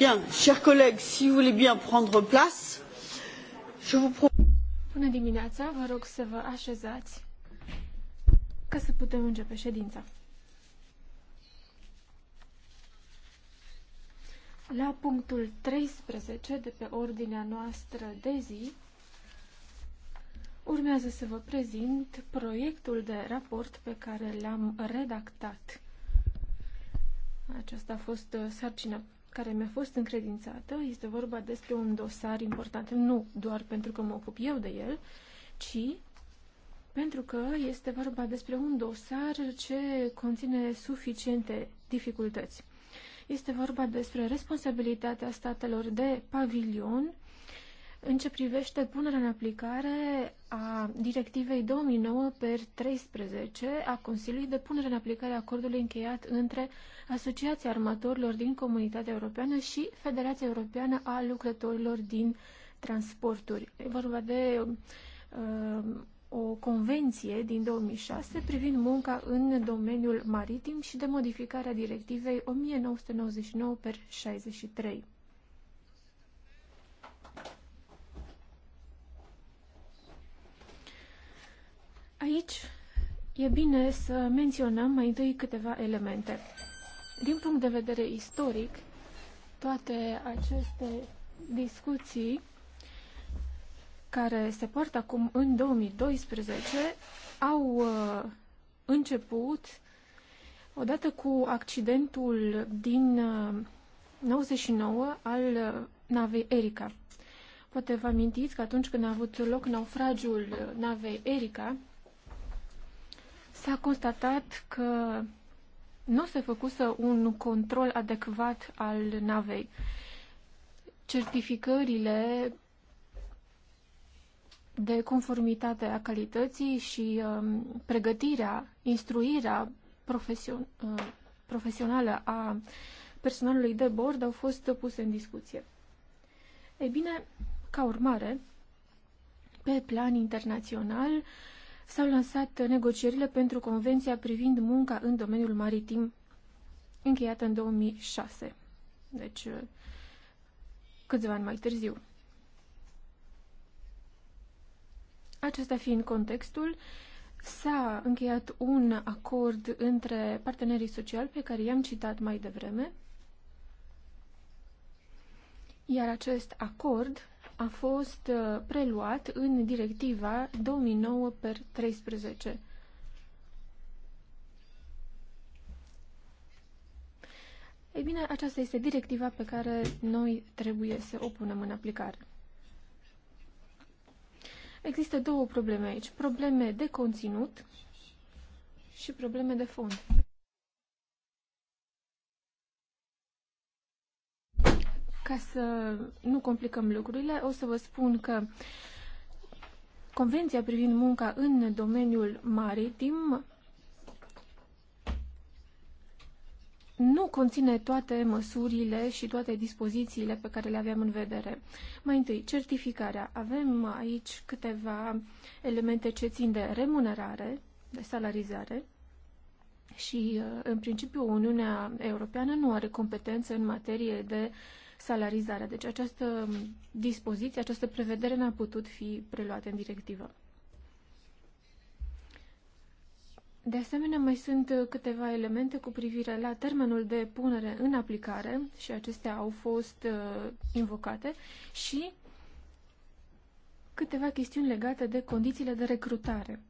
Bien, chers collègues, si vous voulez bien prendre place, je vous propose. vă rog La punctul 13 de pe ordinea noastră de zi, urmează să vă prezint proiectul de raport pe care l-am redactat. Aceasta a fost uh, sarcina care mi-a fost încredințată. Este vorba despre un dosar important, nu doar pentru că mă ocup eu de el, ci pentru că este vorba despre un dosar ce conține suficiente dificultăți. Este vorba despre responsabilitatea statelor de pavilion în ce privește punerea în aplicare a directivei 2009 per 13 a Consiliului de punere în aplicare a acordului încheiat între Asociația Armatorilor din Comunitatea Europeană și Federația Europeană a Lucrătorilor din Transporturi. E vorba de uh, o convenție din 2006 privind munca în domeniul maritim și de modificarea directivei 1999 per 63. Aici e bine să menționăm mai întâi câteva elemente. Din punct de vedere istoric, toate aceste discuții care se poartă acum în 2012 au uh, început odată cu accidentul din uh, 99 al uh, navei Erika. Poate vă amintiți că atunci când a avut loc naufragiul uh, navei Erika, S-a constatat că nu se făcuse un control adecvat al navei. Certificările de conformitate a calității și um, pregătirea, instruirea profesion, uh, profesională a personalului de bord au fost puse în discuție. Ei bine, ca urmare, pe plan internațional, uh, s-au lansat negocierile pentru Convenția privind munca în domeniul maritim, încheiată în 2006, deci uh, câțiva ani mai târziu. Acesta fiind contextul, s-a încheiat un acord între partenerii sociali pe care i-am citat mai devreme, iar acest acord a fost uh, preluat în directiva 2009 per 13. Ei bine, aceasta este directiva pe care noi trebuie să o punem în aplicare. Există două probleme aici. Probleme de conținut și probleme de fond. ca să nu complicăm lucrurile, o să vă spun că Convenția privind munca în domeniul maritim nu conține toate măsurile și toate dispozițiile pe care le aveam în vedere. Mai întâi, certificarea. Avem aici câteva elemente ce țin de remunerare, de salarizare și, uh, în principiu, Uniunea Europeană nu are competență în materie de salarizarea. Deci această dispoziție, această prevedere n-a putut fi preluată în directivă. De asemenea, mai sunt câteva elemente cu privire la termenul de punere în aplicare și acestea au fost uh, invocate și câteva chestiuni legate de condițiile de recrutare.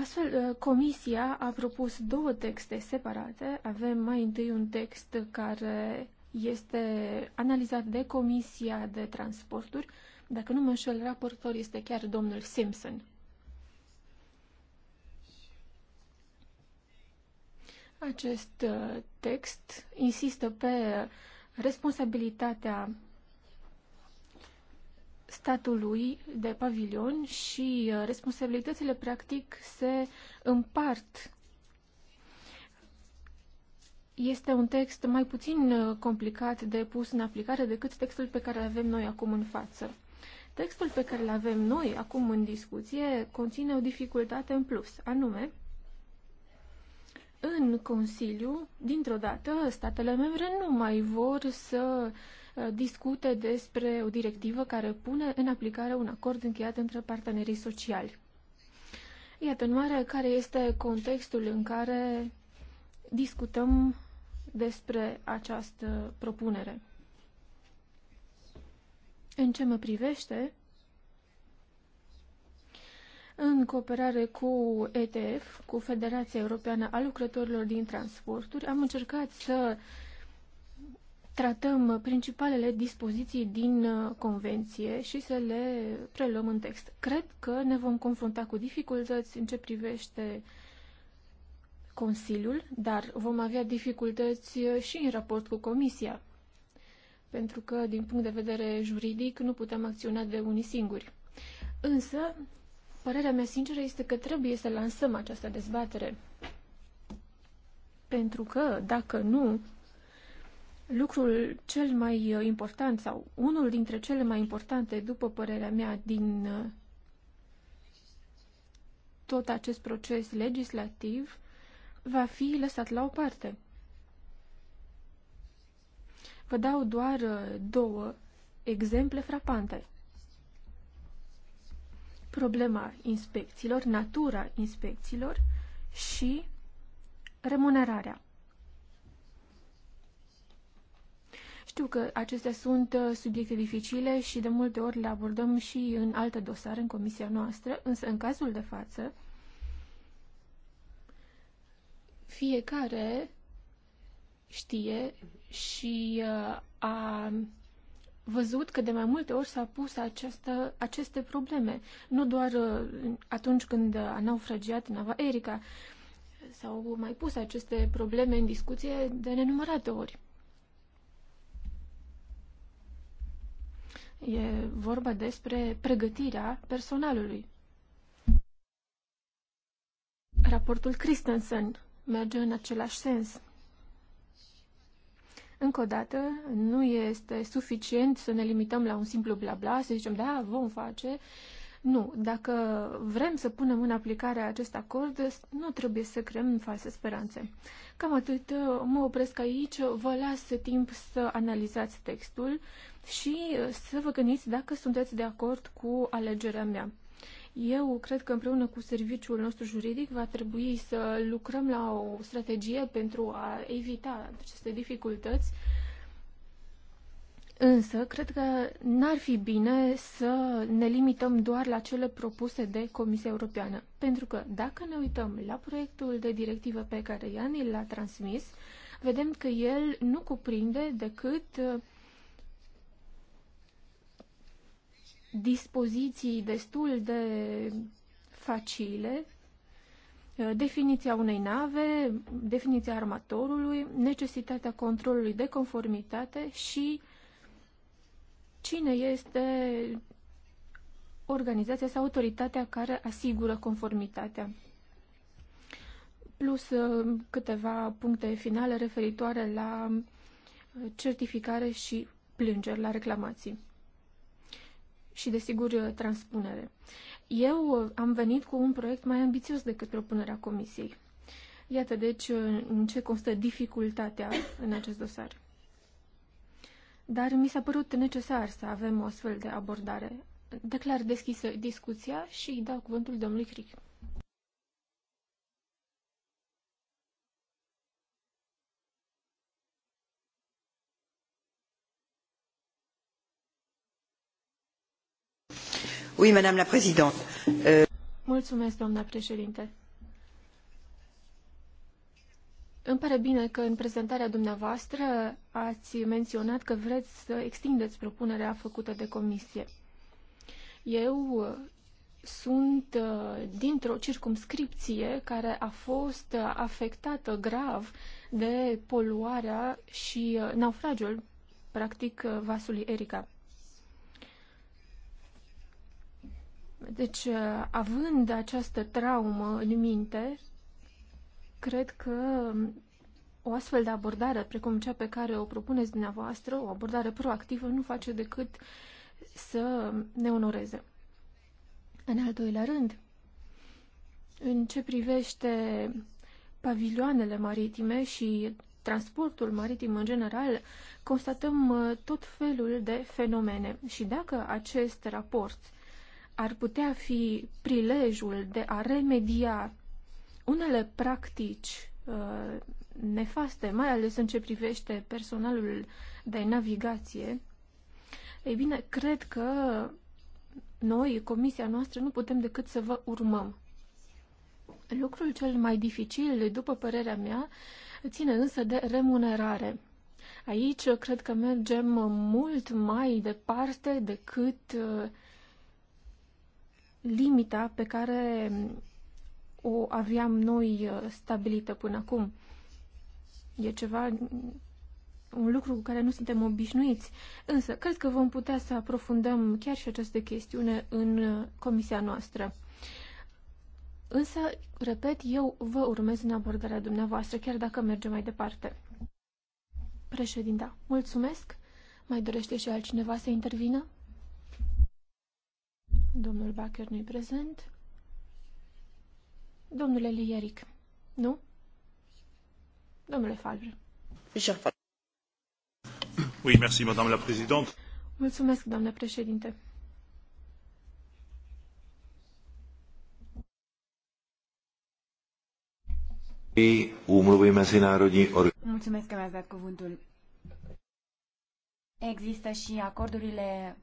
Astfel, uh, Comisia a propus două texte separate. Avem mai întâi un text care este analizat de Comisia de Transporturi. Dacă nu mă înșel, raportor este chiar domnul Simpson. Acest uh, text insistă pe responsabilitatea statului de pavilion și uh, responsabilitățile practic se împart. Este un text mai puțin uh, complicat de pus în aplicare decât textul pe care îl avem noi acum în față. Textul pe care îl avem noi acum în discuție conține o dificultate în plus, anume în Consiliu, dintr-o dată, statele membre nu mai vor să uh, discute despre o directivă care pune în aplicare un acord încheiat între partenerii sociali. Iată, în mare, care este contextul în care discutăm despre această propunere. În ce mă privește, în cooperare cu ETF, cu Federația Europeană a Lucrătorilor din Transporturi, am încercat să uh, tratăm principalele dispoziții din uh, convenție și să le preluăm în text. Cred că ne vom confrunta cu dificultăți în ce privește Consiliul, dar vom avea dificultăți uh, și în raport cu Comisia, pentru că, din punct de vedere juridic, nu putem acționa de unii singuri. Însă, părerea mea sinceră este că trebuie să lansăm această dezbatere, pentru că, dacă nu, Lucrul cel mai uh, important sau unul dintre cele mai importante, după părerea mea, din uh, tot acest proces legislativ va fi lăsat la o parte. Vă dau doar uh, două exemple frapante. Problema inspecțiilor, natura inspecțiilor și remunerarea. Știu că acestea sunt uh, subiecte dificile și de multe ori le abordăm și în alte dosare în comisia noastră, însă în cazul de față fiecare știe și uh, a văzut că de mai multe ori s-a pus această, aceste probleme. Nu doar uh, atunci când a naufragiat nava Erica, s-au mai pus aceste probleme în discuție de nenumărate ori. E vorba despre pregătirea personalului. Raportul Christensen merge în același sens. Încă o dată, nu este suficient să ne limităm la un simplu blabla, să zicem, da, vom face, uh, nu, dacă vrem să punem în aplicare acest acord, nu trebuie să creăm false speranțe. Cam atât, mă opresc aici, vă las timp să analizați textul și să vă gândiți dacă sunteți de acord cu alegerea mea. Eu cred că împreună cu serviciul nostru juridic va trebui să lucrăm la o strategie pentru a evita aceste dificultăți Însă, cred că n-ar fi bine să ne limităm doar la cele propuse de Comisia Europeană, pentru că dacă ne uităm la proiectul de directivă pe care Iani l-a transmis, vedem că el nu cuprinde decât uh, dispoziții destul de facile, uh, definiția unei nave, definiția armatorului, necesitatea controlului de conformitate și cine este organizația sau autoritatea care asigură conformitatea. Plus uh, câteva puncte finale referitoare la uh, certificare și plângeri, la reclamații. Și, desigur, uh, transpunere. Eu am venit cu un proiect mai ambițios decât propunerea Comisiei. Iată, deci, în ce constă dificultatea în acest dosar dar mi s-a părut necesar să avem o astfel de abordare. Declar deschisă discuția și îi dau cuvântul domnului Cric. Oui, Madame la Présidente. Euh... Mulțumesc, doamna președinte. Îmi pare bine că în prezentarea dumneavoastră ați menționat că vreți să extindeți propunerea făcută de comisie. Eu uh, sunt uh, dintr-o circumscripție care a fost uh, afectată grav de poluarea și naufragiul, practic, vasului Erika. Deci, având această traumă în minte, Cred că o astfel de abordare, precum cea pe care o propuneți dumneavoastră, o abordare proactivă, nu face decât să ne onoreze. În al doilea rând, în ce privește pavilioanele maritime și transportul maritim în general, constatăm uh, tot felul de fenomene și dacă acest raport ar putea fi prilejul de a remedia unele practici uh, nefaste, mai ales în ce privește personalul de navigație, ei bine, cred că noi, comisia noastră, nu putem decât să vă urmăm. Lucrul cel mai dificil, după părerea mea, ține însă de remunerare. Aici cred că mergem mult mai departe decât uh, limita pe care o aveam noi uh, stabilită până acum. E ceva, un lucru cu care nu suntem obișnuiți. Însă, cred că vom putea să aprofundăm chiar și această chestiune în uh, comisia noastră. Însă, repet, eu vă urmez în abordarea dumneavoastră, chiar dacă mergem mai departe. Președinta, mulțumesc. Mai dorește și altcineva să intervină? Domnul Bacher nu-i prezent. Domnule Lieric, nu? Domnule Favre. Oui, merci, madame la présidente. Mulțumesc, doamnă președinte. úmluvy mezinárodní Mulțumesc că mi-ați dat cuvântul. Există și acordurile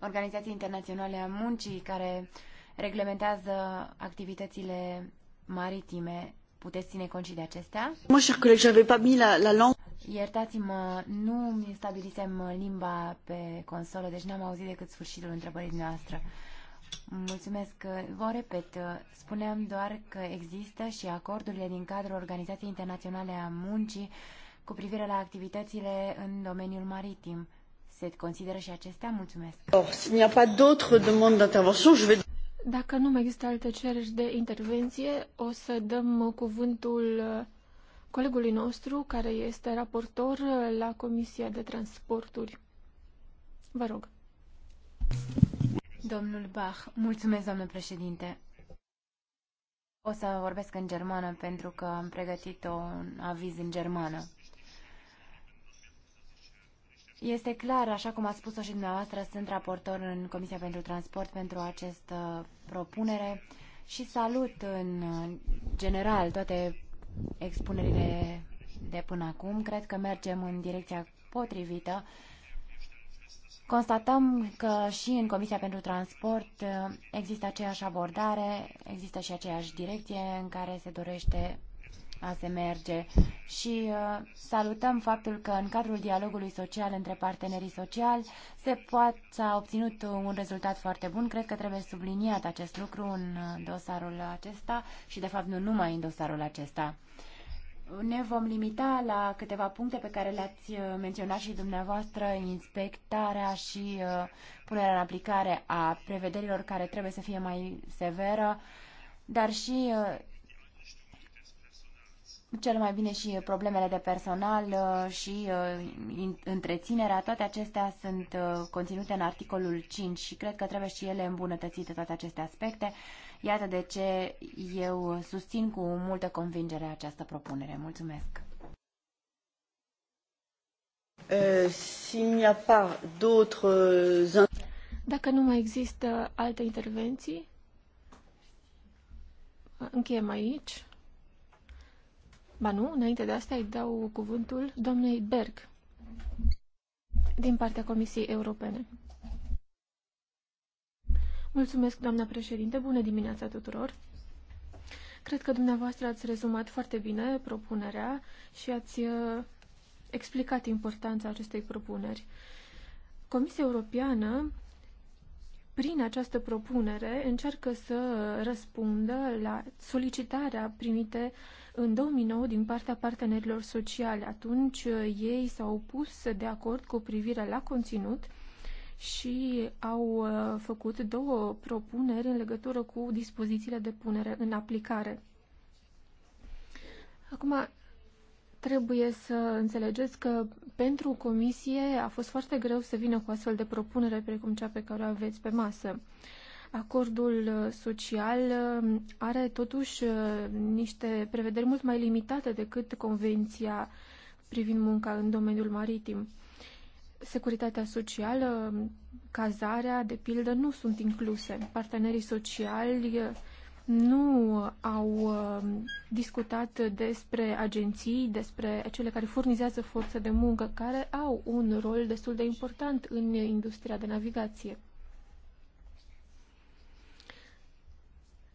Organizației Internaționale a Muncii care reglementează activitățile maritime. Puteți ține cont și de acestea? Mă, cher coleg, j'avais pas mis la, la langue. Iertați-mă, nu mi stabilisem limba pe consolă, deci n-am auzit decât sfârșitul întrebării noastre. Mulțumesc. Vă repet, spuneam doar că există și acordurile din cadrul Organizației Internaționale a Muncii cu privire la activitățile în domeniul maritim. Se consideră și acestea? Mulțumesc. Or, s'il n'y a pas d'autres demandes d'intervention, je vais... Dacă nu mai există alte cereri de intervenție, o să dăm cuvântul colegului nostru, care este raportor la Comisia de Transporturi. Vă rog. Domnul Bach, mulțumesc, domnule președinte. O să vorbesc în germană pentru că am pregătit un aviz în germană. Este clar, așa cum a spus-o și dumneavoastră, sunt raportor în Comisia pentru Transport pentru această propunere și salut în general toate expunerile de până acum. Cred că mergem în direcția potrivită. Constatăm că și în Comisia pentru Transport există aceeași abordare, există și aceeași direcție în care se dorește a se merge și uh, salutăm faptul că în cadrul dialogului social între partenerii sociali se poate, a obținut un rezultat foarte bun. Cred că trebuie subliniat acest lucru în uh, dosarul acesta și de fapt nu numai în dosarul acesta. Ne vom limita la câteva puncte pe care le-ați uh, menționat și dumneavoastră, inspectarea și uh, punerea în aplicare a prevederilor care trebuie să fie mai severă, dar și uh, cel mai bine și problemele de personal uh, și uh, întreținerea, toate acestea sunt uh, conținute în articolul 5 și cred că trebuie și ele îmbunătățite toate aceste aspecte. Iată de ce eu susțin cu multă convingere această propunere. Mulțumesc! Dacă nu mai există alte intervenții, încheiem aici. Ba nu, înainte de asta îi dau cuvântul doamnei Berg din partea Comisiei Europene. Mulțumesc, doamna președinte. Bună dimineața tuturor. Cred că dumneavoastră ați rezumat foarte bine propunerea și ați uh, explicat importanța acestei propuneri. Comisia Europeană, prin această propunere, încearcă să răspundă la solicitarea primită. uh, în 2009 din partea partenerilor sociale, Atunci uh, ei s-au pus de acord cu privire la conținut și au uh, făcut două propuneri în legătură cu dispozițiile de punere în aplicare. Acum, trebuie să înțelegeți că pentru comisie a fost foarte greu să vină cu astfel de propunere precum cea pe care o aveți pe masă. Uh, Acordul uh, social uh, are totuși uh, niște prevederi mult mai limitate decât convenția privind munca în domeniul maritim. Securitatea socială, cazarea, de pildă, nu sunt incluse. Partenerii sociali nu au discutat despre agenții, despre cele care furnizează forță de muncă, care au un rol destul de important în industria de navigație.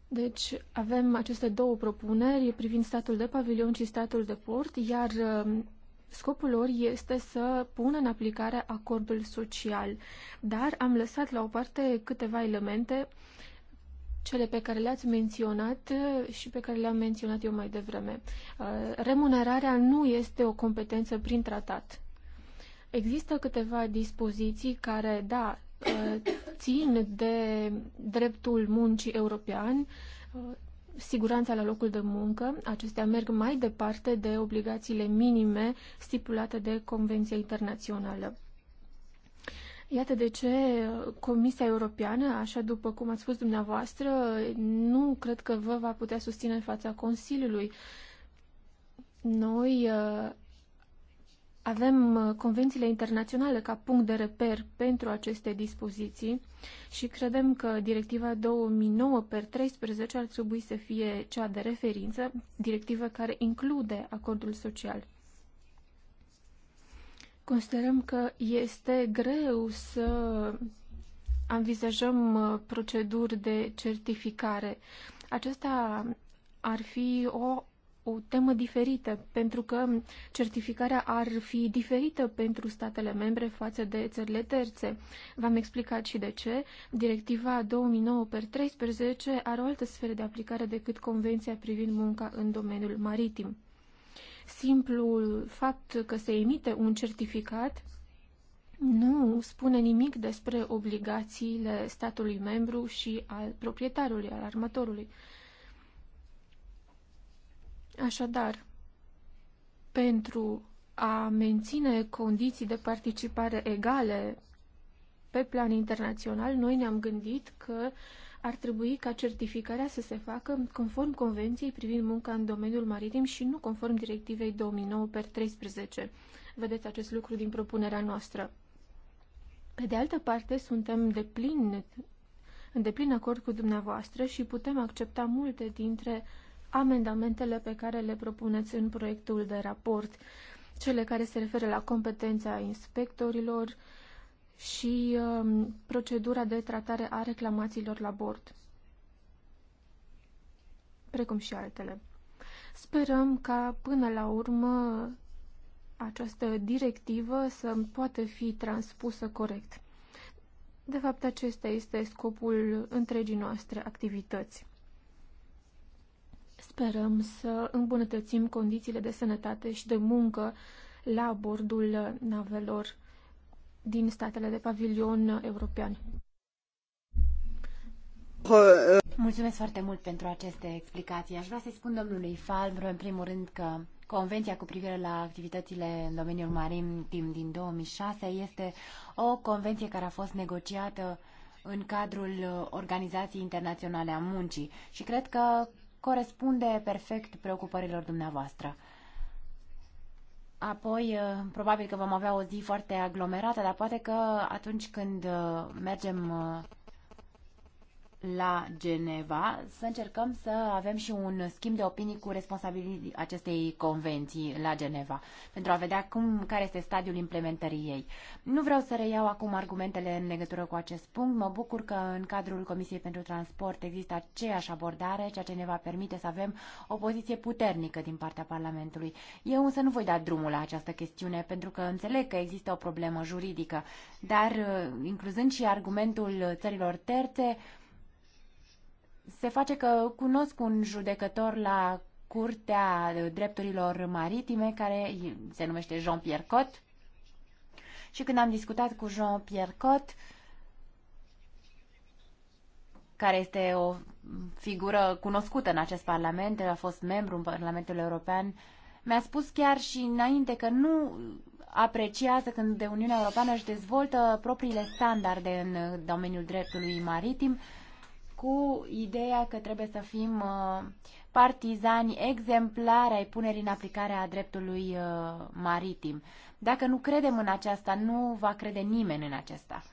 Deci avem aceste două propuneri privind statul de pavilion și statul de port, iar um, scopul lor este să pună în aplicare acordul social. Dar am lăsat la o parte câteva elemente, cele pe care le-ați menționat uh, și pe care le-am menționat eu mai devreme. Uh, remunerarea nu este o competență prin tratat. Există câteva dispoziții care, da, uh, țin de dreptul muncii european, uh, siguranța la locul de muncă. Acestea merg mai departe de obligațiile minime stipulate de Convenția Internațională. Iată de ce Comisia Europeană, așa după cum ați spus dumneavoastră, nu cred că vă va putea susține în fața Consiliului. Noi uh, avem uh, convențiile internaționale ca punct de reper pentru aceste dispoziții și credem că Directiva 2009 per 13 ar trebui să fie cea de referință, directivă care include acordul social. Considerăm că este greu să anvizajăm uh, proceduri de certificare. Aceasta ar fi o o temă diferită, pentru că certificarea ar fi diferită pentru statele membre față de țările terțe. V-am explicat și de ce. Directiva 2009 13 are o altă sferă de aplicare decât Convenția privind munca în domeniul maritim. Simplul fapt că se emite un certificat nu spune nimic despre obligațiile statului membru și al proprietarului, al armatorului. Așadar, pentru a menține condiții de participare egale pe plan internațional, noi ne-am gândit că ar trebui ca certificarea să se facă conform Convenției privind munca în domeniul maritim și nu conform Directivei 2009-13. Vedeți acest lucru din propunerea noastră. Pe de altă parte, suntem de plin, în deplin acord cu dumneavoastră și putem accepta multe dintre amendamentele pe care le propuneți în proiectul de raport, cele care se referă la competența inspectorilor și um, procedura de tratare a reclamațiilor la bord, precum și altele. Sperăm ca până la urmă această directivă să poată fi transpusă corect. De fapt, acesta este scopul întregii noastre activități. Sperăm să îmbunătățim condițiile de sănătate și de muncă la bordul navelor din statele de pavilion european. Mulțumesc foarte mult pentru aceste explicații. Aș vrea să-i spun domnului Falbr, în primul rând, că Convenția cu privire la activitățile în domeniul timp din 2006 este o convenție care a fost negociată în cadrul Organizației Internaționale a Muncii și cred că corespunde perfect preocupărilor dumneavoastră. Apoi, eh, probabil că vom avea o zi foarte aglomerată, dar poate că atunci când eh, mergem eh, la Geneva, să încercăm să avem și un schimb de opinii cu responsabilii acestei convenții la Geneva, pentru a vedea cum, care este stadiul implementării ei. Nu vreau să reiau acum argumentele în legătură cu acest punct. Mă bucur că în cadrul Comisiei pentru Transport există aceeași abordare, ceea ce ne va permite să avem o poziție puternică din partea Parlamentului. Eu însă nu voi da drumul la această chestiune, pentru că înțeleg că există o problemă juridică, dar uh, incluzând și argumentul țărilor terțe, se face că cunosc un judecător la Curtea Drepturilor Maritime, care se numește Jean-Pierre Cot. Și când am discutat cu Jean-Pierre Cot, care este o figură cunoscută în acest Parlament, a fost membru în Parlamentul European, mi-a spus chiar și înainte că nu apreciază când de Uniunea Europeană își dezvoltă propriile standarde în domeniul dreptului maritim, cu ideea că trebuie să fim uh, partizani exemplari ai punerii în aplicare a dreptului uh, maritim. Dacă nu credem în aceasta, nu va crede nimeni în aceasta.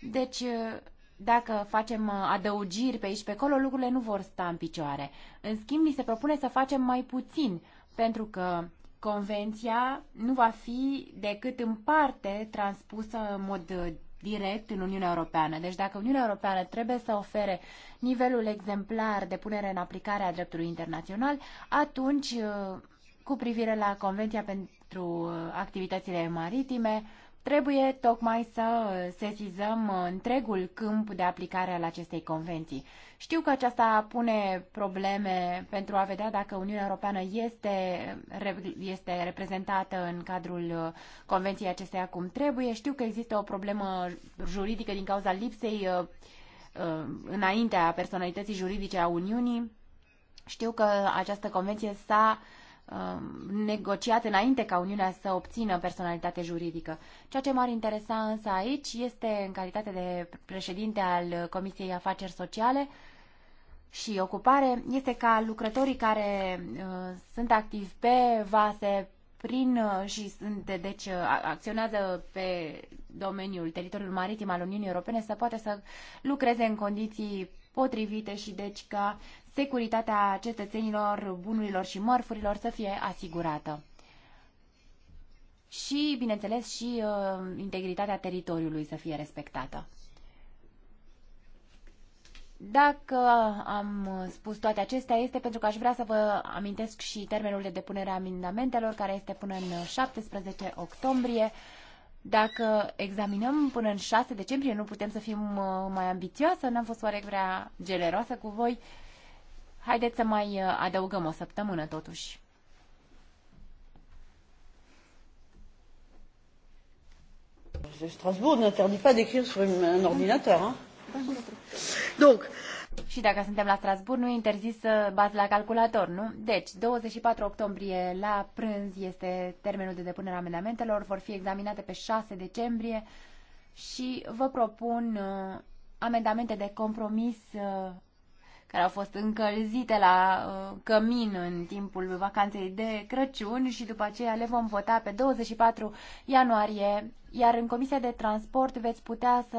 Deci, uh, dacă facem adăugiri pe aici pe acolo, lucrurile nu vor sta în picioare. În schimb, ni se propune să facem mai puțin, pentru că convenția nu va fi decât în parte transpusă în mod direct în Uniunea Europeană. Deci dacă Uniunea Europeană trebuie să ofere nivelul exemplar de punere în aplicare a dreptului internațional, atunci, uh, cu privire la Convenția pentru uh, activitățile maritime, trebuie tocmai să uh, sesizăm întregul câmp de aplicare al acestei convenții. Știu că aceasta pune probleme pentru a vedea dacă Uniunea Europeană este, este reprezentată în cadrul uh, convenției acesteia cum trebuie. Știu că există o problemă juridică din cauza lipsei uh, uh, înaintea personalității juridice a Uniunii. Știu că această convenție s-a negociat înainte ca Uniunea să obțină personalitate juridică. Ceea ce m-ar interesa însă aici este, în calitate de președinte al Comisiei Afaceri Sociale, și ocupare este ca lucrătorii care uh, sunt activi pe vase prin uh, și sunt, deci uh, acționează pe domeniul teritoriul maritim al Uniunii Europene să poată să lucreze în condiții potrivite și deci ca securitatea cetățenilor, bunurilor și mărfurilor să fie asigurată. Și, bineînțeles, și uh, integritatea teritoriului să fie respectată. Dacă am spus toate acestea, este pentru că aș vrea să vă amintesc și termenul de depunere a amendamentelor, care este până în 17 octombrie. Dacă examinăm până în 6 decembrie, nu putem să fim uh, mai ambițioasă, n-am fost oare vrea generoasă cu voi. Haideți să mai uh, adăugăm o săptămână, totuși. Strasbourg n'interdit pas d'écrire sur un ordinateur. Hein? Donc. Și dacă suntem la Strasburg, nu e interzis să bați la calculator, nu? Deci, 24 octombrie la prânz este termenul de depunere a amendamentelor, vor fi examinate pe 6 decembrie și vă propun uh, amendamente de compromis uh, care au fost încălzite la uh, cămin în timpul vacanței de Crăciun și după aceea le vom vota pe 24 ianuarie, iar în Comisia de Transport veți putea să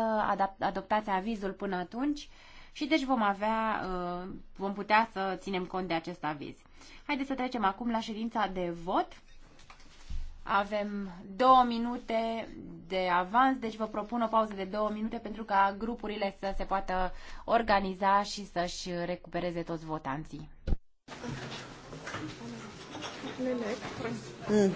adoptați avizul până atunci și deci vom avea, uh, vom putea să ținem cont de acest aviz. Haideți să trecem acum la ședința de vot. Avem două minute de avans, deci vă propun o pauză de două minute pentru ca grupurile să se poată organiza și să-și recupereze toți votanții. mm. uh,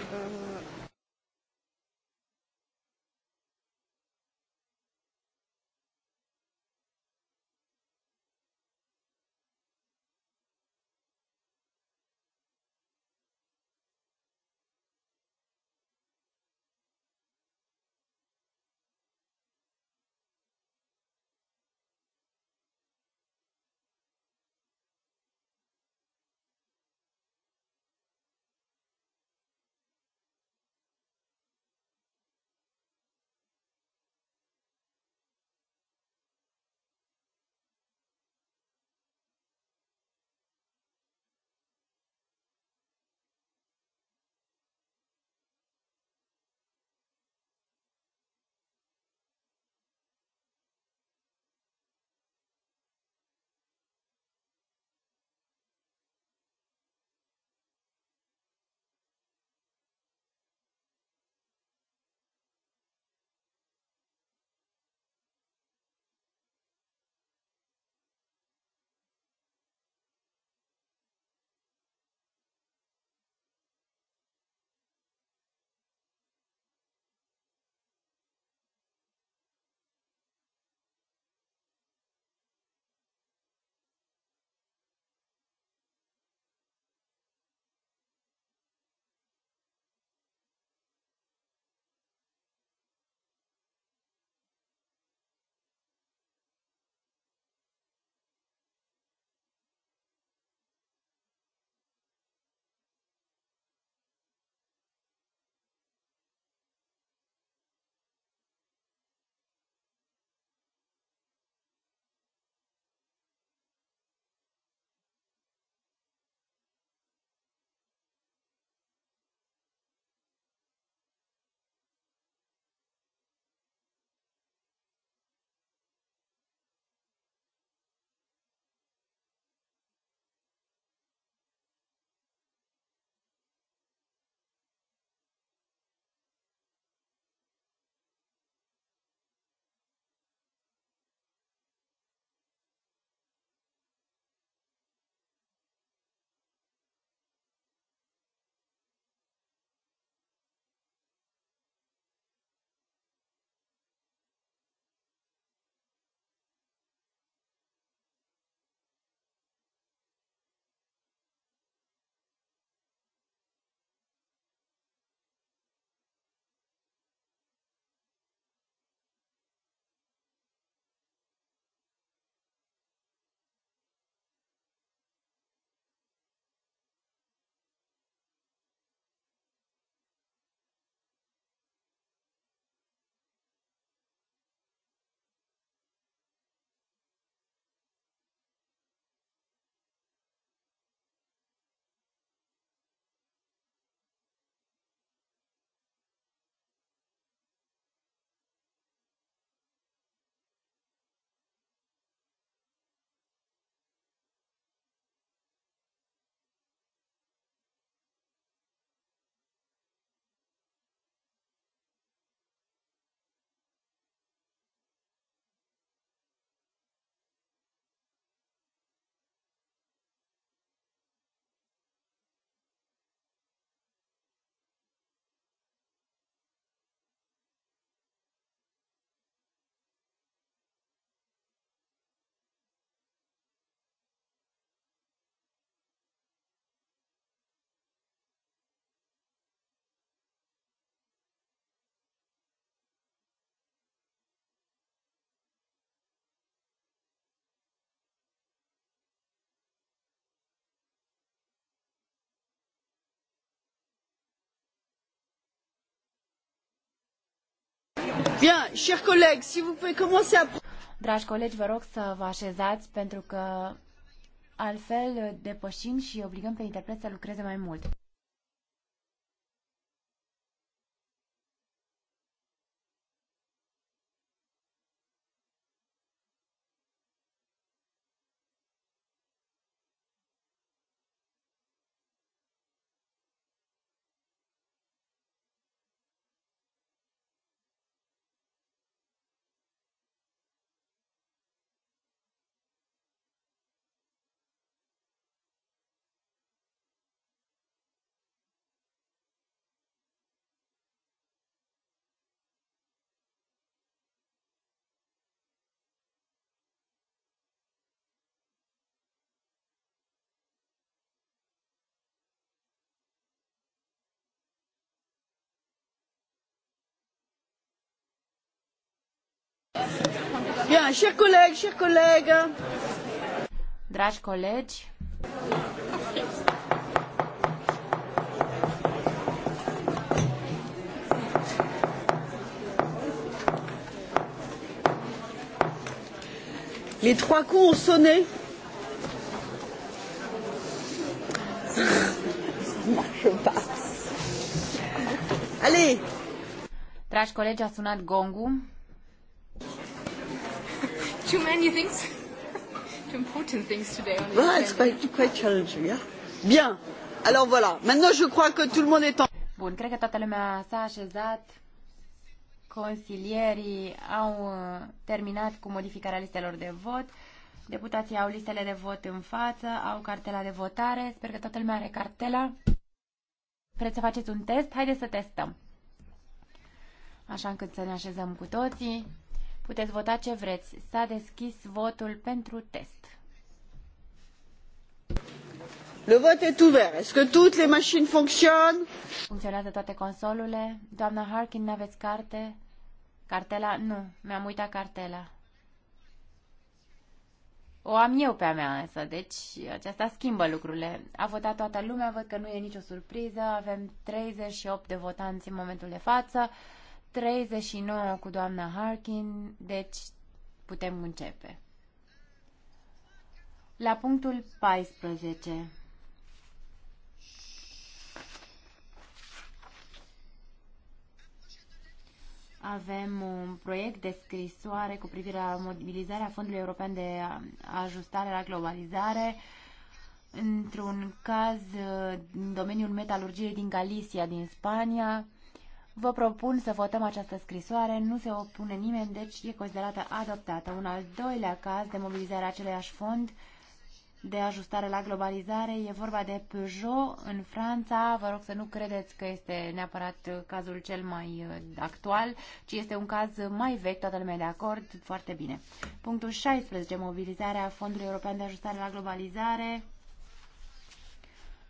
Dragi colegi, vă rog să vă așezați pentru că altfel depășim și obligăm pe interpret să lucreze mai mult. Bien, chers collègues, chers collègues. Dragi colegi. Les trois coups ont sonné. Je passe. Allez. Dragi colegi, a sunat gongul. Too many things. Too important things today. On well, it's quite, quite challenging, yeah? Bien. Alors voilà. Maintenant, je crois que tout le monde est en... Bun, cred că toată lumea s-a așezat. Consilierii au uh, terminat cu modificarea listelor de vot. Deputații au listele de vot în față, au cartela de votare. Sper că toată lumea are cartela. Vreți să faceți un test? Haideți să testăm. Așa încât să ne așezăm cu toții. Puteți vota ce vreți. S-a deschis votul pentru test. Le vot est ouvert. Est-ce que toutes les machines fonctionnent? Funcționează toate consolele. Doamna Harkin, n-aveți carte? Cartela? Nu, mi-am uitat cartela. O am eu pe a mea însă, deci aceasta schimbă lucrurile. A votat toată lumea, văd că nu e nicio surpriză, avem 38 de votanți în momentul de față. 39 cu doamna Harkin, deci putem începe. La punctul 14. Avem un proiect de scrisoare cu privire la mobilizarea Fondului European de Ajustare la Globalizare într-un caz în domeniul metalurgiei din Galicia, din Spania, Vă propun să votăm această scrisoare, nu se opune nimeni, deci e considerată adoptată. Un al doilea caz de mobilizare a aceleiași fond de ajustare la globalizare e vorba de Peugeot în Franța. Vă rog să nu credeți că este neapărat cazul cel mai uh, actual, ci este un caz mai vechi, toată lumea de acord, foarte bine. Punctul 16, mobilizarea Fondului European de Ajustare la Globalizare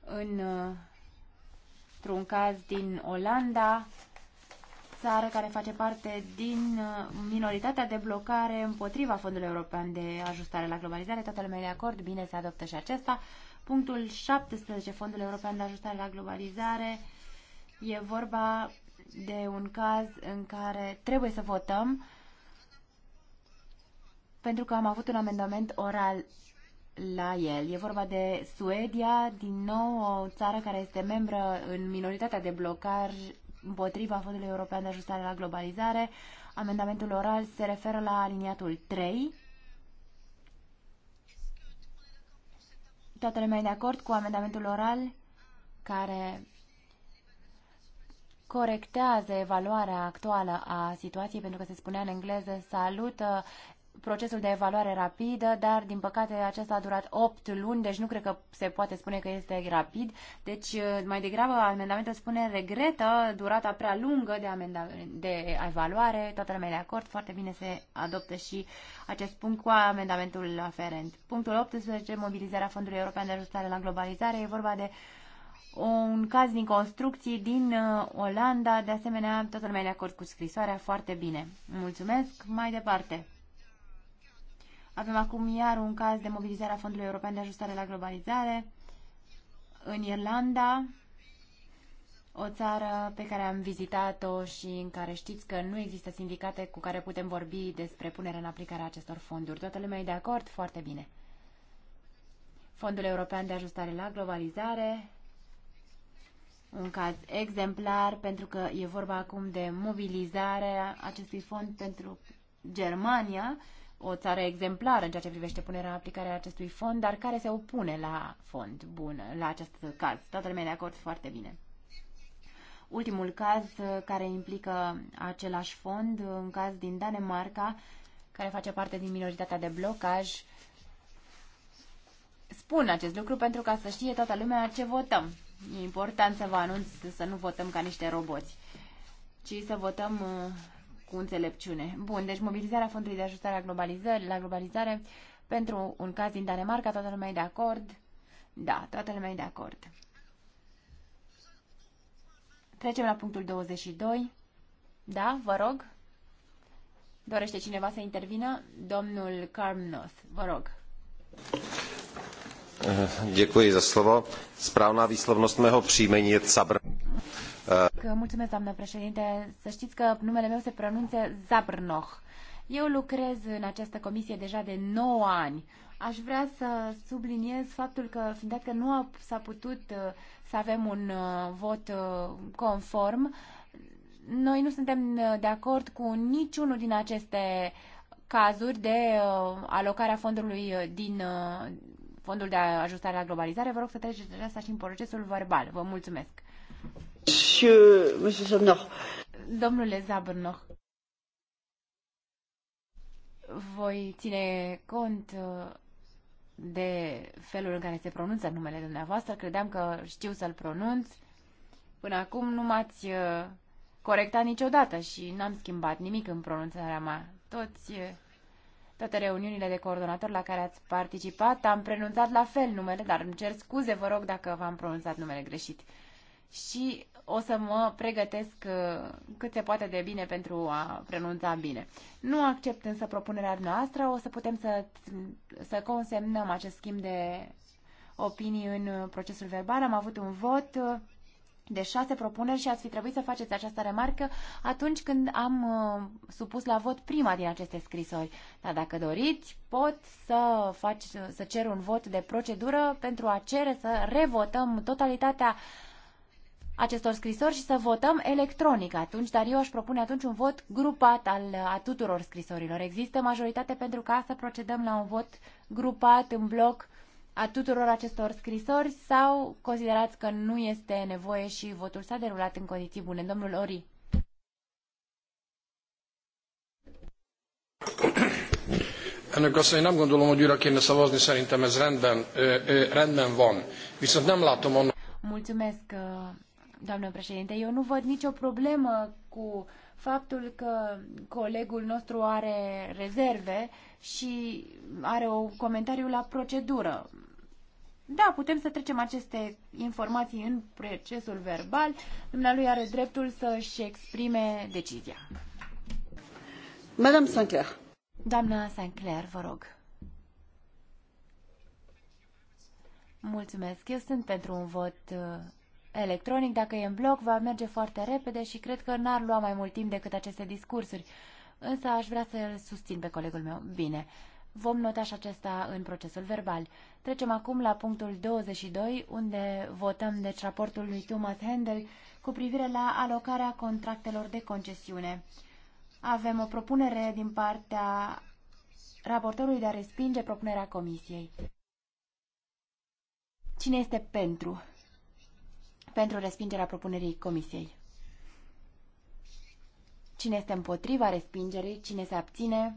în uh, într-un caz din Olanda țară care face parte din uh, minoritatea de blocare împotriva Fondului European de Ajustare la Globalizare. Toată lumea de acord, bine se adoptă și acesta. Punctul 17, Fondul European de Ajustare la Globalizare, e vorba de un caz în care trebuie să votăm pentru că am avut un amendament oral la el. E vorba de Suedia, din nou o țară care este membră în minoritatea de blocaj împotriva Fondului European de Ajustare la Globalizare. Amendamentul oral se referă la aliniatul 3. Toată lumea e de acord cu amendamentul oral care corectează evaluarea actuală a situației, pentru că se spunea în engleză, salută procesul de evaluare rapidă, dar din păcate acesta a durat 8 luni, deci nu cred că se poate spune că este rapid. Deci uh, mai degrabă amendamentul spune regretă durata prea lungă de, amenda- de evaluare, toată lumea de acord, foarte bine se adoptă și acest punct cu amendamentul aferent. Punctul 18, mobilizarea Fondului European de Ajustare la Globalizare, e vorba de un caz din construcții din uh, Olanda, de asemenea, toată lumea de acord cu scrisoarea, foarte bine. Mulțumesc, mai departe. Avem acum iar un caz de mobilizare a Fondului European de Ajustare la Globalizare în Irlanda, o țară pe care am vizitat-o și în care știți că nu există sindicate cu care putem vorbi despre punerea în aplicare a acestor fonduri. Toată lumea e de acord? Foarte bine. Fondul European de Ajustare la Globalizare, un caz exemplar, pentru că e vorba acum de mobilizarea acestui fond pentru Germania o țară exemplară în ceea ce privește punerea în aplicare a acestui fond, dar care se opune la fond bun, la acest caz. Toată lumea de acord foarte bine. Ultimul caz uh, care implică același fond, uh, un caz din Danemarca, care face parte din minoritatea de blocaj. Spun acest lucru pentru ca să știe toată lumea ce votăm. E important să vă anunț să nu votăm ca niște roboți, ci să votăm uh, cu înțelepciune. Bun, deci mobilizarea Fondului de Ajustare la Globalizare, la globalizare pentru un caz din Danemarca, toată lumea e de acord? Da, toată lumea e de acord. Trecem la punctul 22. Da, vă rog. Dorește cineva să intervină? Domnul Carmnos, vă rog. Eh, děkuji za slovo. Správná výslovnost mého příjmení je Cabr mulțumesc, doamnă președinte. Să știți că numele meu se pronunțe Zabrnoch. Eu lucrez în această comisie deja de 9 ani. Aș vrea să subliniez faptul că, fiind că nu s-a putut uh, să avem un uh, vot uh, conform, noi nu suntem de acord cu niciunul din aceste cazuri de alocarea fondului din fondul de ajustare la globalizare. Vă rog să treceți să și în procesul verbal. Vă mulțumesc. Domnule Zabrnoch, voi ține cont uh, de felul în care se pronunță numele dumneavoastră. Credeam că știu să-l pronunț. Până acum nu m-ați uh, corectat niciodată și n-am schimbat nimic în pronunțarea mea. Toți, uh, toate reuniunile de coordonator la care ați participat, am pronunțat la fel numele, dar îmi cer scuze, vă rog, dacă v-am pronunțat numele greșit și o să mă pregătesc uh, cât se poate de bine pentru a pronunța bine. Nu accept însă propunerea noastră, o să putem să, să consemnăm acest schimb de opinii în procesul verbal. Am avut un vot uh, de șase propuneri și ați fi trebuit să faceți această remarcă atunci când am uh, supus la vot prima din aceste scrisori. Dar dacă doriți, pot să, faci, să cer un vot de procedură pentru a cere să revotăm totalitatea uh, acestor scrisori și să votăm electronic atunci, dar eu aș propune atunci un vot grupat al a tuturor scrisorilor. Există majoritate pentru ca să procedăm la un vot grupat în bloc a tuturor acestor scrisori sau considerați că nu este nevoie și votul s-a derulat în condiții bune? Domnul Ori. Elnök asszony, nem gondolom, hogy újra kéne szavazni, szerintem ez rendben, rendben van. Viszont nem látom annak... Mulțumesc, doamnă președinte. Eu nu văd nicio problemă cu faptul că colegul nostru are rezerve și are un comentariu la procedură. Da, putem să trecem aceste informații în procesul verbal. Dumnealui are dreptul să-și exprime decizia. Madame Sinclair. Doamna Sinclair, vă rog. Mulțumesc. Eu sunt pentru un vot uh, electronic, dacă e în bloc, va merge foarte repede și cred că n-ar lua mai mult timp decât aceste discursuri. Însă aș vrea să-l susțin pe colegul meu. Bine, vom nota și acesta în procesul verbal. Trecem acum la punctul 22, unde votăm deci raportul lui Thomas Handel cu privire la alocarea contractelor de concesiune. Avem o propunere din partea raportorului de a respinge propunerea comisiei. Cine este pentru? pentru respingerea propunerii Comisiei. Cine este împotriva respingerii, cine se abține,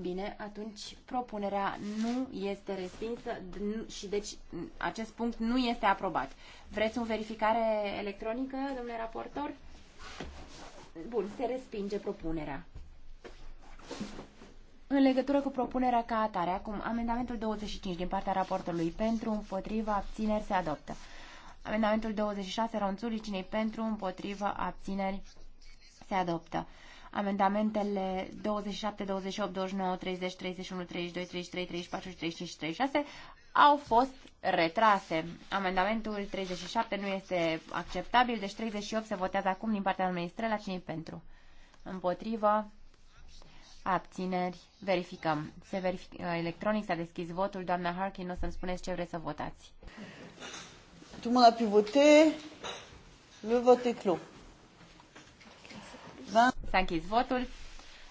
bine, atunci propunerea nu este respinsă și deci acest punct nu este aprobat. Vreți o verificare electronică, domnule raportor? Bun, se respinge propunerea. În legătură cu propunerea ca atare, acum amendamentul 25 din partea raportului pentru împotriva abțineri se adoptă. Amendamentul 26, Ronțului, cine pentru, împotrivă, abțineri, se adoptă. Amendamentele 27, 28, 29, 30, 31, 32, 33, 34, 35 și 36 au fost retrase. Amendamentul 37 nu este acceptabil, deci 38 se votează acum din partea domnului Strela. cine pentru? Împotrivă, abțineri, verificăm. Se verific... Uh, electronic s-a deschis votul. Doamna Harkin, o să-mi spuneți ce vreți să votați. Tout le monde a pu voter. Le vote est clos. 20... S-a închis votul.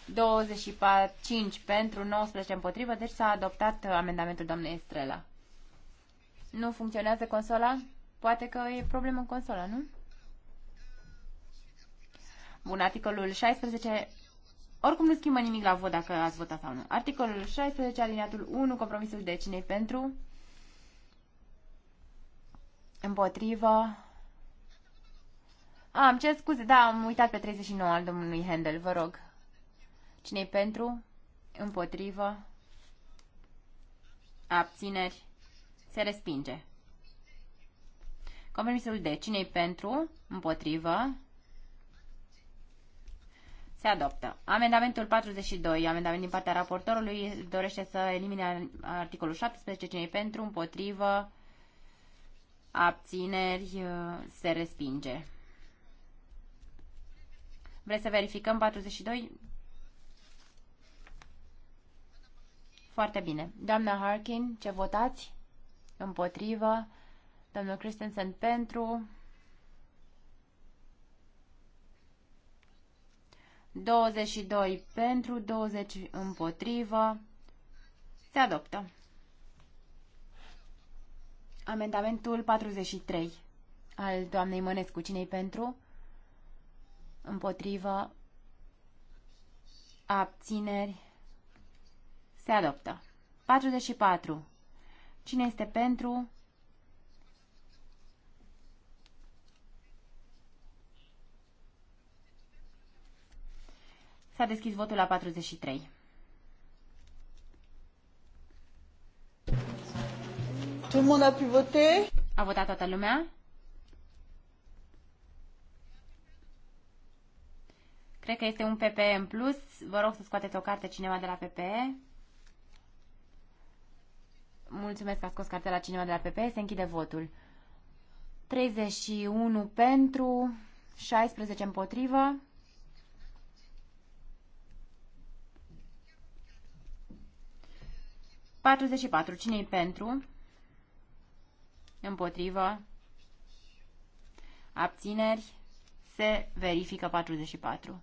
25 pentru, 19 împotrivă, deci s-a adoptat amendamentul doamnei Estrela. Nu funcționează consola? Poate că e problemă în consola, nu? Bun, articolul 16. Oricum nu schimbă nimic la vot dacă ați votat sau nu. Articolul 16, aliniatul 1, compromisul de cine pentru? Împotrivă. A, ah, Am cer scuze, da, am uitat pe 39 al domnului Handel, vă rog. Cine-i pentru? Împotrivă. Abțineri. Se respinge. Compromisul D. Cine-i pentru? Împotrivă. Se adoptă. Amendamentul 42, amendament din partea raportorului, dorește să elimine articolul 17. Cine-i pentru? Împotrivă abțineri, uh, se respinge. Vreți să verificăm 42? Foarte bine. Doamna Harkin, ce votați? Împotrivă. Domnul Christensen pentru. 22 pentru, 20 împotrivă. Se adoptă. Amendamentul 43 al doamnei Mănescu. Cine-i pentru? Împotrivă. Abțineri. Se adoptă. 44. Cine este pentru? S-a deschis votul la 43. Tout le monde a pu voter? A votat toată lumea? Cred că este un PPE în plus. Vă rog să scoateți o carte cineva de la PPE. Mulțumesc că a scos cartea la cineva de la PPE. Se închide votul. 31 pentru, 16 împotrivă. Patruzeci și patru. Cine-i pentru? Împotrivă. Abțineri. Se verifică 44.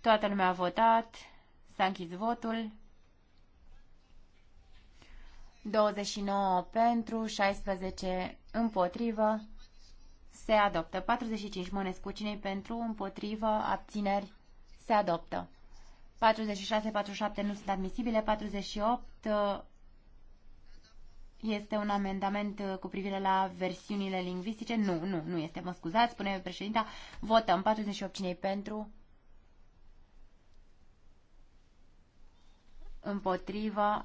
Toată lumea a votat. S-a închis votul. 29 pentru, 16 împotrivă. Se adoptă. 45 mănescu cinei pentru, împotrivă, abțineri. Se adoptă. 46, 47 nu sunt admisibile, 48 uh, este un amendament uh, cu privire la versiunile lingvistice. Nu, nu, nu este, mă scuzați, spune președinta. Votăm 48 cine pentru, împotrivă,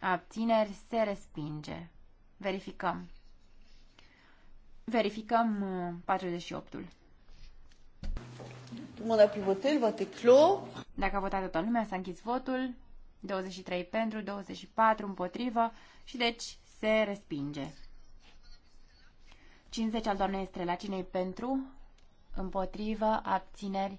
abțineri, se respinge. Verificăm. Verificăm 48-ul. Uh, Tout le monde a pu voter, le vote est clos. Dacă a votat toată lumea, s-a închis votul. 23 pentru, 24 împotrivă și deci se respinge. 50 al doamnei Estrela, cine pentru? Împotrivă, abțineri,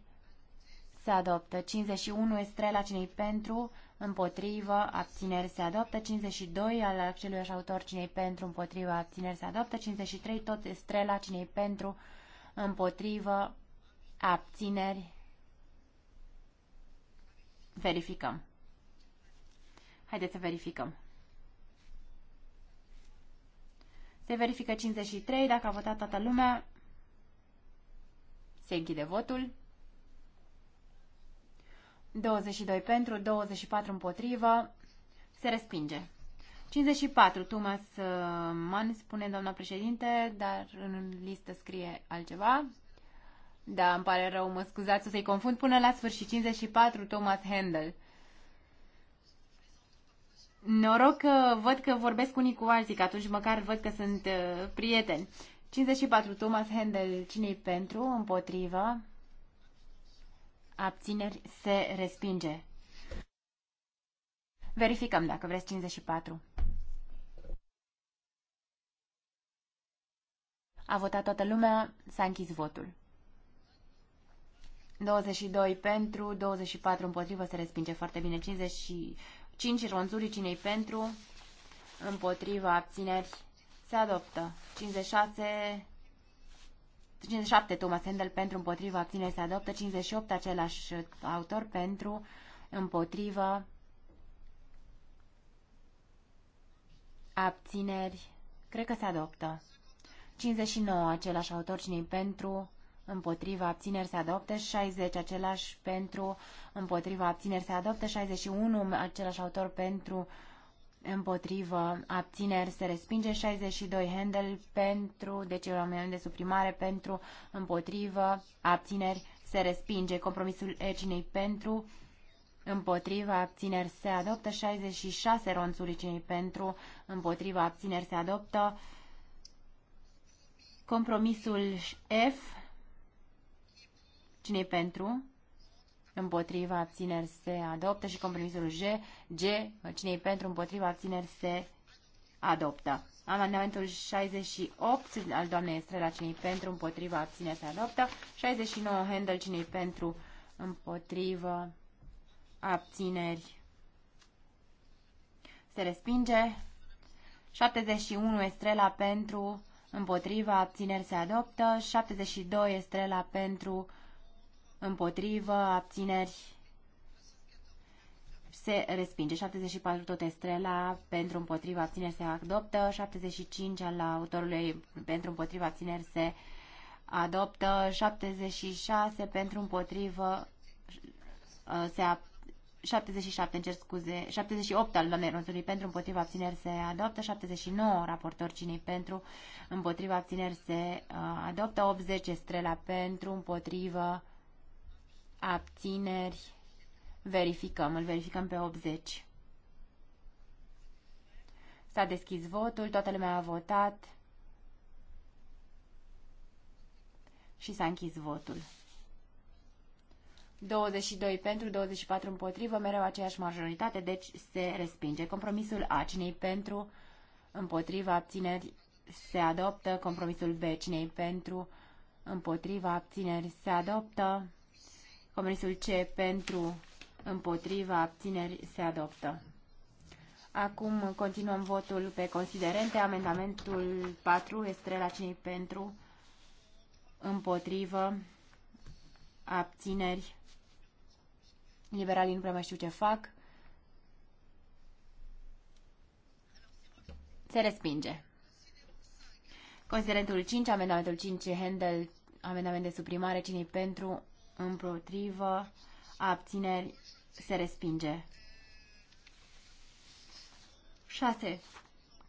se adoptă. 51 Estrela, cine pentru? Împotrivă, abțineri, se adoptă. 52 al aceluiași autor, cine pentru? Împotrivă, abțineri, se adoptă. 53 tot Estrela, cine pentru? Împotrivă, abțineri, verificăm. Haideți să verificăm. Se verifică 53, dacă a votat toată lumea, se închide votul. 22 pentru, 24 împotrivă, se respinge. 54, Thomas uh, Mann, spune doamna președinte, dar în listă scrie altceva. Da, îmi pare rău, mă scuzați, o să-i confund până la sfârșit. 54, Thomas Handel. Noroc că văd că vorbesc unii cu alții, că atunci măcar văd că sunt uh, prieteni. 54, Thomas Handel, cine-i pentru, împotrivă, abțineri, se respinge. Verificăm dacă vreți 54. A votat toată lumea, s-a închis votul. 22 pentru, 24 împotrivă, se respinge foarte bine. 55 ronzuri, cinei pentru, împotrivă, abțineri, se adoptă. 56, 57 Thomas Handel pentru, împotriva abțineri, se adoptă. 58 același autor pentru, împotriva abțineri, cred că se adoptă. 59 același autor, cinei pentru, împotriva abțineri se adoptă, 60 același pentru împotriva abțineri se adoptă, 61 același autor pentru împotrivă abțineri se respinge, 62 Handel pentru, deci eu am de suprimare pentru împotrivă abțineri se respinge, compromisul ecinei pentru Împotriva abțineri se adoptă 66 ecinei pentru, împotriva abțineri se adoptă compromisul F Cine-i pentru? Împotriva abțineri se adoptă și compromisul G. G. Cine-i pentru? Împotriva abțineri se adoptă. Amendamentul 68 al doamnei Estrela, cine pentru, împotriva, abțineri se adoptă. 69, Handel, cine pentru, Împotriva abțineri, se respinge. 71, Estrela, pentru, împotriva, abțineri, se adoptă. 72, Estrela, pentru, împotrivă, abțineri, se respinge. 74 tot Estrela pentru împotriva abțineri se adoptă, 75 al autorului pentru împotriva abțineri se adoptă, 76 pentru împotrivă uh, se a, 77, încerc scuze, 78 al doamnei Rosului pentru împotriva abțineri se adoptă, 79 raportor cinei pentru împotriva abțineri se uh, adoptă, 80 Estrela pentru împotriva abțineri, verificăm, îl verificăm pe 80. S-a deschis votul, toată lumea a votat și s-a închis votul. 22 pentru, 24 împotrivă, mereu aceeași majoritate, deci se respinge. Compromisul A, cine pentru, împotriva, abțineri, se adoptă. Compromisul B, cine pentru, împotriva, abțineri, se adoptă. Compromisul C pentru, împotriva, abțineri se adoptă. Acum continuăm votul pe considerente. Amendamentul 4 este la pentru, împotrivă, abțineri. Liberalii nu prea mai știu ce fac. Se respinge. Considerentul 5, amendamentul 5, Handel, amendament de suprimare, cine pentru, împotrivă, abțineri, se respinge. 6.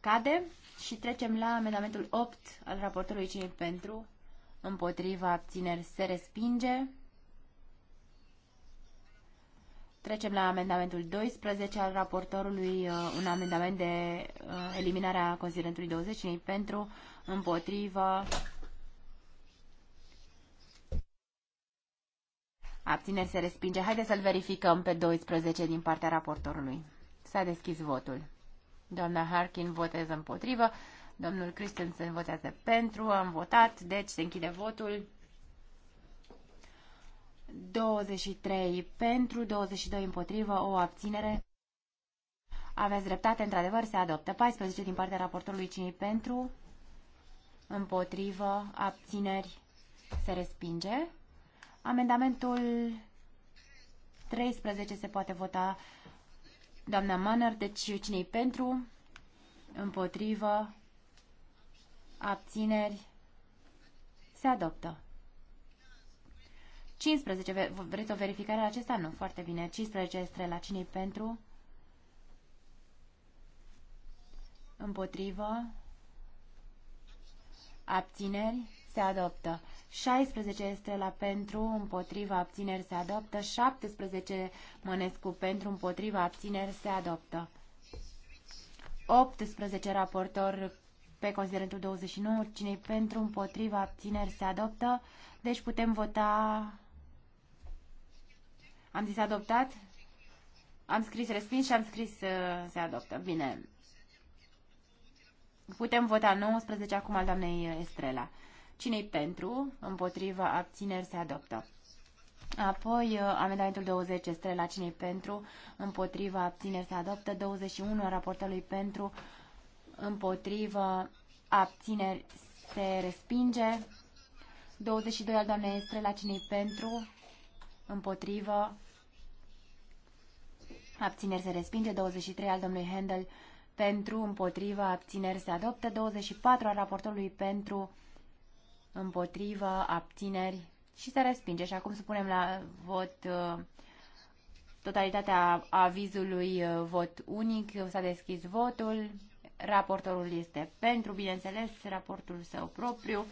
Cade și trecem la amendamentul 8 al raportului 5 pentru, împotriva, abțineri, se respinge. Trecem la amendamentul 12 al raportorului, uh, un amendament de uh, eliminare a considerentului 20, pentru, împotriva, Abțineri se respinge. Haideți să-l verificăm pe 12 din partea raportorului. S-a deschis votul. Doamna Harkin votează împotrivă. Domnul Christensen votează pentru. Am votat. Deci se închide votul. 23 pentru, 22 împotrivă, o abținere. Aveți dreptate, într-adevăr, se adoptă. 14 din partea raportorului cinei pentru, împotrivă, abțineri, se respinge. Amendamentul 13 se poate vota doamna Manner, deci cine pentru, împotrivă, abțineri, se adoptă. 15, vreți o verificare la acesta? Nu, foarte bine. 15 este la cine pentru, împotrivă, abțineri, se adoptă. 16 este la pentru, împotriva, abțineri, se adoptă. 17 Mănescu pentru, împotriva, abțineri, se adoptă. 18 raportor pe considerentul 29, cine pentru, împotriva, abțineri, se adoptă. Deci putem vota... Am zis adoptat? Am scris respins și am scris uh, se adoptă. Bine. Putem vota 19 acum al doamnei Estrela cine pentru? împotriva, Abțineri se adoptă. Apoi, uh, amendamentul 20 este la cine pentru, împotriva, abțineri se adoptă, 21 raportului pentru, împotriva, abțineri se respinge, 22 al doamnei este la cine pentru, împotriva, abțineri se respinge, 23 al domnului Handel pentru, împotriva, abțineri se adoptă, 24 al raportorului pentru, împotrivă, abțineri și se respinge. Și acum supunem la vot uh, totalitatea avizului uh, vot unic. S-a deschis votul. Raportorul este pentru, bineînțeles, raportul său propriu.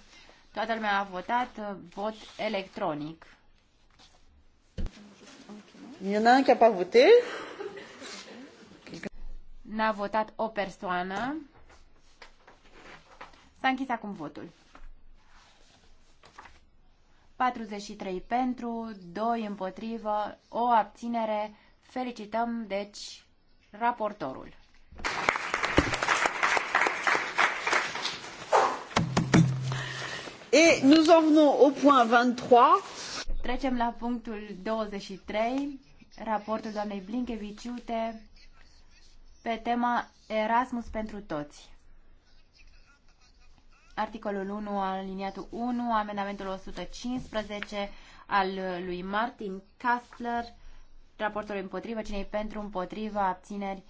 Toată lumea a votat uh, vot electronic. a N-a votat o persoană. S-a închis acum votul. 43 pentru, 2 împotrivă, o abținere. Felicităm, deci, raportorul. Et nous en venons au point 23. Trecem la punctul 23, raportul doamnei Blinkeviciute pe tema Erasmus pentru toți. Articolul 1, aliniatul 1, amendamentul 115 al lui Martin Kastler, raportul împotrivă, cine pentru, împotriva, abțineri,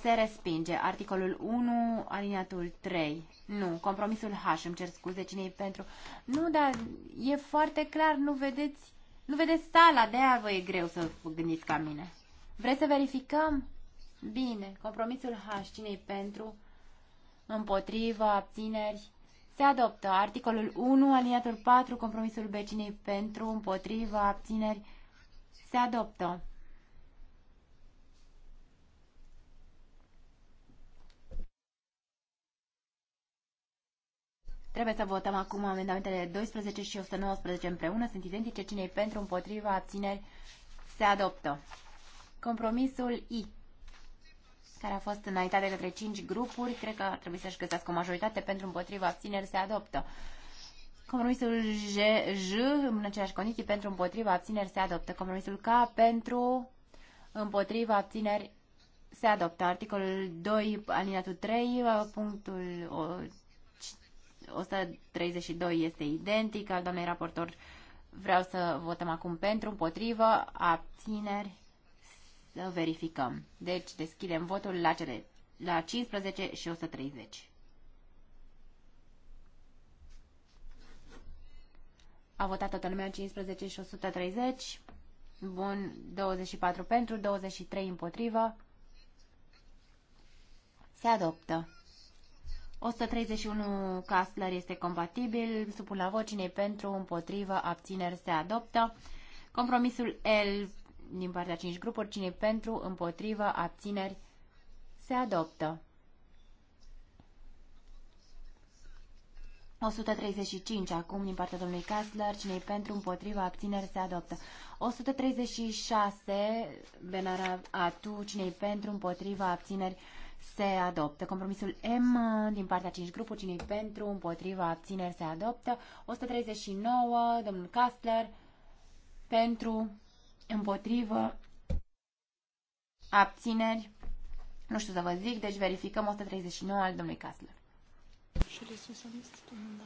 se respinge. Articolul 1, aliniatul 3. Nu, compromisul H, îmi cer scuze, cine pentru. Nu, dar e foarte clar, nu vedeți, nu vedeți sala, de-aia vă e greu să vă gândiți ca mine. Vreți să verificăm? Bine, compromisul H, cine pentru? împotriva, abțineri, se adoptă articolul 1, aliniatul 4, compromisul vecinei pentru, împotriva, abțineri. Se adoptă. Trebuie să votăm acum amendamentele 12 și 119 împreună. Sunt identice. cinei pentru, împotriva, abțineri, se adoptă. Compromisul I care a fost înaintat de către cinci grupuri, cred că ar trebui să-și găsească o majoritate pentru împotriva abțineri se adoptă. Compromisul J, J în aceleași condiții pentru împotriva abțineri se adoptă. Compromisul K pentru împotriva abțineri se adoptă. Articolul 2, alineatul 3, punctul 132 este identic al doamnei raportor. Vreau să votăm acum pentru, împotrivă, abțineri să verificăm. Deci deschidem votul la, cele, la 15 și 130. A votat toată lumea 15 și 130. Bun, 24 pentru, 23 împotrivă. Se adoptă. 131 Castler este compatibil, supun la vot cine pentru, împotrivă, abțineri, se adoptă. Compromisul L din partea 5 grupuri. Cine pentru, împotrivă, abțineri, se adoptă. 135 acum din partea domnului Kassler, cine pentru, împotriva, abțineri, se adoptă. 136, Benara Atu, cine pentru, împotriva, abțineri, se adoptă. Compromisul M din partea 5 grupuri, cine pentru, împotriva, abțineri, se adoptă. 139, domnul Kastler pentru, împotrivă, abțineri, nu știu să vă zic, deci verificăm 139 al domnului Kassler. Și les socialistes, tout le monde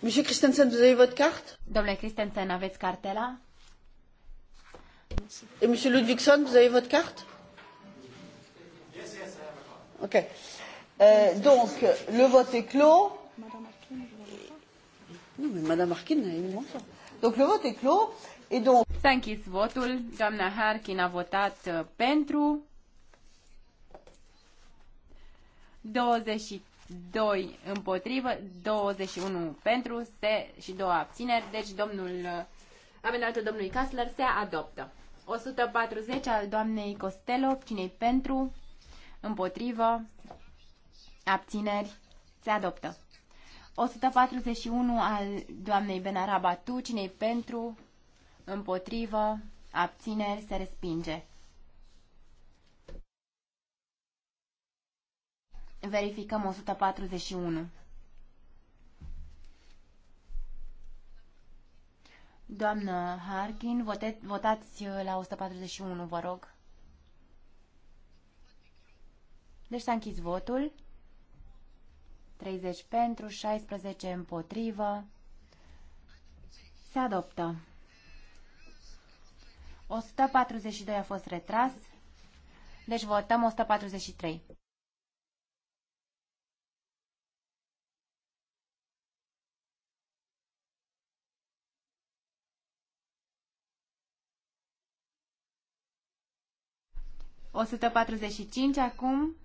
Monsieur Christensen, vous avez votre carte Domnule Christensen, aveți cartela? Et Monsieur Ludwigson, vous avez votre carte Okay. Euh, donc le vote est clos. Nu, mais Madame Harkin a eu Donc le vote est clos. Et donc... S-a închis votul. Doamna Harkin a votat uh, pentru. 22 împotrivă, 21 pentru se, și 2 abțineri. Deci domnul, uh, amendamentul domnului Kassler se adoptă. 140 al doamnei Costello, cine pentru, împotrivă, Abțineri. Se adoptă. 141 al doamnei Benarabatu, cine pentru, împotrivă, abțineri, se respinge. Verificăm 141. Doamnă Harkin, vote, votați la 141, vă rog. Deci s-a închis votul. 30 pentru, 16 împotrivă. Se adoptă. 142 a fost retras. Deci votăm 143. O 145 acum.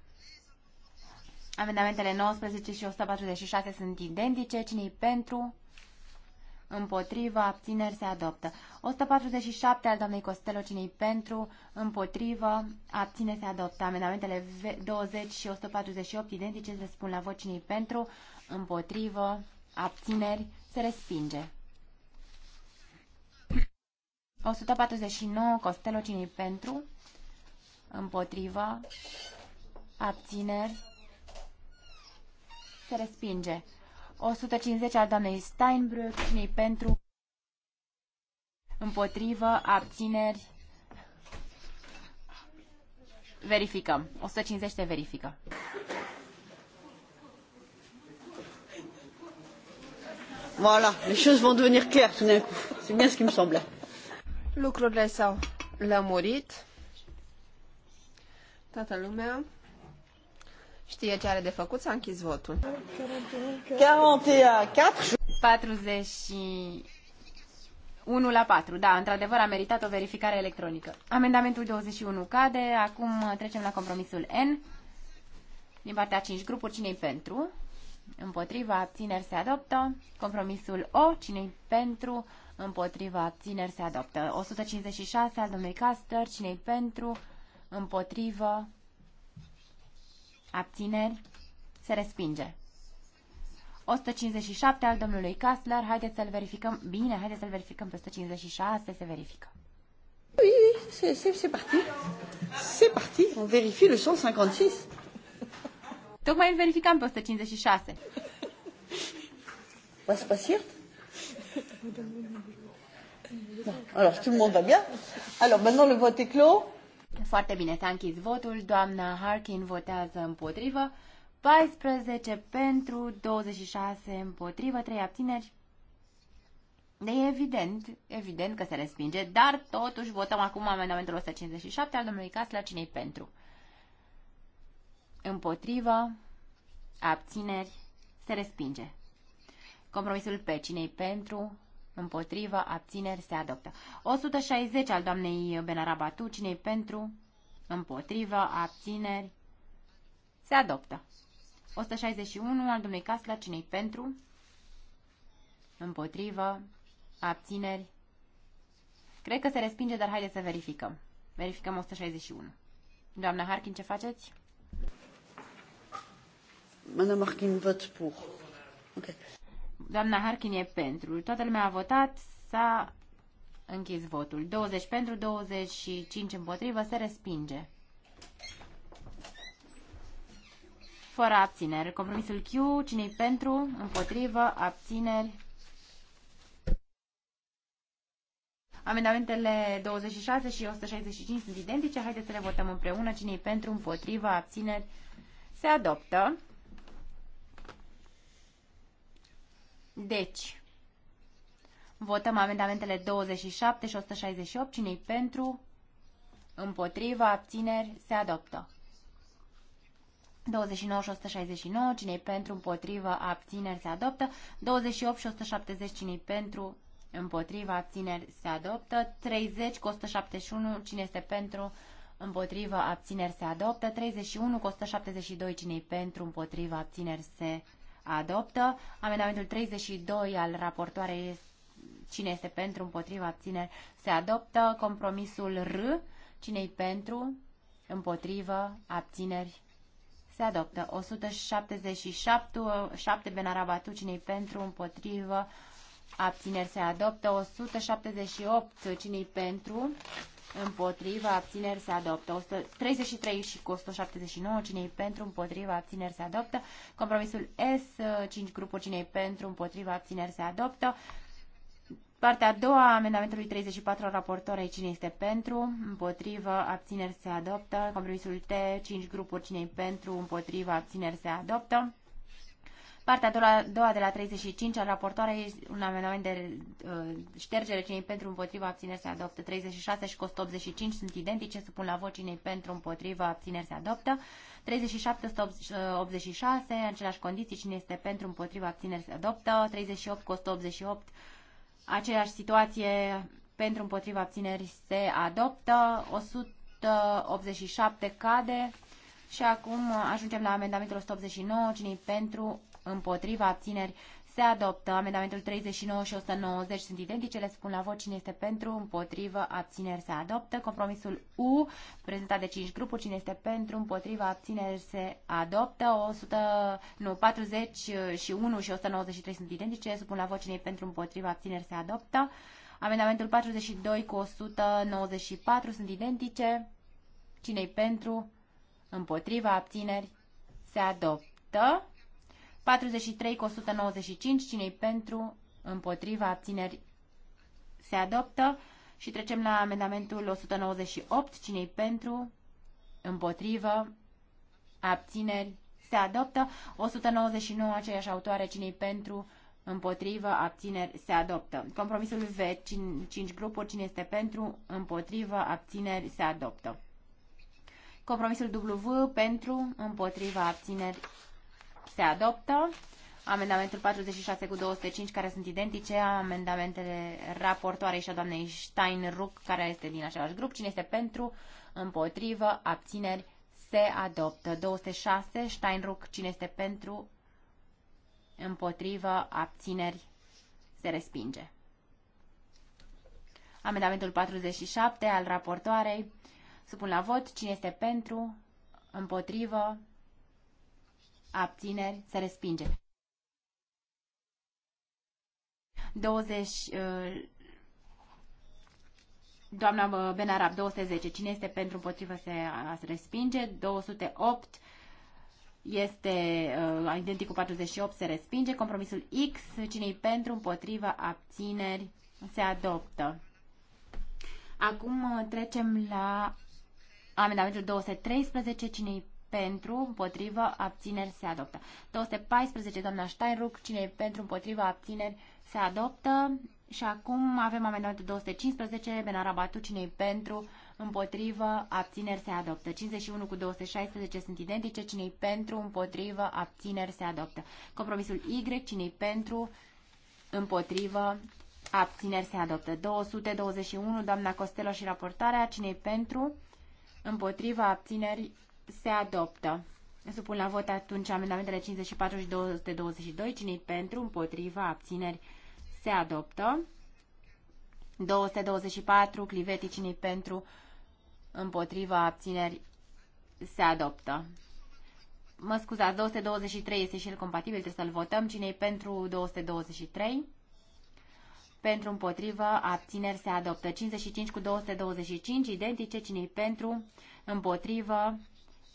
Amendamentele 19 și 146 sunt identice. Cine-i pentru? împotriva abțineri, se adoptă. 147 al doamnei Costelo. cine pentru, împotriva Abțineri? se adoptă. Amendamentele 20 și 148 identice se spun la vot cine pentru, împotriva abțineri, se respinge. 149, Costelo cine pentru, împotriva abțineri, se respinge. 150 al doamnei Steinbrück, nei pentru? Împotrivă, abțineri. Verificăm. 150 te verifică. Voilà, les choses vont devenir claires tout d'un coup. C'est bien ce qui me semblait. Lucrurile s-au lămurit. Toată lumea Știe ce are de făcut, s-a închis votul. 41 la 4. Da, într-adevăr a meritat o verificare electronică. Amendamentul 21 cade, acum trecem la compromisul N. Din partea 5 grupuri, cine pentru? Împotriva abțineri se adoptă. Compromisul O, cine pentru? Împotriva abțineri se adoptă. 156 al domnului Caster, cine pentru? Împotrivă Abțineri? Se respinge. 157 al domnului Kassler. Haideți să-l verificăm. Bine, haideți să-l verificăm pe 156. Se verifică. Oui, c'est parti. C'est parti. On vérifie le 156. Tocmai îl verificam pe 156. Vă spăsiert? Alors, tout le monde va bien. Alors, maintenant, le vote est clos. Foarte bine, s-a închis votul. Doamna Harkin votează împotrivă. 14 pentru, 26 împotrivă, 3 abțineri. De evident, evident că se respinge, dar totuși votăm acum amendamentul 157 al domnului Casla, cine pentru? Împotrivă, abțineri, se respinge. Compromisul pe cine pentru, Împotrivă, abțineri, se adoptă. 160 al doamnei Benarabatu, pentru? Împotrivă, abțineri, se adoptă. 161 al domnului Casla, cinei pentru? Împotrivă, abțineri. Cred că se respinge, dar haideți să verificăm. Verificăm 161. Doamna Harkin, ce faceți? Madame Harkin, văd pour. Okay. Doamna Harkin e pentru. Toată lumea a votat, s-a închis votul. 20 pentru, 25 împotrivă, se respinge. Fără abțineri. Compromisul Q, cine pentru, împotrivă, abțineri. Amendamentele 26 și 165 sunt identice. Haideți să le votăm împreună. cine pentru, împotrivă, abțineri. Se adoptă. Deci, votăm amendamentele 27 și 168. cine pentru? Împotriva, abțineri, se adoptă. 29 și 169, cine pentru, împotriva abțineri, se adoptă. 28 și 170, cine pentru, împotriva abțineri, se adoptă. 30 cu 171, cine este pentru, împotriva abțineri, se adoptă. 31 cu 172, cine pentru, împotriva abțineri, se adoptă. Amendamentul 32 al raportoarei cine este pentru, împotriva, abțineri, se adoptă. Compromisul R, cine e pentru, împotrivă, abțineri, se adoptă. 177, 7 Benarabatu, cine e pentru, împotrivă, abțineri, se adoptă. 178, cine e pentru, împotriva, abțineri se adoptă. 133 și cu 179, cine pentru, împotriva, abțineri se adoptă. Compromisul S, 5 grupuri, cine pentru, împotriva, abțineri se adoptă. Partea a doua a amendamentului 34 al raportorei, cine este pentru, împotrivă, abțineri se adoptă. Compromisul T, 5 grupuri, cine pentru, împotriva, abțineri se adoptă. Partea a doua de la 35 al raportoarei un amendament de uh, ștergere cinei pentru împotriva abțineri se adoptă. 36 și cost 85 sunt identice, supun la vot cinei pentru împotriva abțineri se adoptă. 37 86, uh, în aceleași condiții, cine este pentru împotriva abțineri se adoptă. 38 cost 88 aceeași situație pentru împotriva abțineri se adoptă. 187 cade. Și acum uh, ajungem la amendamentul 189. cine pentru împotriva, abțineri, se adoptă. Amendamentul 39 și 190 sunt identice, le spun la vot cine este pentru, împotrivă, abțineri, se adoptă. Compromisul U, prezentat de 5 grupuri, cine este pentru, împotriva, abțineri, se adoptă. 100, nu, 40 și 1 și 193 sunt identice, le spun la vot cine e pentru, împotriva, abțineri, se adoptă. Amendamentul 42 cu 194 sunt identice. cine e pentru? Împotriva abțineri? Se adoptă. 43 cu 195, cine pentru, împotriva, abțineri se adoptă. Și trecem la amendamentul 198, cine pentru, împotrivă, abțineri se adoptă. 199, aceeași autoare, cine pentru, împotrivă, abțineri se adoptă. Compromisul V, 5 grupuri, cine este pentru, împotrivă, abțineri se adoptă. Compromisul W pentru, împotriva, abțineri se adoptă. Amendamentul 46 cu 205 care sunt identice, amendamentele raportoarei și a doamnei Steinruck care este din același grup. Cine este pentru, împotrivă, abțineri, se adoptă. 206, Steinruck, cine este pentru, împotrivă, abțineri, se respinge. Amendamentul 47 al raportoarei, supun la vot, cine este pentru, împotrivă, abțineri, se respinge. 20, uh, doamna uh, Benarab, 210, cine este pentru împotrivă se, uh, se respinge, 208 este uh, identic cu 48, se respinge, compromisul X, cine pentru împotrivă abțineri, se adoptă. Acum trecem la amendamentul 213, cine pentru, împotrivă, abțineri, se adoptă. 214, doamna Steinruck, cine e pentru, împotrivă, abțineri, se adoptă. Și acum avem amendamentul 215, Benarabatu, cine e pentru, împotrivă, abțineri, se adoptă. 51 cu 216 sunt identice, cine e pentru, împotrivă, abțineri, se adoptă. Compromisul Y, cine e pentru, împotrivă, abțineri, se adoptă. 221, doamna Costelo și raportarea, cine e pentru, împotriva abțineri se adoptă. Supun la vot atunci amendamentele 54 și 222. Cine-i pentru, împotriva, abțineri, se adoptă. 224, Cliveti. cine pentru, împotriva, abțineri, se adoptă. Mă scuzați, 223 este și el compatibil, trebuie să-l votăm. Cine-i pentru 223? Pentru, împotrivă, abțineri, se adoptă. 55 cu 225, identice. Cine-i pentru, împotrivă,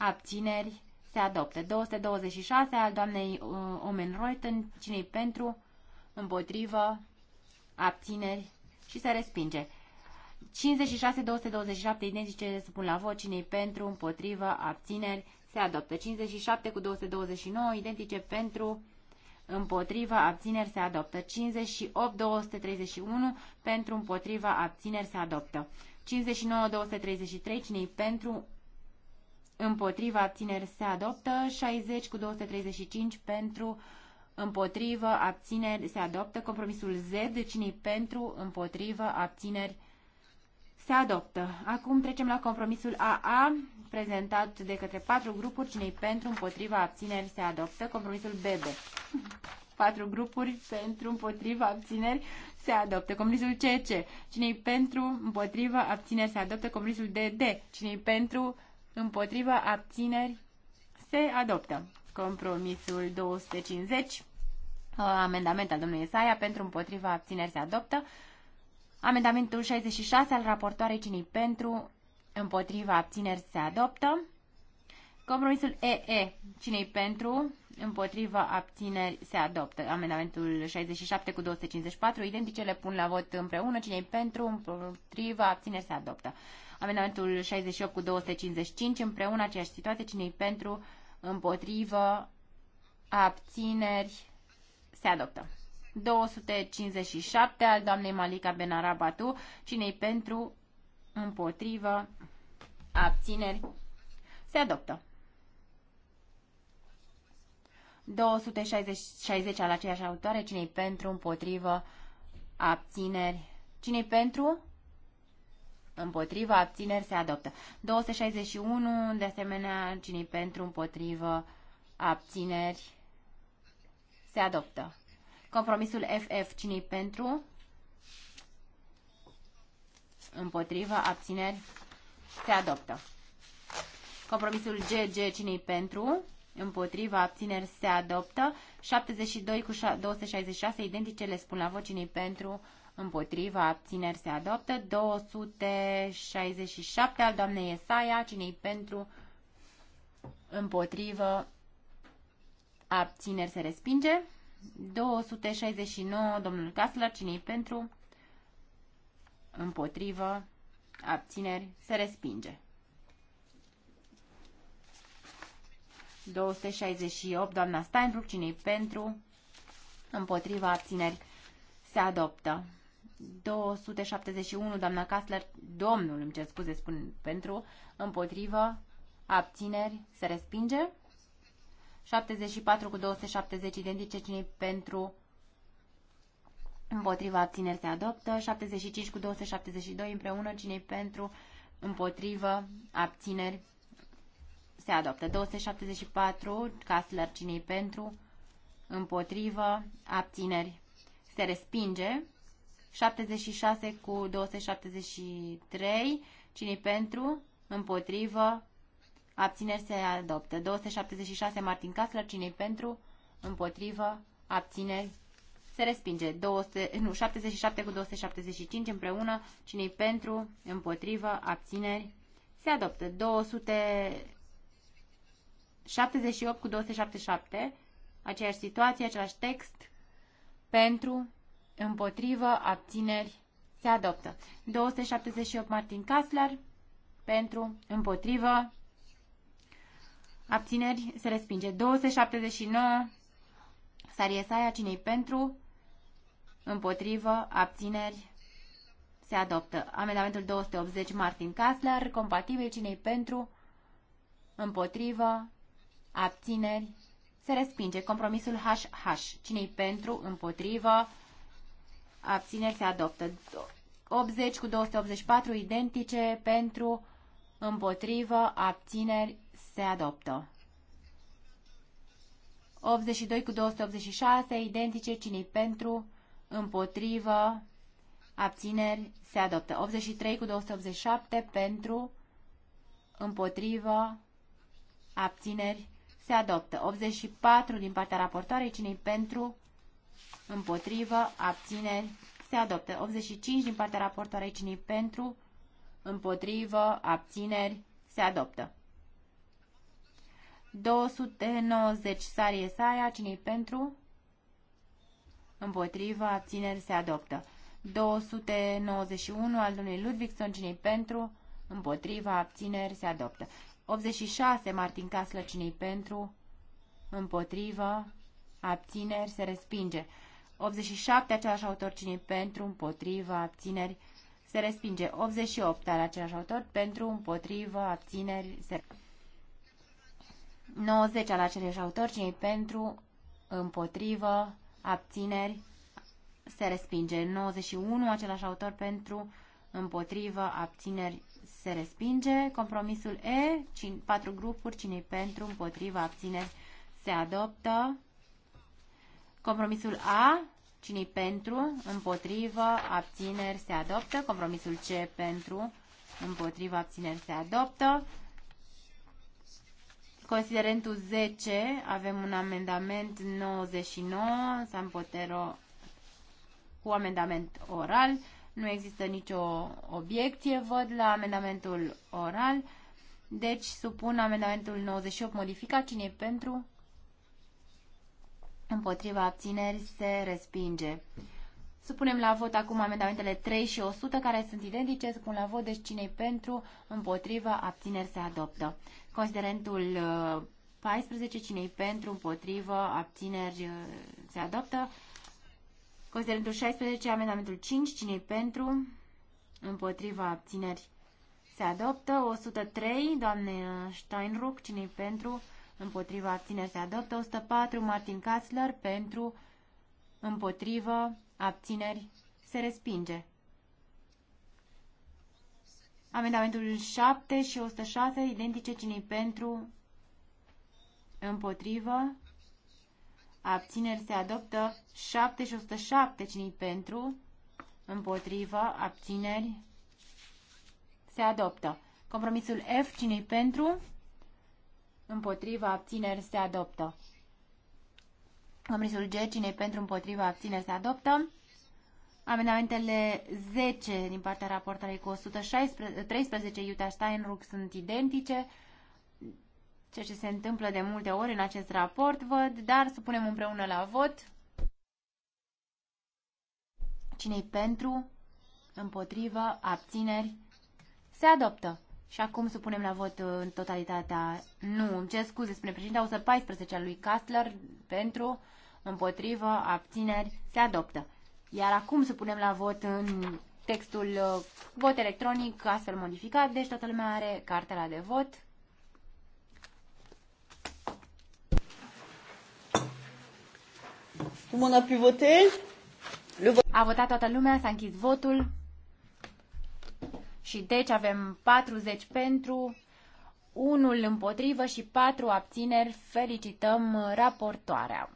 abțineri, se adoptă. 226 al doamnei uh, Omen Reuten, cine pentru, împotrivă, abțineri și se respinge. 56-227 identice se pun la vot, cine pentru, împotrivă, abțineri, se adoptă. 57 cu 229 identice pentru, împotrivă, abțineri, se adoptă. 58-231 pentru, împotrivă, abțineri, se adoptă. 59-233, cine pentru, împotriva abțineri se adoptă, 60 cu 235 pentru împotrivă abțineri se adoptă, compromisul Z, cine pentru împotrivă abțineri se adoptă. Acum trecem la compromisul AA, prezentat de către patru grupuri, cine pentru împotriva abțineri se adoptă, compromisul BB. Patru grupuri pentru împotriva abțineri se adoptă. Compromisul CC. Cine pentru împotriva abțineri se adoptă. Compromisul DD. Cine pentru împotriva abțineri se adoptă. Compromisul 250, uh, amendament al domnului Isaia, pentru împotriva abțineri se adoptă. Amendamentul 66 al raportoarei cinei pentru împotriva abțineri se adoptă. Compromisul EE, cinei pentru împotriva abțineri se adoptă. Amendamentul 67 cu 254, identice le pun la vot împreună, cinei pentru împotriva abțineri se adoptă. Amendamentul 68 cu 255 împreună aceeași situație. cine pentru? Împotrivă? Abțineri? Se adoptă. 257 al doamnei Malika Benarabatu. cine pentru? Împotrivă? Abțineri? Se adoptă. 260 al aceeași autoare, cine pentru, împotrivă, abțineri. cine pentru? Împotrivă, abțineri se adoptă. 261, de asemenea, cine pentru, împotrivă, abțineri se adoptă. Compromisul FF, cine pentru, împotrivă, abțineri se adoptă. Compromisul GG, cine pentru, împotrivă, abțineri se adoptă. 72 cu 266, identice, le spun la voce, cine pentru, împotriva, abțineri se adoptă, 267 al doamnei Esaia, cinei pentru, împotrivă, abțineri se respinge, 269 domnul Kassler, cinei pentru, împotrivă, abțineri se respinge. 268, doamna Steinruck, cinei pentru, împotriva abțineri, se adoptă. 271, doamna Kastler, domnul, îmi cer scuze, spun pentru, împotrivă, abțineri, se respinge. 74 cu 270 identice, cine pentru, împotriva, abțineri, se adoptă. 75 cu 272 împreună, cine pentru, împotrivă, abțineri, se adoptă. 274, Kastler, cine pentru, împotrivă, abțineri, se respinge. 76 cu 273. cine pentru? Împotrivă. Abțineri se adoptă. 276 Martin Kassler. cine pentru? Împotrivă. Abțineri. Se respinge. 200, nu, 77 cu 275 împreună. cine pentru? Împotrivă. Abțineri. Se adoptă. 278 cu 277. Aceeași situație, același text. Pentru împotrivă, abțineri, se adoptă. 278 Martin Kassler, pentru, împotrivă, abțineri, se respinge. 279 Sariesaia, cinei pentru, împotrivă, abțineri, se adoptă. Amendamentul 280 Martin Kassler, compatibil, cinei pentru, împotrivă, abțineri, se respinge. Compromisul HH, cinei pentru, împotrivă, abțineri se adoptă. 80 cu 284 identice pentru, împotrivă, abțineri se adoptă. 82 cu 286 identice, cine pentru, împotrivă, abțineri se adoptă. 83 cu 287 pentru, împotrivă, abțineri se adoptă. 84 din partea raportoarei, cine pentru, împotrivă, abțineri, se adoptă. 85 din partea raportoarei cinei pentru, împotrivă, abțineri, se adoptă. 290 Sarie Saia, cinei pentru, împotrivă, abțineri, se adoptă. 291 al domnului Ludvigson, cinei pentru, împotriva, abțineri, se adoptă. 86 Martin Caslă, cinei pentru, împotrivă, abțineri, se respinge. 87, același autor, cine pentru, împotrivă, abțineri, se respinge. 88, al același autor, pentru, împotrivă, abțineri, se 90 al același autor, cine pentru, împotrivă, abțineri, se respinge. 91, același autor, pentru, împotrivă, abțineri, se respinge. Compromisul E, 4 grupuri, cine pentru, împotrivă, abțineri, se adoptă. Compromisul A, cine pentru, împotrivă, abțineri, se adoptă. Compromisul C, pentru, împotrivă, abțineri, se adoptă. Considerentul 10, avem un amendament 99, împotero cu amendament oral. Nu există nicio obiecție, văd, la amendamentul oral. Deci supun amendamentul 98 modificat. Cine e pentru? Împotriva abțineri se respinge. Supunem la vot acum amendamentele 3 și 100 care sunt identice, spun la vot, deci cine pentru, împotriva, abțineri se adoptă. Considerentul 14, uh, cine pentru, împotrivă, abțineri uh, se adoptă. Considerentul 16, amendamentul 5, cine pentru, împotriva, abțineri se adoptă. 103, doamne uh, Steinruck, cine pentru, Împotriva abține se adoptă. 104, Martin Kassler, pentru, împotrivă, abțineri se respinge. Amendamentul 7 și 106, identice cine pentru, împotrivă, abțineri se adoptă. 7 și 107, cine pentru, împotrivă, abțineri se adoptă. Compromisul F, cine pentru, împotriva, abțineri, se adoptă. Compromisul G, cine pentru, împotriva, abțineri, se adoptă. Amendamentele 10 din partea raportului cu 113 Iuta Steinruck sunt identice, ceea ce se întâmplă de multe ori în acest raport, văd, dar să punem împreună la vot. Cine-i pentru, împotrivă, abțineri, se adoptă. Și acum supunem la vot uh, în totalitatea. Nu, îmi cer scuze, spune președinte, 114 al lui Castler pentru, împotrivă, abțineri, se adoptă. Iar acum supunem la vot în textul uh, vot electronic, astfel modificat, deci toată lumea are cartela de vot. Cum a pu A votat toată lumea, s-a închis votul. Și deci avem 40 pentru, 1 împotrivă și 4 abțineri. Felicităm raportoarea.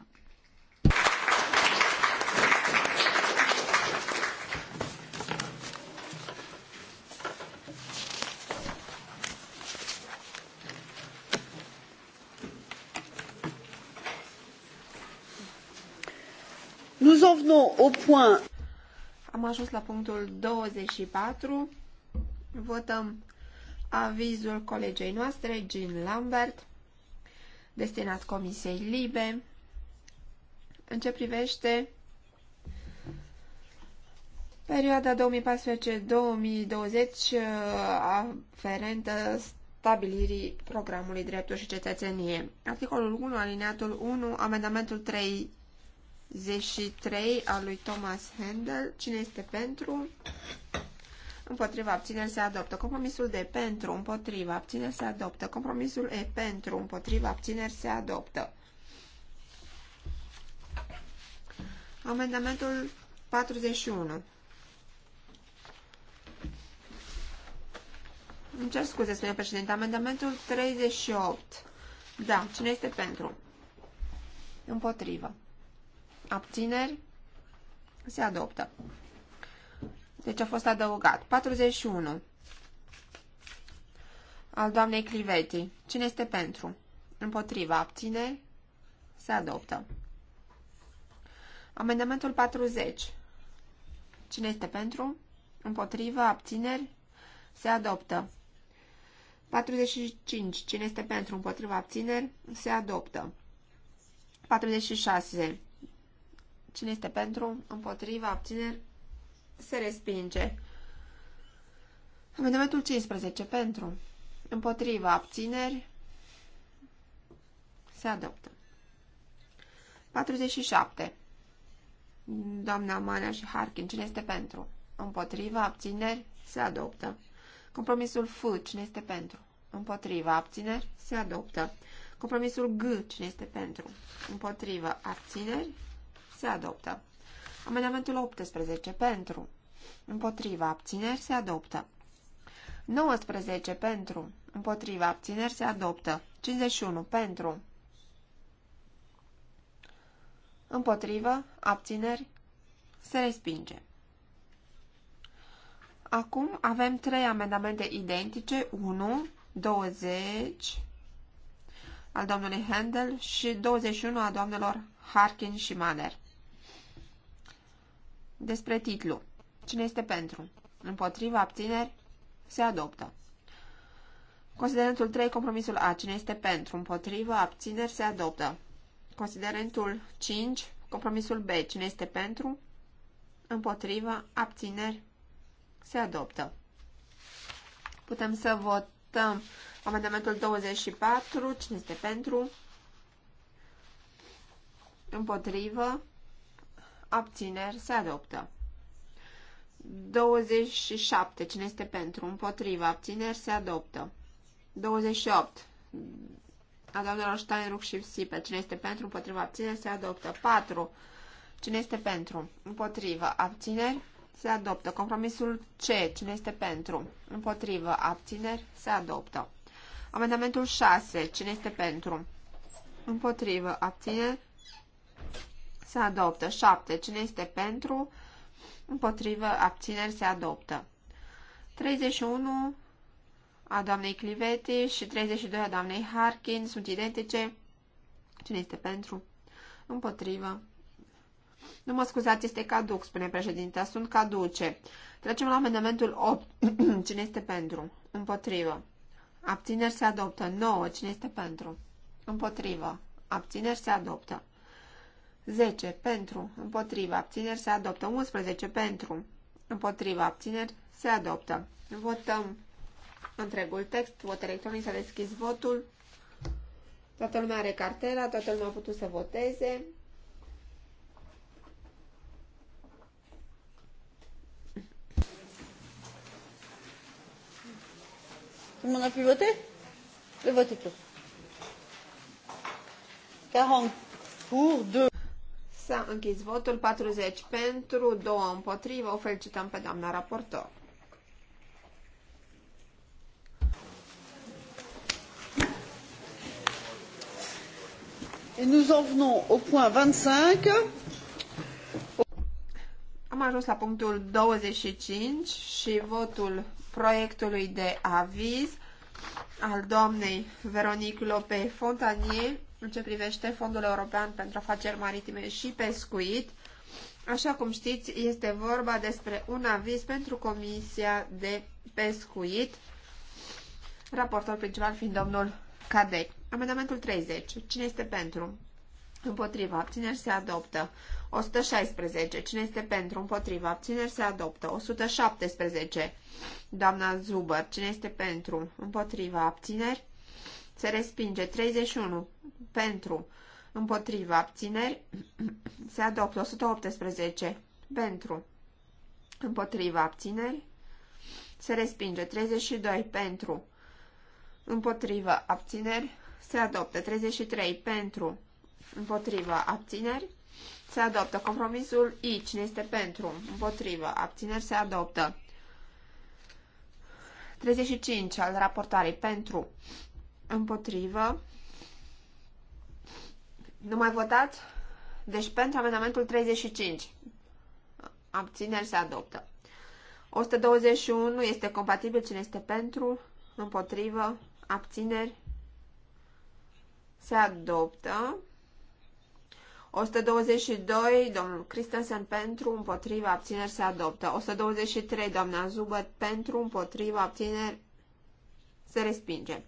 Am ajuns la punctul 24 Votăm avizul colegei noastre, Jean Lambert, destinat Comisiei Libe, în ce privește perioada 2014-2020 uh, aferentă stabilirii programului Dreptul și Cetățenie. Articolul 1, alineatul 1, amendamentul 33 al lui Thomas Handel. Cine este pentru? împotriva abțineri se adoptă. Compromisul de. pentru, împotriva abțineri se adoptă. Compromisul E pentru, împotriva abțineri se adoptă. Amendamentul 41. Îmi cer scuze, spune președinte. Amendamentul 38. Da, cine este pentru? Împotrivă. Abțineri? Se adoptă. Deci a fost adăugat. 41. Al doamnei Cliveti. Cine este pentru? Împotriva. Abține. Se adoptă. Amendamentul 40. Cine este pentru? Împotriva. abțineri, se adoptă. 45. Cine este pentru? Împotriva abțineri, se adoptă. 46. Cine este pentru? Împotriva abțineri, se respinge. Amendamentul 15 pentru, împotriva abțineri, se adoptă. 47. Doamna Manea și Harkin, cine este pentru? Împotriva abțineri, se adoptă. Compromisul F, cine este pentru? Împotriva abțineri, se adoptă. Compromisul G, cine este pentru? Împotriva abțineri, se adoptă. Amendamentul 18 pentru. Împotriva abțineri se adoptă. 19 pentru. Împotriva abțineri se adoptă. 51 pentru. Împotrivă abțineri se respinge. Acum avem trei amendamente identice, 1, 20 al domnului Handel și 21 a doamnelor Harkin și Mader. Despre titlu. Cine este pentru? Împotriva abțineri? Se adoptă. Considerentul 3, compromisul A. Cine este pentru? Împotriva abțineri? Se adoptă. Considerentul 5, compromisul B. Cine este pentru? Împotriva abțineri? Se adoptă. Putem să votăm amendamentul 24. Cine este pentru? Împotrivă? abțineri, se adoptă. 27. Cine este pentru? Împotriva. Abțineri se adoptă. 28. Adaptelor Steinruck și Sipe. Cine este pentru? Împotriva. Abțineri se adoptă. 4. Cine este pentru? Împotriva. Abțineri se adoptă. Compromisul C. Cine este pentru? Împotriva. Abțineri se adoptă. Amendamentul 6. Cine este pentru? Împotrivă. Abțineri se adoptă. 7. Cine este pentru? Împotrivă, abțineri, se adoptă. 31 a doamnei Cliveti și 32 a doamnei Harkin sunt identice. Cine este pentru? Împotrivă. Nu mă scuzați, este caduc, spune președinta. Sunt caduce. Trecem la amendamentul 8. Cine este pentru? Împotrivă. Abțineri se adoptă. 9. Cine este pentru? Împotrivă. Abțineri se adoptă. 10 pentru, împotriva, abțineri se adoptă. 11 pentru, împotriva, abțineri se adoptă. Votăm întregul text, vot electronic, s-a deschis votul. Toată lumea are cartela, toată lumea a putut să voteze. Tout le monde a Le vote tu. 40 pour, 2. S-a închis votul 40 pentru, 2 împotrivă. O felicităm pe doamna raportor. Et nous en venons au point 25. Am ajuns la punctul 25 și votul proiectului de aviz al doamnei Veronique Lope Fontanier în ce privește Fondul European pentru Afaceri Maritime și Pescuit. Așa cum știți, este vorba despre un aviz pentru Comisia de Pescuit, raportor principal fiind domnul Cadec. Amendamentul 30. Cine este pentru? Împotriva. Abțineri se adoptă. 116. Cine este pentru? Împotriva. Abțineri se adoptă. 117. Doamna Zubăr. Cine este pentru? Împotriva. Abțineri? Se respinge. 31. pentru, împotriva, abțineri, se adoptă 118 pentru, împotriva, abțineri, se respinge 32 pentru, împotriva, abțineri, se adoptă 33 pentru, împotriva, abțineri, se adoptă compromisul I, cine este pentru, împotriva, abțineri, se adoptă 35 al raportarei pentru, împotrivă, nu mai votat. Deci pentru amendamentul 35. Abțineri se adoptă. 121 este compatibil cine este pentru, împotrivă, abțineri, se adoptă. 122, domnul Christensen pentru, împotrivă, abțineri, se adoptă. 123, doamna Zubăr pentru, împotrivă, abțineri, se respinge.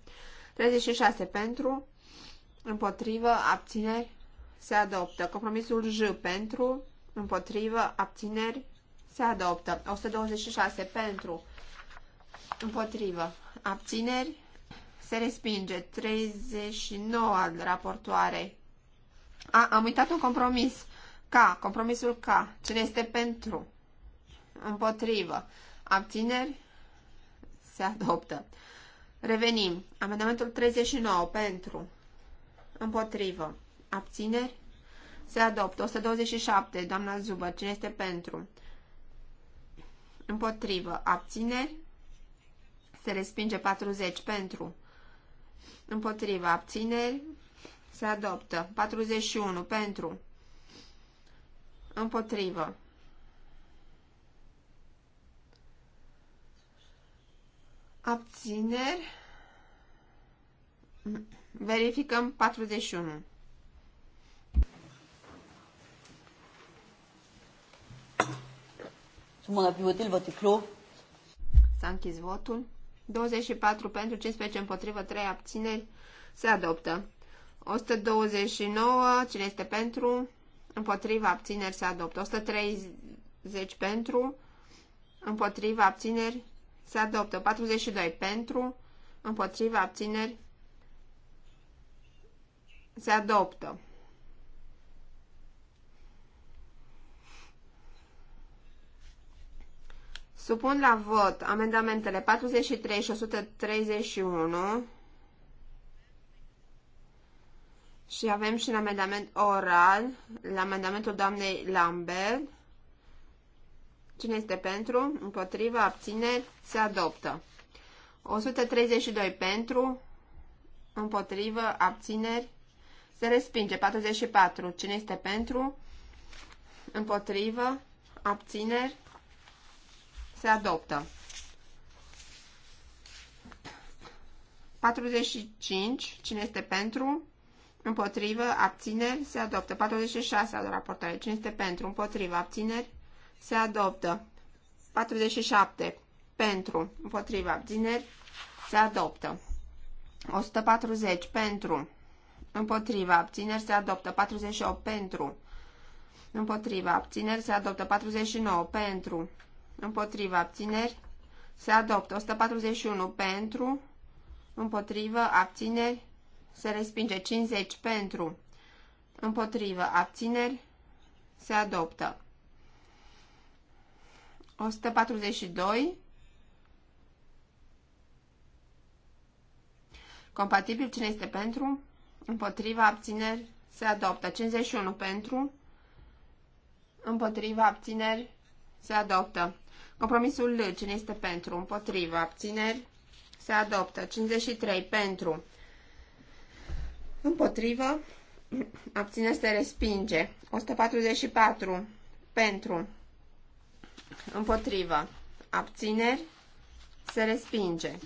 36 pentru, împotrivă, abțineri, se adoptă. Compromisul J pentru, împotrivă, abțineri, se adoptă. 126 pentru, împotrivă, abțineri, se respinge. 39 al raportoarei. A, am uitat un compromis. K, compromisul K. Cine este pentru? Împotrivă. Abțineri? Se adoptă. Revenim. Amendamentul 39 pentru. Împotrivă. Abțineri. Se adoptă. 127. Doamna Zubă. Cine este pentru? Împotrivă. Abțineri. Se respinge 40. Pentru. Împotrivă. Abțineri. Se adoptă. 41. Pentru. Împotrivă. Abțineri. Verificăm 41. Mă a util, vă clos. S-a închis votul. 24 pentru, 15 împotrivă, 3 abțineri. Se adoptă. 129, cine este pentru? Împotriva abțineri se adoptă. 130 pentru, împotriva abțineri se adoptă. 42 pentru, împotriva abțineri se adoptă. Supun la vot amendamentele 43 și 131 și avem și un amendament oral la amendamentul doamnei Lambert. Cine este pentru? Împotriva? abține, Se adoptă. 132 pentru, împotrivă, abțineri, se respinge. 44. Cine este pentru? Împotrivă. Abțineri. Se adoptă. 45. Cine este pentru? Împotrivă. Abțineri. Se adoptă. 46. Adora portare. Cine este pentru? Împotrivă. Abțineri. Se adoptă. 47. Pentru. Împotrivă. Abțineri. Se adoptă. 140. Pentru Împotriva abțineri se adoptă 48 pentru. Împotriva abțineri se adoptă 49 pentru. Împotriva abțineri se adoptă 141 pentru. Împotriva. abțineri se respinge 50 pentru. Împotriva. abțineri se adoptă. 142 Compatibil cine este pentru? Împotriva abțineri se adoptă. 51 pentru. Împotriva abțineri se adoptă. Compromisul L. Cine este pentru? Împotriva abțineri se adoptă. 53 pentru. Împotriva abțineri se respinge. 144 pentru. Împotriva abțineri se respinge.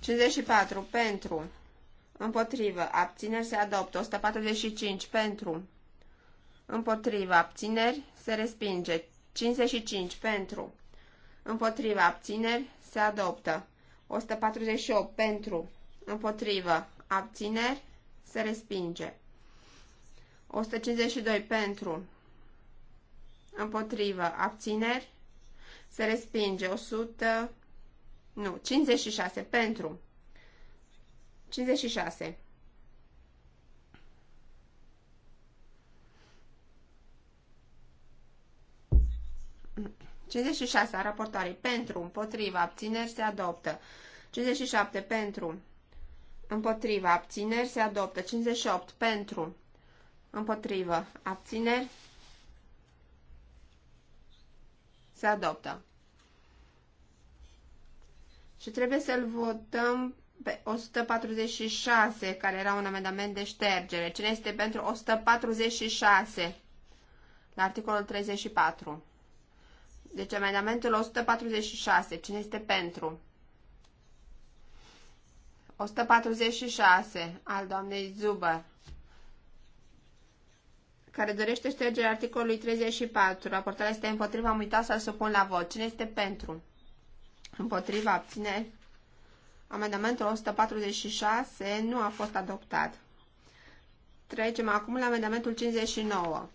54 pentru. Împotrivă. Abțineri se adoptă. 145 pentru. Împotrivă. Abțineri se respinge. 55 pentru. Împotrivă. Abțineri se adoptă. 148 pentru. Împotrivă. Abțineri se respinge. 152 pentru. Împotrivă. Abțineri se respinge. 100. Nu. 56 pentru. 56. a raportoarei pentru, împotriva, abțineri se adoptă. 57 pentru, împotriva, abțineri se adoptă. 58 pentru, împotriva, abțineri se adoptă. Și trebuie să-l votăm pe 146, care era un amendament de ștergere. Cine este pentru 146? La articolul 34. Deci amendamentul 146. Cine este pentru? 146 al doamnei Zuber, care dorește ștergerea articolului 34. Raportarea este împotriva, am uitat să-l supun la vot. Cine este pentru? Împotriva, abține. Amendamentul 146 nu a fost adoptat. Trecem acum la amendamentul 59,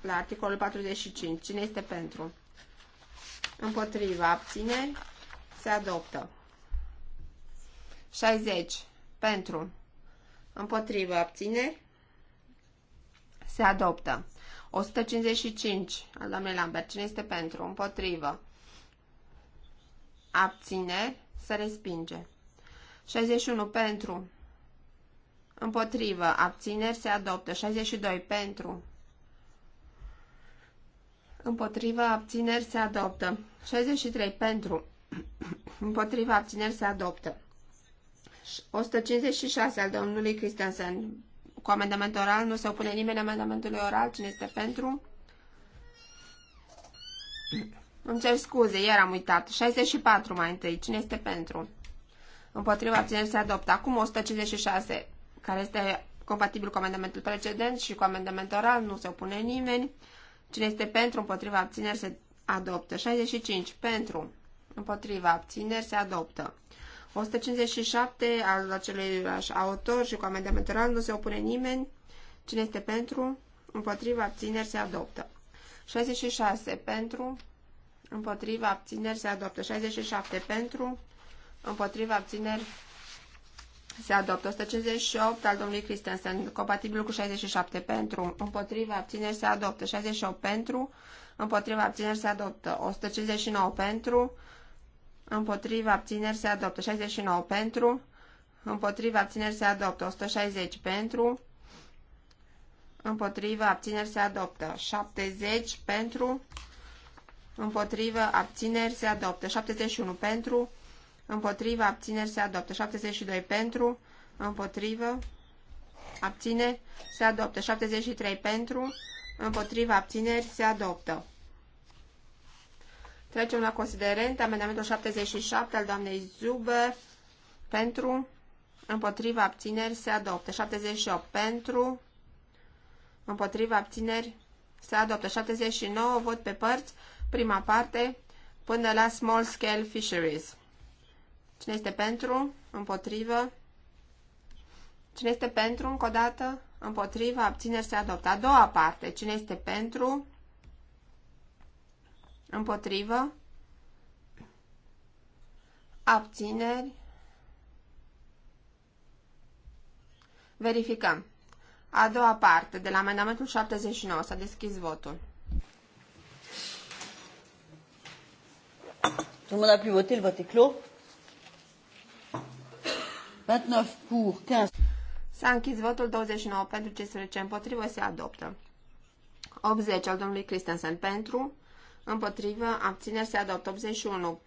la articolul 45. Cine este pentru? Împotriva. Abțineri. Se adoptă. 60. Pentru. Împotriva. Abțineri. Se adoptă. 155 al doamnei Lambert. Cine este pentru? Împotrivă. Abțineri se respinge. 61 pentru, împotrivă, abțineri, se adoptă. 62 pentru, împotrivă, abțineri, se adoptă. 63 pentru, împotrivă, abțineri, se adoptă. 156 al domnului Christensen. Cu amendament oral nu se opune nimeni amendamentului oral. Cine este pentru? Îmi cer scuze, iar am uitat. 64 mai întâi. Cine este pentru? Împotriva abțineri se adoptă. Acum 156, care este compatibil cu amendamentul precedent și cu amendamentul oral. Nu se opune nimeni. Cine este pentru? Împotriva abțineri se adoptă. 65 pentru. Împotriva abțineri se adoptă. 157 al acelui autor și cu amendamentul oral. Nu se opune nimeni. Cine este pentru? Împotriva abțineri se adoptă. 66 pentru împotriva abțineri se adoptă 67 pentru, împotriva abțineri se adoptă 158 al domnului Christensen, compatibil cu 67 pentru, împotriva abțineri se adoptă 68 pentru, împotriva abțineri se adoptă 159 pentru, împotriva abțineri se adoptă 69 pentru, împotriva abțineri se adoptă 160 pentru, împotriva abțineri se adoptă 70 pentru, împotrivă, abțineri, se adoptă. 71 pentru, împotrivă, abțineri, se adoptă. 72 pentru, împotrivă, abțineri, se adoptă. 73 pentru, împotrivă, abțineri, se adoptă. Trecem la considerent, amendamentul 77 al doamnei Zuber, pentru, împotrivă, abțineri, se adoptă. 78 pentru, împotrivă, abțineri, se adoptă. 79, vot pe părți, prima parte, până la Small Scale Fisheries. Cine este pentru? Împotrivă. Cine este pentru încă o dată? Împotrivă, abțineri se adoptă. A doua parte, cine este pentru? Împotrivă. Abțineri. Verificăm. A doua parte, de la amendamentul 79, s-a deschis votul. Tout le monde a pu voter, le vote est clos. 29 pour, 15. S-a închis votul 29 pentru 15 împotrivă, se adoptă. 80 al domnului Christensen pentru, împotrivă, abțineri se adoptă. 81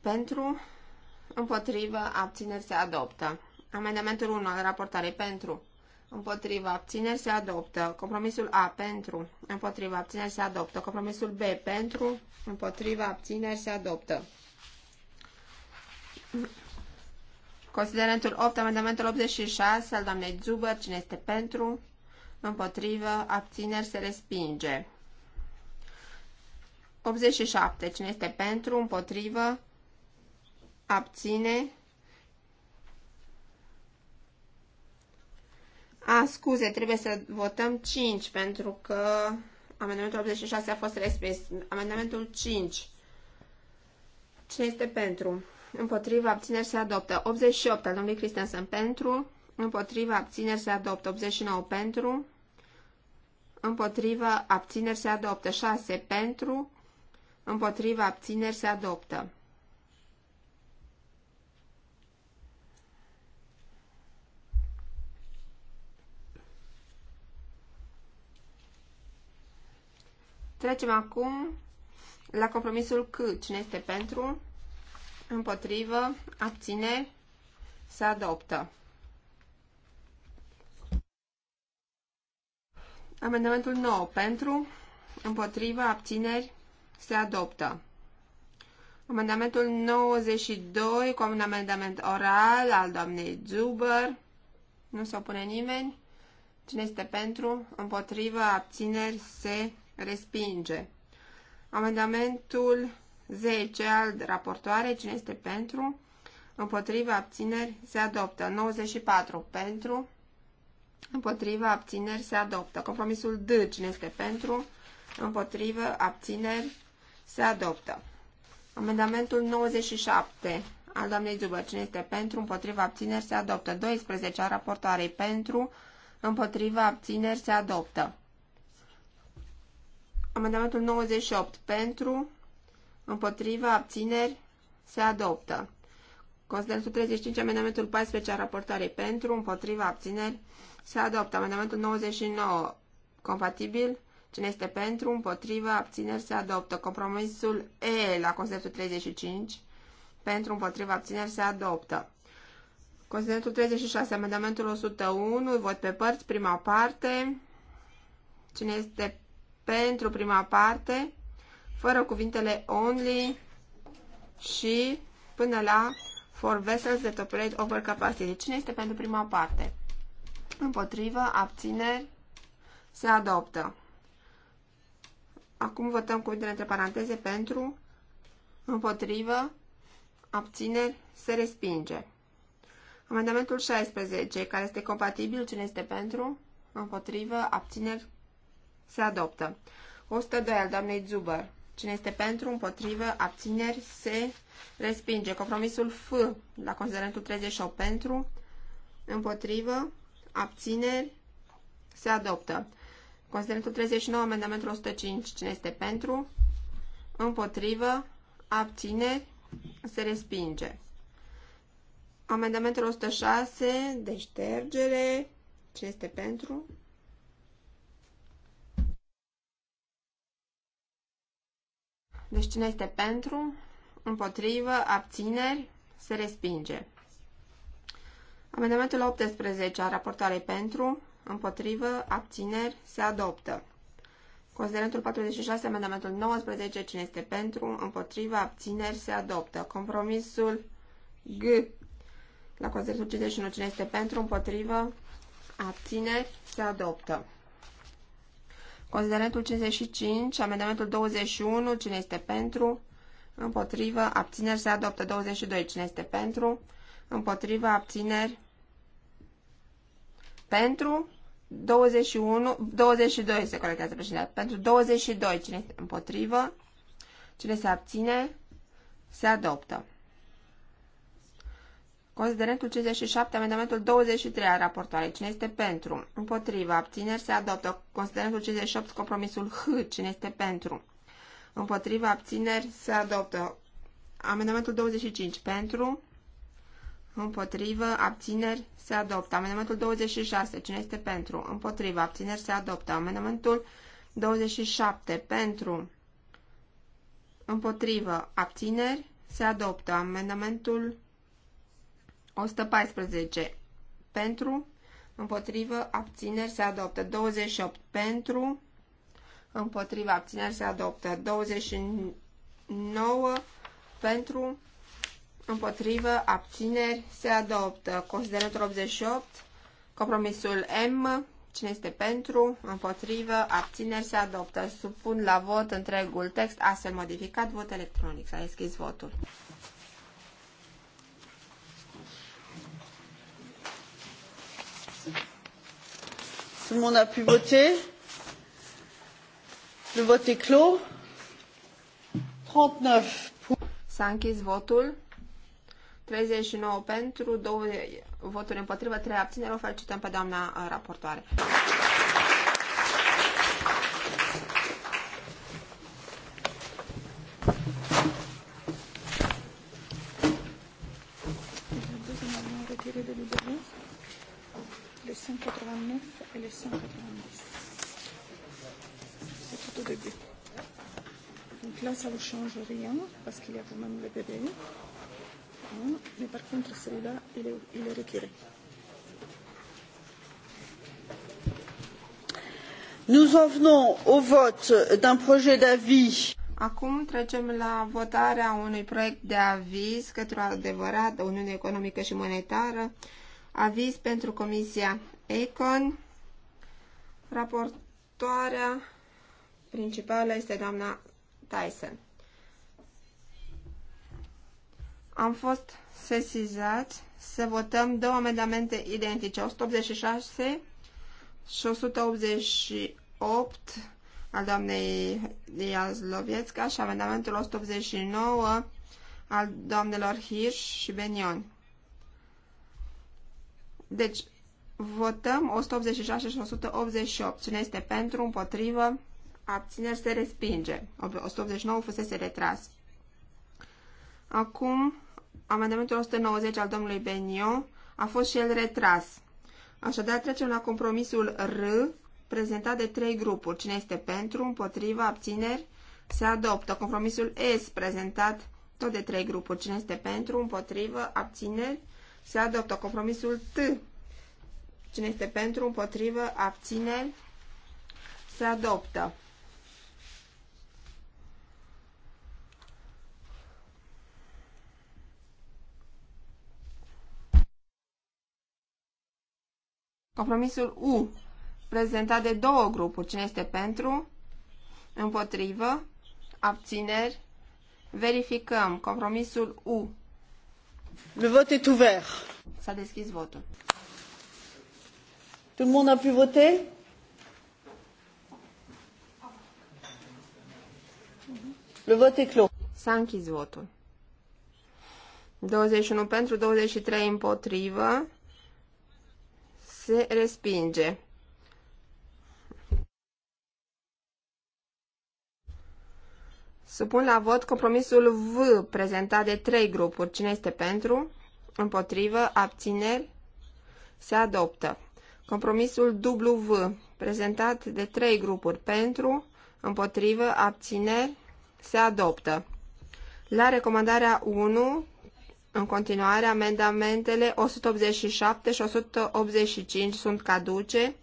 pentru, împotrivă, abțineri se adoptă. Amendamentul 1 al raportarei pentru, împotriva abțineri se adoptă. Compromisul A pentru, împotriva abțineri se adoptă. Compromisul B pentru, împotriva abțineri se adoptă. Considerentul 8, amendamentul 86 al doamnei Zuber, cine este pentru, împotrivă, abțineri se respinge. 87, cine este pentru, împotrivă, abține, A, scuze, trebuie să votăm 5 pentru că amendamentul 86 a fost respins. Amendamentul 5. Cine este pentru? Împotriva abțineri se adoptă. 88 al domnului Cristensen, pentru. Împotriva abțineri se adoptă. 89 pentru. Împotriva abțineri se adoptă. 6 pentru. Împotriva abțineri se adoptă. Trecem acum la compromisul C. Cine este pentru? Împotrivă? Abține? Se adoptă. Amendamentul 9. Pentru? Împotrivă? Abțineri? Se adoptă. Amendamentul 92 cu un amendament oral al doamnei Zuber. Nu se opune nimeni. Cine este pentru? Împotrivă? Abțineri? Se respinge. Amendamentul 10 al raportoare, cine este pentru? Împotriva abțineri se adoptă. 94 pentru. Împotriva abțineri se adoptă. Compromisul D, cine este pentru? Împotriva abțineri se adoptă. Amendamentul 97 al doamnei Zubă, cine este pentru? Împotriva abțineri se adoptă. 12 al raportoarei pentru. Împotriva abțineri se adoptă. Amendamentul 98 pentru, împotriva, abțineri, se adoptă. Considerentul 35, amendamentul 14 a raportării pentru, împotriva, abțineri, se adoptă. Amendamentul 99, compatibil, cine este pentru, împotriva, abțineri, se adoptă. Compromisul E la considerentul 35, pentru, împotriva, abțineri, se adoptă. Considerentul 36, amendamentul 101, vot pe părți, prima parte. Cine este pentru prima parte, fără cuvintele only și până la for vessels that operate over capacity. Cine este pentru prima parte? Împotrivă, abțineri, se adoptă. Acum votăm cuvintele între paranteze pentru, împotrivă, abțineri, se respinge. Amendamentul 16, care este compatibil, cine este pentru, împotrivă, abțineri, se adoptă. 102 al doamnei Zuber. Cine este pentru, împotrivă, abțineri, se respinge. Compromisul F la considerentul 38 pentru, împotrivă, abțineri, se adoptă. Considerentul 39, amendamentul 105. Cine este pentru, împotrivă, abțineri, se respinge. Amendamentul 106, deștergere. Cine este pentru? Deci cine este pentru, împotrivă, abțineri, se respinge. Amendamentul 18 a raportoarei pentru, împotrivă, abțineri, se adoptă. Considerentul 46, amendamentul 19, cine este pentru, împotrivă, abțineri, se adoptă. Compromisul G. La considerentul 51, cine este pentru, împotrivă, abțineri, se adoptă. Considerentul 55, amendamentul 21, cine este pentru? Împotrivă, abțineri, se adoptă 22, cine este pentru? Împotrivă, abțineri, pentru 21, 22 se corectează președintele, pentru 22, cine este împotrivă? Cine se abține, se adoptă. Considerentul 57, amendamentul 23 al raportoarei. Cine este pentru? Împotrivă. Abțineri se adoptă. Considerentul 58, compromisul H. Cine este pentru? Împotrivă. Abțineri se adoptă. Amendamentul 25. Pentru? Împotrivă. Abțineri se adoptă. Amendamentul 26. Cine este pentru? Împotrivă. Abțineri se adoptă. Amendamentul 27. Pentru? Împotrivă. Abțineri se adoptă. Amendamentul 114 pentru, împotrivă, abțineri se adoptă. 28 pentru, împotrivă, abțineri se adoptă. 29 pentru, împotrivă, abțineri se adoptă. Considerentul 88, compromisul M, cine este pentru, împotrivă, abțineri se adoptă. Supun la vot întregul text astfel modificat, vot electronic. S-a deschis votul. tout le monde a pu voter le vote est clos 39 pour S'a închis votul 39 pentru 2 voturi împotrivă 3 abțineri o felicităm pe doamna uh, raportoare change rien parce qu'il y a quand même le bébé. Hein, mais par contre, celui-là, il est, il est retiré. Nous en venons au vote d'un projet d'avis. Acum trecem la votarea unui proiect de aviz către o adevărată Uniune Economică și Monetară, aviz pentru Comisia Econ. Raportoarea principală este doamna Tyson am fost sesizați să votăm două amendamente identice, 186 și 188 al doamnei Iazlovietska și amendamentul 189 al doamnelor Hirsch și Benion. Deci, votăm 186 și 188. Cine este pentru, împotrivă, abțineri se respinge. 189 fusese retras. Acum amendamentul 190 al domnului Benio a fost și el retras. Așadar, trecem la compromisul R, prezentat de trei grupuri. Cine este pentru, împotriva, abțineri, se adoptă. Compromisul S, prezentat tot de trei grupuri. Cine este pentru, împotrivă, abțineri, se adoptă. Compromisul T, cine este pentru, împotrivă, abțineri, se adoptă. Compromisul U, prezentat de două grupuri. Cine este pentru? Împotrivă? Abțineri? Verificăm. Compromisul U. Le vot est ouvert. S-a deschis votul. Tout le monde a pu voter? Le vot est clos. S-a închis votul. 21 pentru, 23 împotrivă se respinge. Supun la vot compromisul V, prezentat de trei grupuri. Cine este pentru? Împotrivă? Abțineri? Se adoptă. Compromisul W, prezentat de trei grupuri. Pentru? Împotrivă? Abțineri? Se adoptă. La recomandarea 1, în continuare, amendamentele 187 și 185 sunt caduce.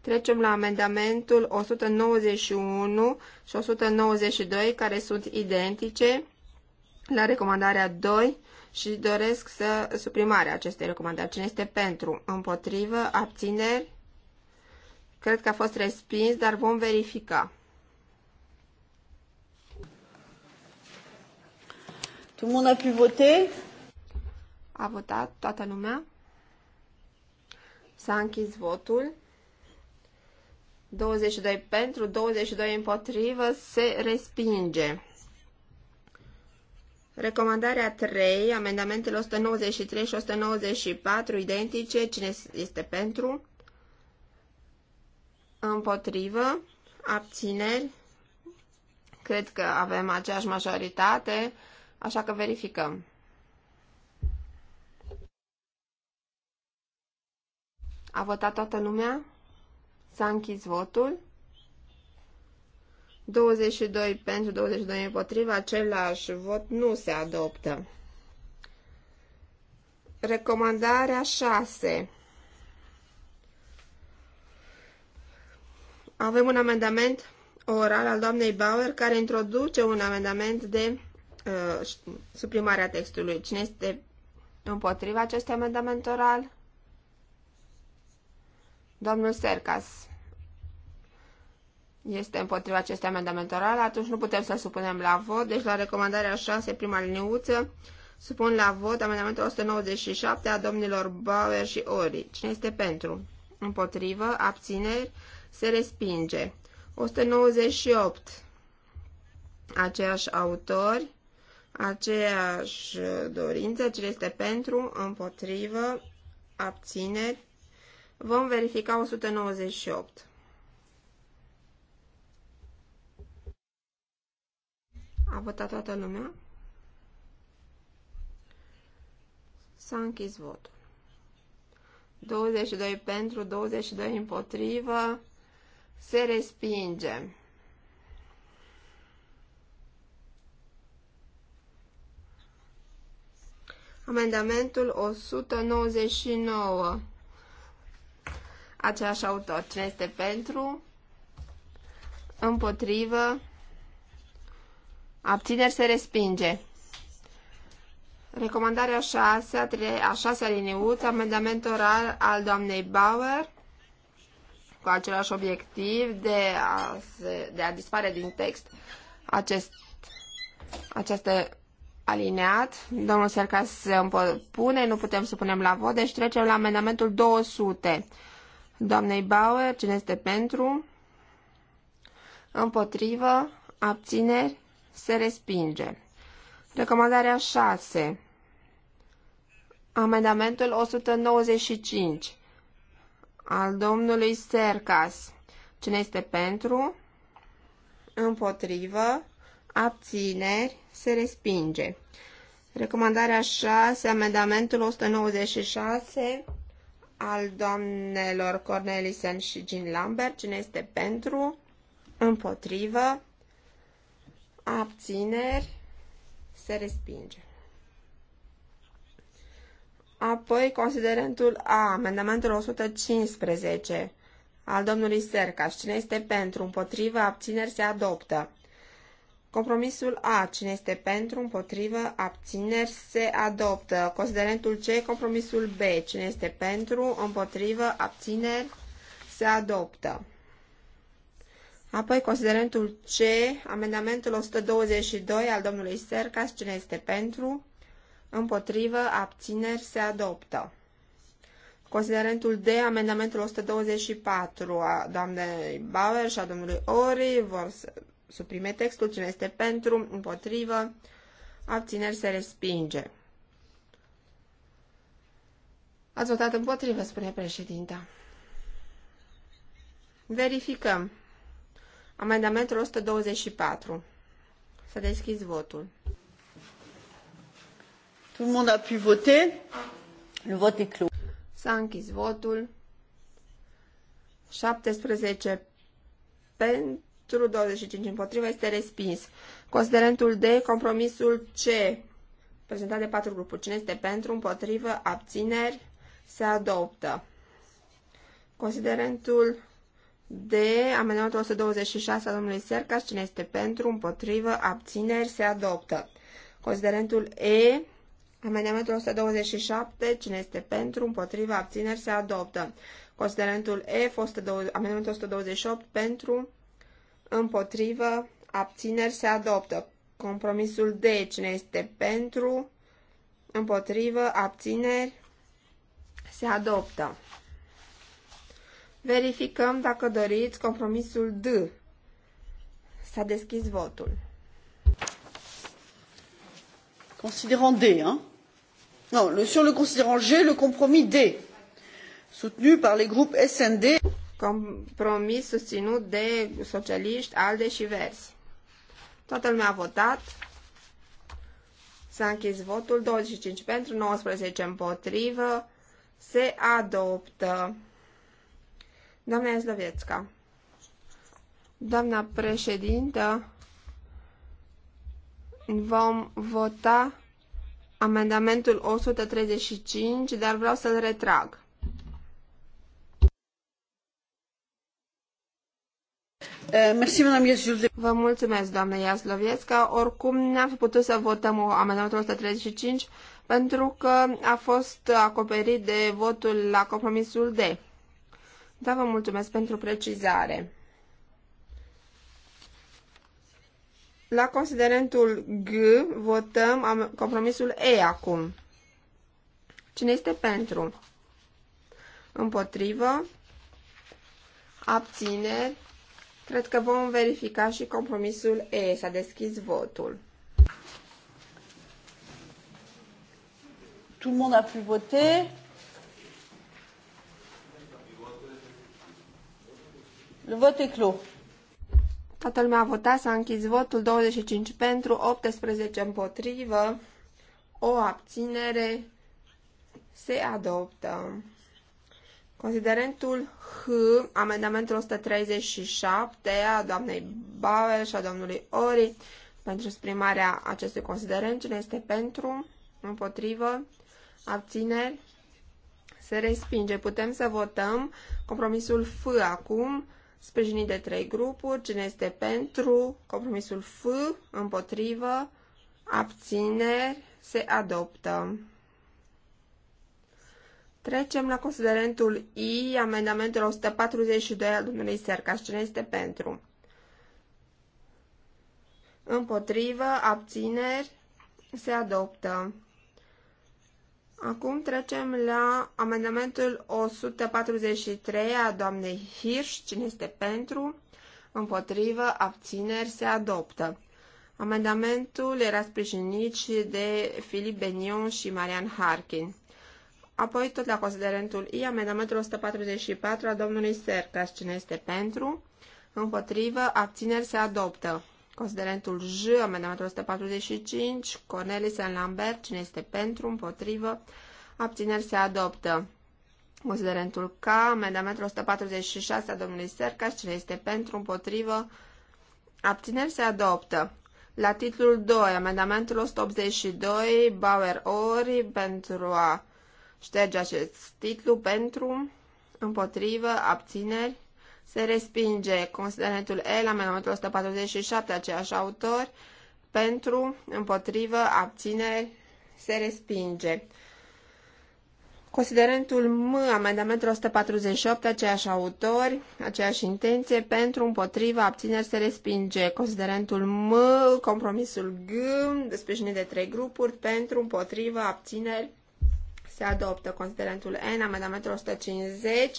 Trecem la amendamentul 191 și 192, care sunt identice la recomandarea 2 și doresc să suprimare aceste recomandări. Cine este pentru? Împotrivă? Abțineri? Cred că a fost respins, dar vom verifica. Tout le monde a pu voter a votat toată lumea. S-a închis votul. 22 pentru, 22 împotrivă, se respinge. Recomandarea 3, amendamentele 193 și 194 identice, cine este pentru? Împotrivă, abțineri, cred că avem aceeași majoritate, așa că verificăm. A votat toată lumea? S-a închis votul. 22 pentru, 22 împotriva, același vot nu se adoptă. Recomandarea 6. Avem un amendament oral al doamnei Bauer care introduce un amendament de uh, suprimarea textului. Cine este împotriva acestui amendament oral? Domnul Sercas este împotriva acestui amendament oral, atunci nu putem să-l supunem la vot. Deci la recomandarea 6, prima liniuță, supun la vot amendamentul 197 a domnilor Bauer și Ori. Cine este pentru? Împotrivă, abțineri, se respinge. 198, aceiași autori, aceeași dorință, cine este pentru, împotrivă, abțineri, Vom verifica 198. A votat toată lumea? S-a închis votul. 22 pentru, 22 împotrivă. Se respinge. Amendamentul 199 același autor. Cine este pentru? Împotrivă? Abțineri se respinge. Recomandarea 6, a, a șasea liniuță, amendament oral al doamnei Bauer cu același obiectiv de a, se, de a dispare din text acest, acest alineat. Domnul Sercas se împune, nu putem să punem la vot, deci trecem la amendamentul 200 doamnei Bauer, cine este pentru, împotrivă, abțineri, se respinge. Recomandarea 6. Amendamentul 195 al domnului Sercas. Cine este pentru? Împotrivă. Abțineri. Se respinge. Recomandarea 6, amendamentul 196 al doamnelor Cornelisen și Jean Lambert. Cine este pentru? Împotrivă? Abțineri? Se respinge. Apoi considerentul A, amendamentul 115 al domnului Sercaș. Cine este pentru? Împotrivă? Abțineri? Se adoptă. Compromisul A. Cine este pentru, împotrivă, abțineri, se adoptă. Considerentul C. Compromisul B. Cine este pentru, împotrivă, abțineri, se adoptă. Apoi considerentul C, amendamentul 122 al domnului Sercas, cine este pentru, împotrivă, abțineri, se adoptă. Considerentul D, amendamentul 124 a doamnei Bauer și a domnului Ori vor suprime textul, cine este pentru, împotrivă, abțineri se respinge. Ați votat împotrivă, spune președinta. Verificăm. Amendamentul 124. Să deschizi votul. Tout le monde a pu voter. Le vote est clos. S-a închis votul. 17 pentru Turul 25 împotriva este respins. Considerentul D, compromisul C, prezentat de patru grupuri. Cine este pentru, împotrivă, abțineri, se adoptă. Considerentul D, amendamentul 126 al domnului Sercas, cine este pentru, împotrivă, abțineri, se adoptă. Considerentul E, amendamentul 127, cine este pentru, împotrivă, abțineri, se adoptă. Considerentul F, 120, amendamentul 128, pentru, împotrivă, abțineri se adoptă. Compromisul D, cine este pentru, împotrivă, abțineri se adoptă. Verificăm dacă doriți compromisul D. S-a deschis votul. Considérant D, hein? Non, le, sur le considérant G, le compromis D, soutenu par les groupes SND. Compromis susținut de socialiști, alde și verzi. Toată lumea a votat. S-a închis votul. 25 pentru, 19 împotrivă. Se adoptă. Doamna Iazlovețca. Doamna președintă, vom vota amendamentul 135, dar vreau să-l retrag. Eh, vă mulțumesc, doamnă Iaslovietska. Oricum, n-am fi putut să votăm amendamentul 135 pentru că a fost acoperit de votul la compromisul D. Da, vă mulțumesc pentru precizare. La considerentul G votăm compromisul E acum. Cine este pentru? Împotrivă? Abțineri? Cred că vom verifica și compromisul E. S-a deschis votul. Tout le monde a pu voter. Le vote est clos. Toată lumea a votat, s-a închis votul 25 pentru, 18 împotrivă, o abținere, se adoptă. Considerentul H, amendamentul 137 a doamnei Bauer și a domnului Ori pentru exprimarea acestui considerent. Cine este pentru? Împotrivă? Abțineri? Se respinge. Putem să votăm compromisul F acum, sprijinit de trei grupuri. Cine este pentru? Compromisul F, împotrivă? Abțineri? Se adoptă. Trecem la considerentul I, amendamentul 142 al domnului Serca. Cine este pentru? Împotrivă, abțineri, se adoptă. Acum trecem la amendamentul 143 a doamnei Hirsch. Cine este pentru? Împotrivă, abțineri, se adoptă. Amendamentul era sprijinit și de Filip Benion și Marian Harkin. Apoi, tot la considerentul I, amendamentul 144 a domnului Sercas. Cine este pentru? Împotrivă, abțineri se adoptă. Considerentul J, amendamentul 145, Cornelis în Lambert, cine este pentru, împotrivă, abțineri se adoptă. Considerentul K, amendamentul 146 a domnului Sercas, cine este pentru, împotrivă, abțineri se adoptă. La titlul 2, amendamentul 182, Bauer Ori, pentru a șterge acest titlu pentru, împotrivă, abțineri, se respinge considerentul la amendamentul 147, aceeași autor, pentru, împotrivă, abțineri, se respinge. Considerentul M, amendamentul 148, aceiași autori, aceeași intenție, pentru, împotriva, abțineri, se respinge. Considerentul M, compromisul G, sprijinit de trei grupuri, pentru, împotriva, abțineri, se adoptă considerentul N, amendamentul 150,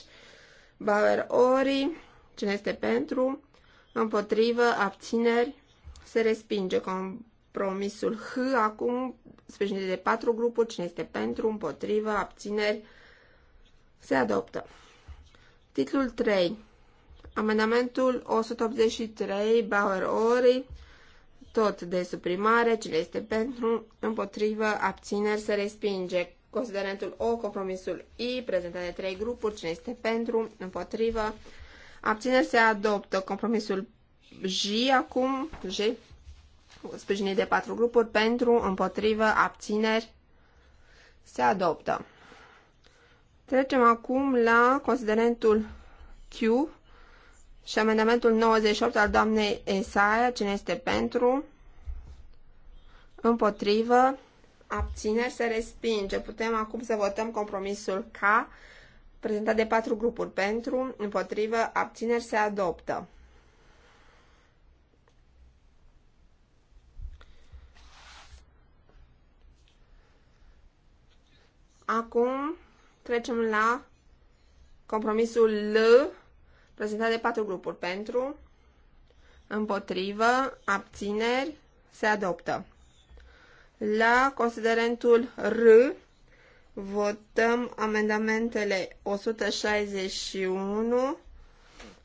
Bauer Ori, cine este pentru, împotrivă, abțineri, se respinge compromisul H, acum sprijinit de patru grupuri, cine este pentru, împotrivă, abțineri, se adoptă. Titlul 3. Amendamentul 183, Bauer Ori, tot de suprimare, cine este pentru, împotrivă, abțineri, se respinge. Considerentul O, compromisul I, prezentat de trei grupuri, cine este pentru, împotrivă. abține se adoptă. Compromisul J acum, J, sprijinit de patru grupuri, pentru, împotrivă, abțineri, se adoptă. Trecem acum la considerentul Q și amendamentul 98 al doamnei Esaia, cine este pentru, împotrivă, abțineri se respinge. Putem acum să votăm compromisul K, prezentat de patru grupuri pentru, împotrivă, abțineri se adoptă. Acum trecem la compromisul L, prezentat de patru grupuri pentru, împotrivă, abțineri, se adoptă. La considerentul R votăm amendamentele 161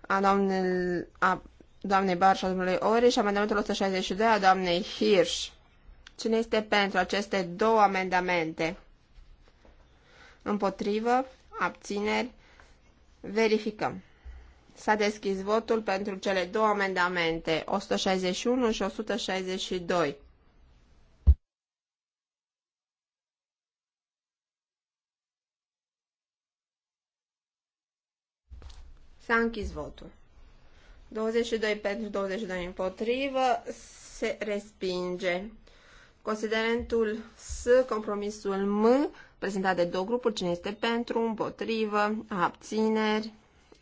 a doamnei, Barș, doamnei Bar și a domnului Ori și amendamentul 162 a doamnei Hirsch. Cine este pentru aceste două amendamente? Împotrivă? Abțineri? Verificăm. S-a deschis votul pentru cele două amendamente, 161 și 162. S-a închis votul. 22 pentru, 22 împotrivă, se respinge. Considerentul S, compromisul M, prezentat de două grupuri, cine este pentru, împotrivă, abțineri,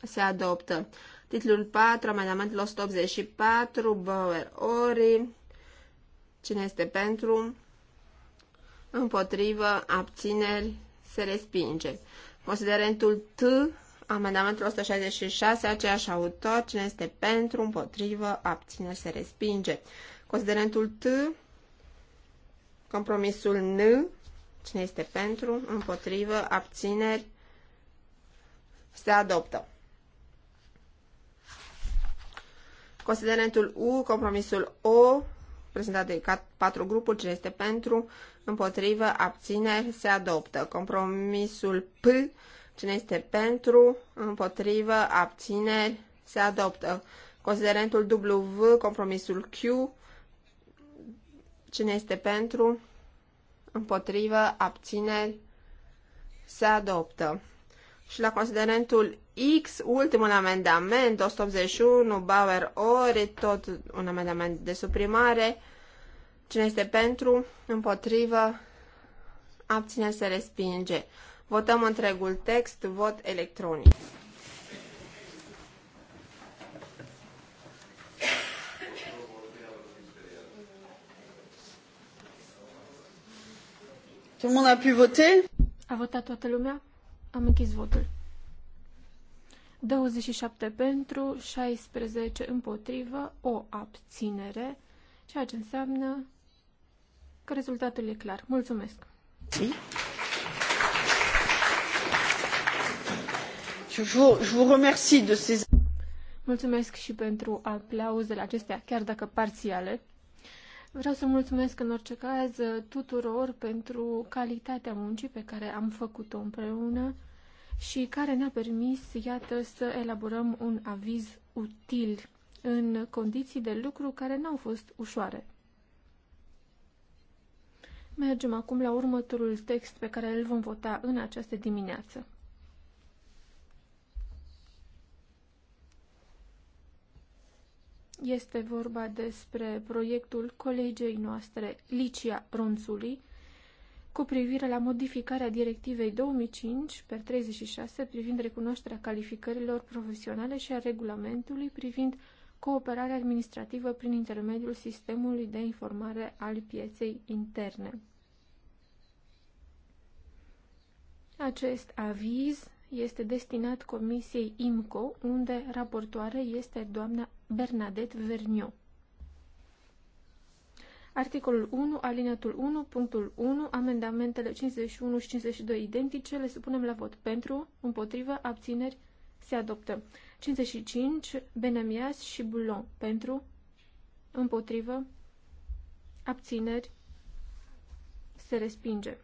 se adoptă. Titlul 4, amendamentul 184, Bauer Ori, cine este pentru, împotrivă, abțineri, se respinge. Considerentul T, Amendamentul 166, aceeași autor, cine este pentru, împotrivă, abține, se respinge. Considerentul T, compromisul N, cine este pentru, împotrivă, abțineri, se adoptă. Considerentul U, compromisul O, prezentat de patru grupuri, cine este pentru, împotrivă, abțineri, se adoptă. Compromisul P, Cine este pentru, împotrivă, abțineri, se adoptă. Considerentul W, compromisul Q, cine este pentru, împotrivă, abțineri, se adoptă. Și la considerentul X, ultimul amendament, 181, Bauer ori, tot un amendament de suprimare, cine este pentru, împotrivă, abține, se respinge. Votăm întregul text, vot electronic. Tout le monde a pu voter? A votat toată lumea? Am închis votul. 27 pentru, 16 împotrivă, o abținere, ceea ce înseamnă că rezultatul e clar. Mulțumesc! Sí. Mulțumesc și pentru aplauzele acestea, chiar dacă parțiale. Vreau să mulțumesc în orice caz tuturor pentru calitatea muncii pe care am făcut-o împreună și care ne-a permis, iată, să elaborăm un aviz util în condiții de lucru care n-au fost ușoare. Mergem acum la următorul text pe care îl vom vota în această dimineață. Este vorba despre proiectul colegei noastre, Licia Ronțuli, cu privire la modificarea directivei 2005 per 36 privind recunoașterea calificărilor profesionale și a regulamentului privind cooperarea administrativă prin intermediul sistemului de informare al pieței interne. Acest aviz este destinat Comisiei IMCO, unde raportoare este doamna Bernadette Verniot. Articolul 1, alineatul 1, punctul 1, amendamentele 51 și 52 identice, le supunem la vot. Pentru, împotrivă, abțineri, se adoptă. 55, Benemias și Boulon. Pentru, împotrivă, abțineri, se respinge.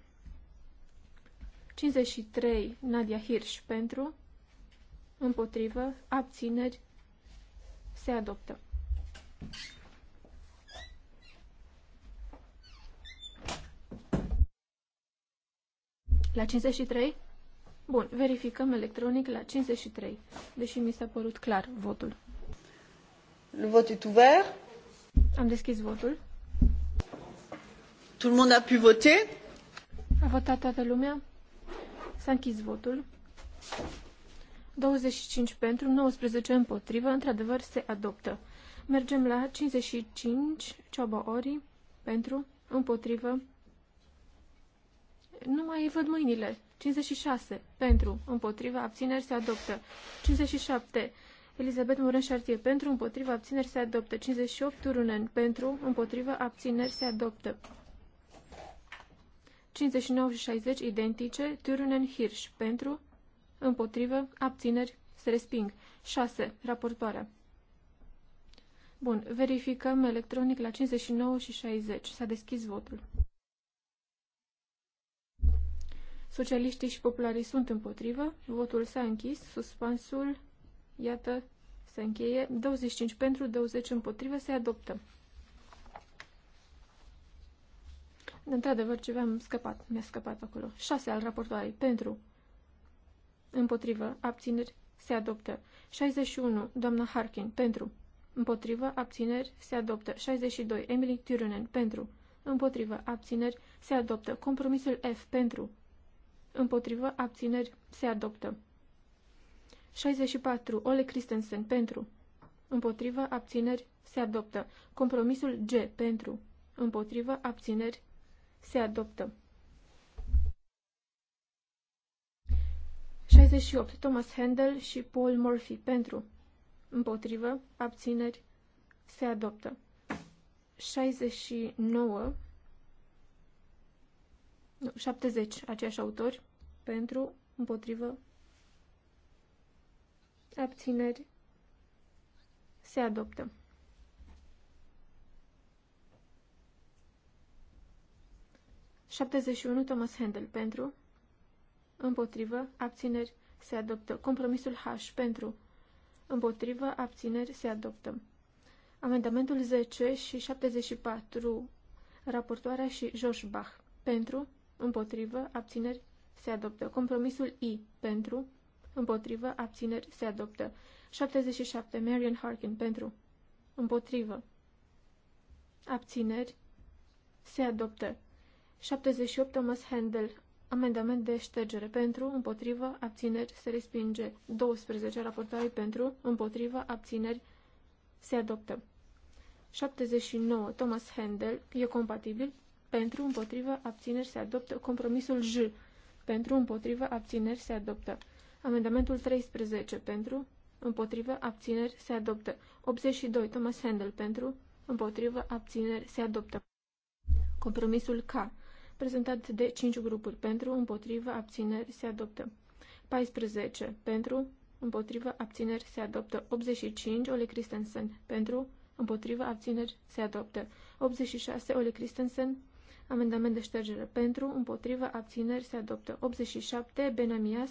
53, Nadia Hirsch. Pentru, împotrivă, abțineri, se adoptă. La 53? Bun, verificăm electronic la 53, deși mi s-a părut clar votul. Le vot est ouvert. Am deschis votul. Tout le monde a pu voter? A votat toată lumea? S-a închis votul. 25 pentru, 19 împotrivă, într-adevăr se adoptă. Mergem la 55, Cioba Ori, pentru, împotrivă. Nu mai văd mâinile. 56, pentru, împotrivă, abțineri se adoptă. 57, Elizabeth Muren Chartier, pentru, împotrivă, abțineri se adoptă. 58, Turunen, pentru, împotrivă, abțineri se adoptă. 59 și 60 identice, Turunen Hirsch, pentru, Împotrivă. Abțineri. Se resping. 6. Raportoarea. Bun. Verificăm electronic la 59 și 60. S-a deschis votul. Socialiștii și popularii sunt împotrivă. Votul s-a închis. Suspansul, iată, se încheie. 25 pentru, 20 împotrivă. Se adoptă. Într-adevăr, ceva am scăpat. Mi-a scăpat acolo. 6 al raportoarei. Pentru. Împotrivă. Abțineri. Se adoptă. 61. Doamna Harkin. Pentru. Împotrivă. Abțineri. Se adoptă. 62. Emily Turunen. Pentru. Împotrivă. Abțineri. Se adoptă. Compromisul F. Pentru. Împotrivă. Abțineri. Se adoptă. 64. Ole Christensen. Pentru. Împotrivă. Abțineri. Se adoptă. Compromisul G. Pentru. Împotrivă. Abțineri. Se adoptă. 68. Thomas Handel și Paul Murphy pentru. Împotrivă. Abțineri. Se adoptă. 69. Nu, 70. Aceiași autori. Pentru. Împotrivă. Abțineri. Se adoptă. Șaptezeci și unu Thomas Handel pentru împotrivă, abțineri, se adoptă. Compromisul H pentru, împotrivă, abțineri, se adoptă. Amendamentul 10 și 74, raportoarea și George Bach, pentru, împotrivă, abțineri, se adoptă. Compromisul I, pentru, împotrivă, abțineri, se adoptă. 77, Marion Harkin, pentru, împotrivă, abțineri, se adoptă. 78, Thomas Handel, Amendament de ștergere pentru, împotrivă, abțineri, se respinge. 12. Raportare pentru, împotrivă, abțineri, se adoptă. 79. Thomas Handel e compatibil. Pentru, împotrivă, abțineri, se adoptă. Compromisul J. Pentru, împotrivă, abțineri, se adoptă. Amendamentul 13. Pentru, împotrivă, abțineri, se adoptă. 82. Thomas Handel pentru, împotrivă, abțineri, se adoptă. Compromisul K prezentat de 5 grupuri pentru, împotrivă, abțineri, se adoptă. 14 pentru, împotrivă, abțineri, se adoptă. 85, Ole Christensen, pentru, împotrivă, abțineri, se adoptă. 86, Ole Christensen, amendament de ștergere, pentru, împotrivă, abțineri, se adoptă. 87, Benamias,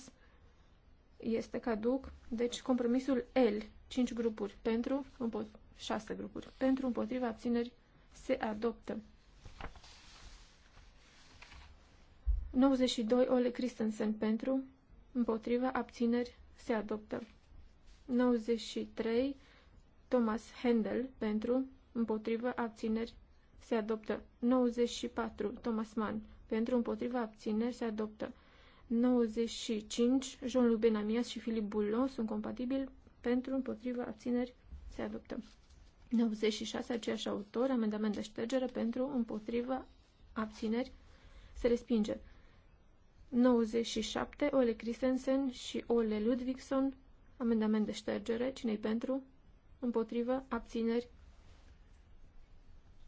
este caduc, deci compromisul L, 5 grupuri pentru, 6 grupuri pentru, împotriva abțineri, se adoptă. 92 Ole Christensen pentru, împotriva, abțineri, se adoptă. 93 Thomas Handel pentru, împotriva, abțineri, se adoptă. 94 Thomas Mann pentru, împotriva, abțineri, se adoptă. 95 Jean-Luc Benamias și Philip Boulon sunt compatibili pentru, împotriva, abțineri, se adoptă. 96 aceeași autor, amendament de ștergere pentru, împotriva, abțineri, se respinge. 97, Ole Christensen și Ole Ludvigson, amendament de ștergere, cine-i pentru? Împotrivă, abțineri.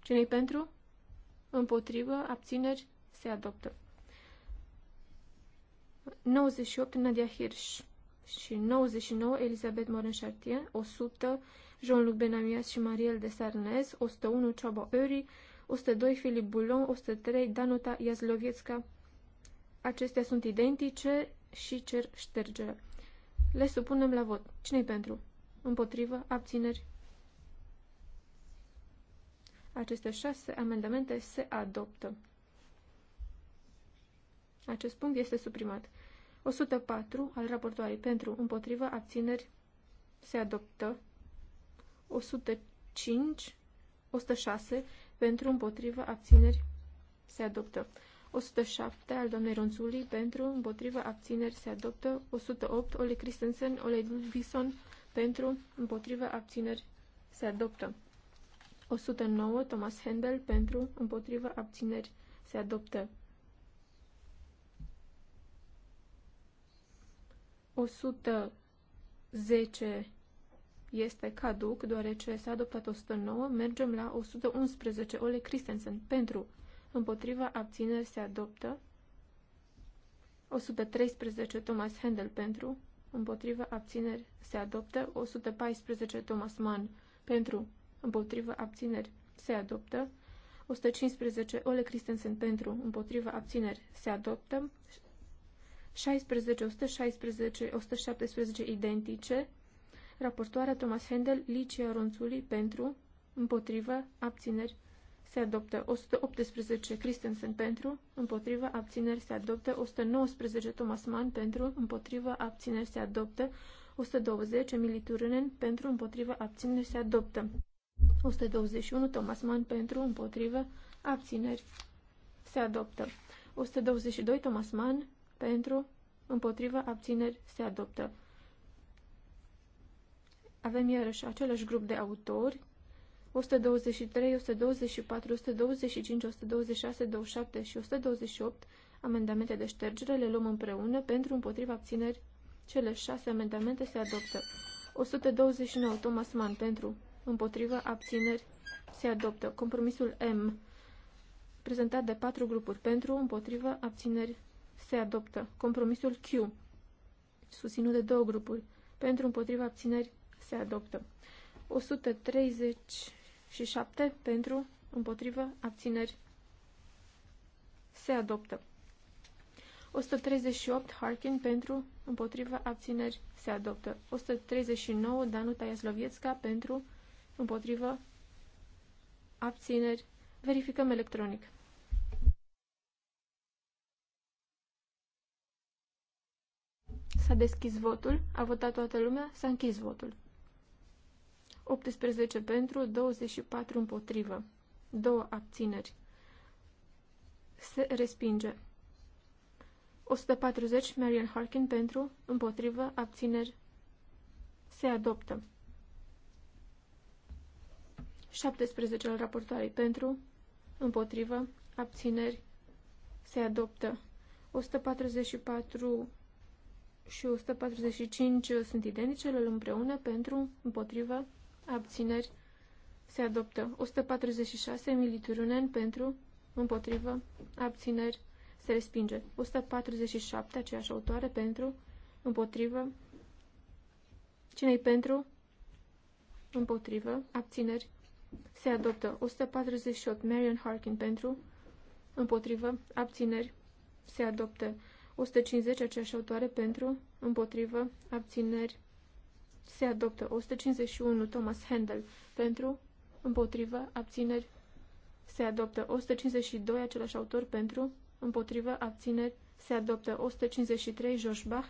Cine-i pentru? Împotrivă, abțineri, se adoptă. 98, Nadia Hirsch și 99, Elisabeth Morin-Chartier, 100, Jean-Luc Benamias și Marielle de Sarnez, 101, Cioba Uri, 102, Filip Boulon, 103, Danuta Iazlovietska, Acestea sunt identice și cer ștergerea. Le supunem la vot. cine pentru? Împotrivă? Abțineri? Aceste șase amendamente se adoptă. Acest punct este suprimat. 104 al raportoarei pentru împotrivă abțineri se adoptă. 105, 106 pentru împotrivă abțineri se adoptă. 107 al doamnei Ronțului pentru, împotriva abțineri se adoptă. 108 Ole Christensen, Ole Ludvison pentru, împotriva abțineri se adoptă. 109 Thomas Handel pentru, împotriva abțineri se adoptă. 110 este caduc, deoarece s-a adoptat 109, mergem la 111 Ole Christensen pentru, împotriva abțineri se adoptă. 113 Thomas Handel pentru, împotriva abțineri se adoptă. 114 Thomas Mann pentru, împotriva abțineri se adoptă. 115 Ole Christensen pentru, împotriva abțineri se adoptă. 16, 116, 117 identice. Raportoarea Thomas Handel, Licia Ronțuli pentru, împotriva abțineri, se adoptă 118 Christensen pentru, împotrivă, abțineri se adoptă 119 Thomas Mann pentru, împotrivă, abțineri se adoptă 120 Emily Turunen pentru, împotrivă, abțineri se adoptă 121 Thomas Mann pentru, împotrivă, abțineri se adoptă 122 Thomas Mann pentru, împotrivă, abțineri se adoptă. Avem iarăși același grup de autori 123, 124, 125, 126, 27 și 128 amendamente de ștergere le luăm împreună pentru împotriva abțineri. Cele șase amendamente se adoptă. 129 Thomas Mann pentru împotriva abțineri se adoptă. Compromisul M prezentat de patru grupuri pentru împotriva abțineri se adoptă. Compromisul Q susținut de două grupuri pentru împotriva abțineri se adoptă. 130 și 7 pentru, împotrivă, abțineri se adoptă. 138 Harkin pentru, împotrivă, abțineri se adoptă. 139 Danuta Iaslovietska pentru, împotrivă, abțineri. Verificăm electronic. S-a deschis votul, a votat toată lumea, s-a închis votul. 18 pentru, 24 împotrivă. Două abțineri. Se respinge. 140 Marian Harkin pentru, împotrivă, abțineri. Se adoptă. 17 al raportoarei pentru, împotrivă, abțineri. Se adoptă. 144 și 145 sunt identice, le împreună pentru, împotrivă, abțineri, se adoptă. 146, Militurunen pentru, împotrivă, abțineri, se respinge. 147, aceeași autoare, pentru, împotrivă, cine-i pentru, împotrivă, abțineri, se adoptă. 148, Marion Harkin pentru, împotrivă, abțineri, se adoptă. 150, aceeași autoare, pentru, împotrivă, abțineri, se adoptă 151 Thomas Handel pentru, împotrivă, abțineri. Se adoptă 152 același autor pentru, împotrivă, abțineri. Se adoptă 153 George Bach.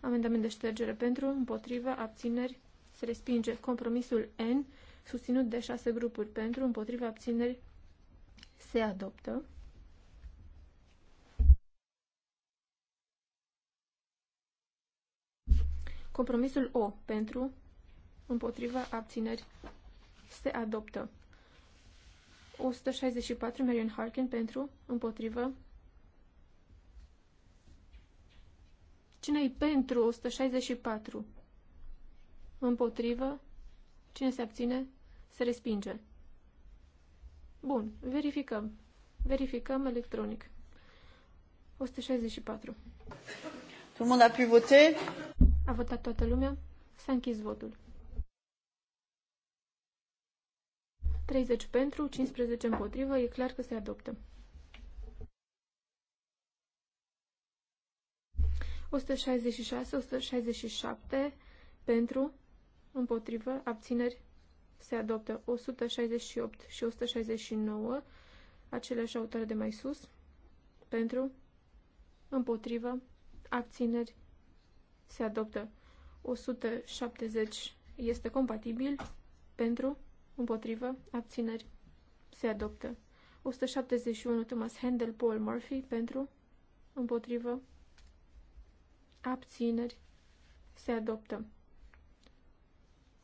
Amendament de ștergere pentru, împotrivă, abțineri. Se respinge compromisul N, susținut de șase grupuri pentru, împotrivă, abțineri. Se adoptă. Compromisul O pentru, împotriva, abțineri se adoptă. 164 Marion Harkin pentru, împotrivă. Cine-i pentru 164? Împotrivă. Cine se abține? Se respinge. Bun, verificăm. Verificăm electronic. 164. Tout le monde a pu voter a votat toată lumea? S-a închis votul. 30 pentru, 15 împotrivă, e clar că se adoptă. 166, 167 pentru, împotrivă, abțineri, se adoptă 168 și 169, aceleași autoare de mai sus, pentru, împotrivă, abțineri, se adoptă. 170 este compatibil pentru, împotrivă, abțineri, se adoptă. 171 Thomas Handel, Paul Murphy pentru, împotrivă, abțineri, se adoptă.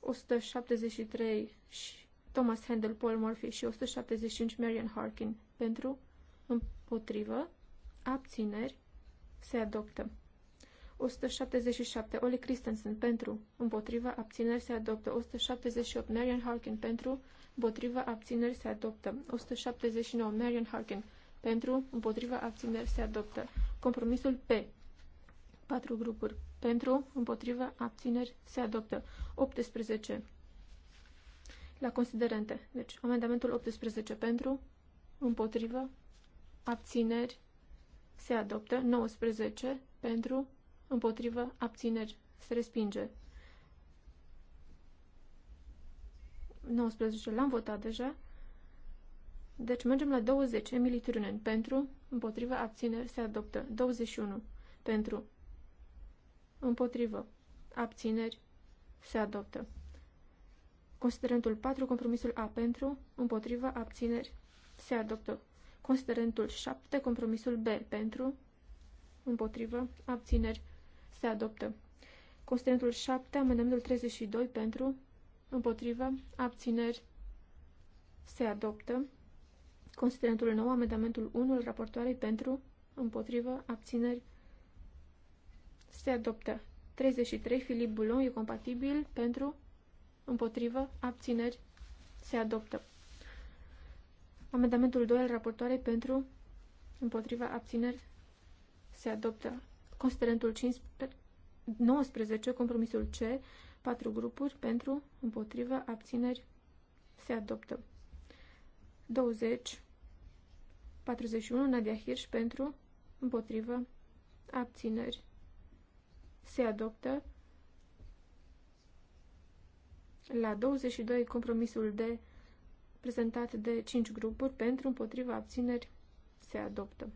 173 și Thomas Handel, Paul Murphy și 175 Marion Harkin pentru, împotrivă, abțineri, se adoptă. 177. Oli Christensen pentru, împotriva, abțineri se adoptă. 178. Marian Harkin pentru, împotriva, abțineri se adoptă. 179. Marian Harkin pentru, împotriva, abțineri se adoptă. Compromisul P. patru grupuri. Pentru, împotriva, abțineri se adoptă. 18. La considerente. Deci, amendamentul 18 pentru, împotriva, abțineri se adoptă. 19 pentru, împotrivă, abțineri, se respinge. 19 l-am votat deja. Deci mergem la 20, Emily Turunen, pentru, împotrivă, abțineri, se adoptă. 21, pentru, împotrivă, abțineri, se adoptă. Considerentul 4, compromisul A, pentru, împotrivă, abțineri, se adoptă. Considerentul 7, compromisul B, pentru, împotrivă, abțineri, se se adoptă. Constituentul 7, amendamentul 32 pentru, împotrivă, abțineri, se adoptă. Constituentul 9, amendamentul 1 al raportoarei pentru, împotrivă, abțineri, se adoptă. 33, Filip Bulon e compatibil pentru, împotrivă, abțineri, se adoptă. Amendamentul 2 al raportoarei pentru, împotriva, abțineri, se adoptă. Considerentul 15, 19, compromisul C, patru grupuri pentru, împotrivă, abțineri, se adoptă. 20, 41, Nadia Hirsch pentru, împotrivă, abțineri, se adoptă. La 22, compromisul D, prezentat de 5 grupuri pentru, împotrivă, abțineri, se adoptă.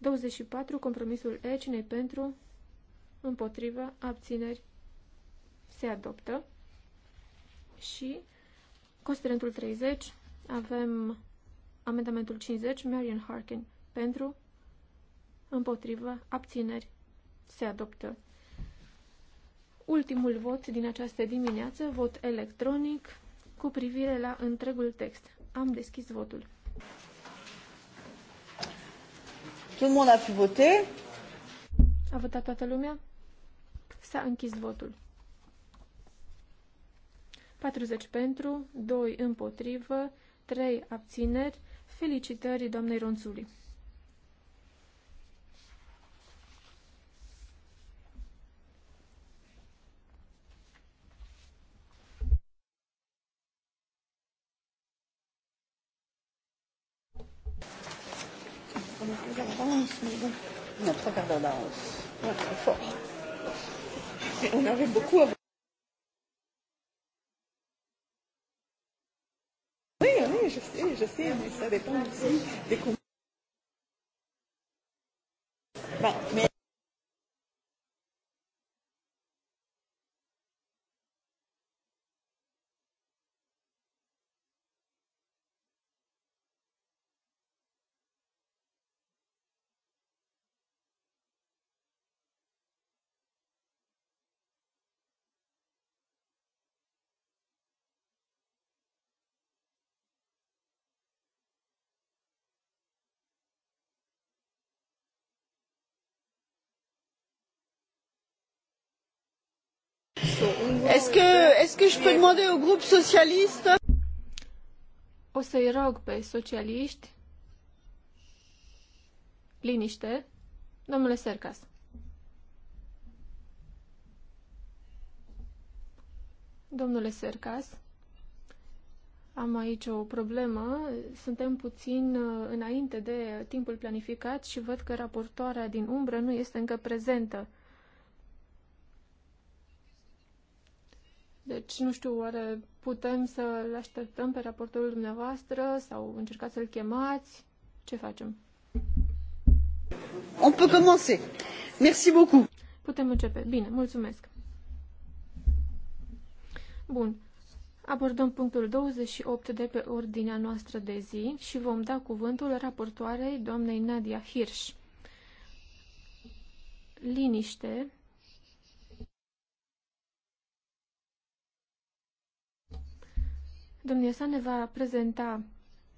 24, compromisul E, cine pentru, împotrivă, abțineri, se adoptă. Și considerentul 30, avem amendamentul 50, Marian Harkin, pentru, împotrivă, abțineri, se adoptă. Ultimul vot din această dimineață, vot electronic, cu privire la întregul text. Am deschis votul. Tout le monde a pu voter. A votat toată lumea? S-a închis votul. 40 pentru, 2 împotrivă, 3 abțineri. Felicitări doamnei Ronțului. je sais, mais ça dépend aussi des Est-ce que, est que je peux demander au socialist? O să-i rog pe socialiști. Liniște. Domnule Sercas. Domnule Sercas, am aici o problemă. Suntem puțin uh, înainte de timpul planificat și văd că raportoarea din umbră nu este încă prezentă. Deci, nu știu, oare putem să-l așteptăm pe raportorul dumneavoastră sau încercați să-l chemați? Ce facem? On peut commencer. Merci beaucoup. Putem începe. Bine, mulțumesc. Bun. Abordăm punctul 28 de pe ordinea noastră de zi și vom da cuvântul raportoarei doamnei Nadia Hirsch. Liniște, Domnia sa ne va prezenta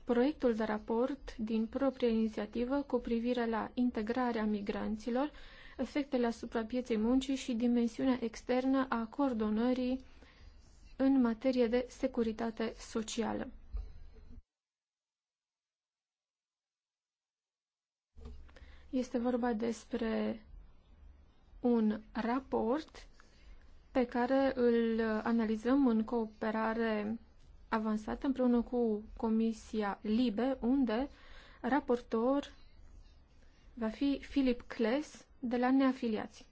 proiectul de raport din propria inițiativă cu privire la integrarea migranților, efectele asupra pieței muncii și dimensiunea externă a coordonării în materie de securitate socială. Este vorba despre un raport pe care îl analizăm în cooperare avansat împreună cu Comisia LIBE, unde raportor va fi Filip Cles de la Neafiliați.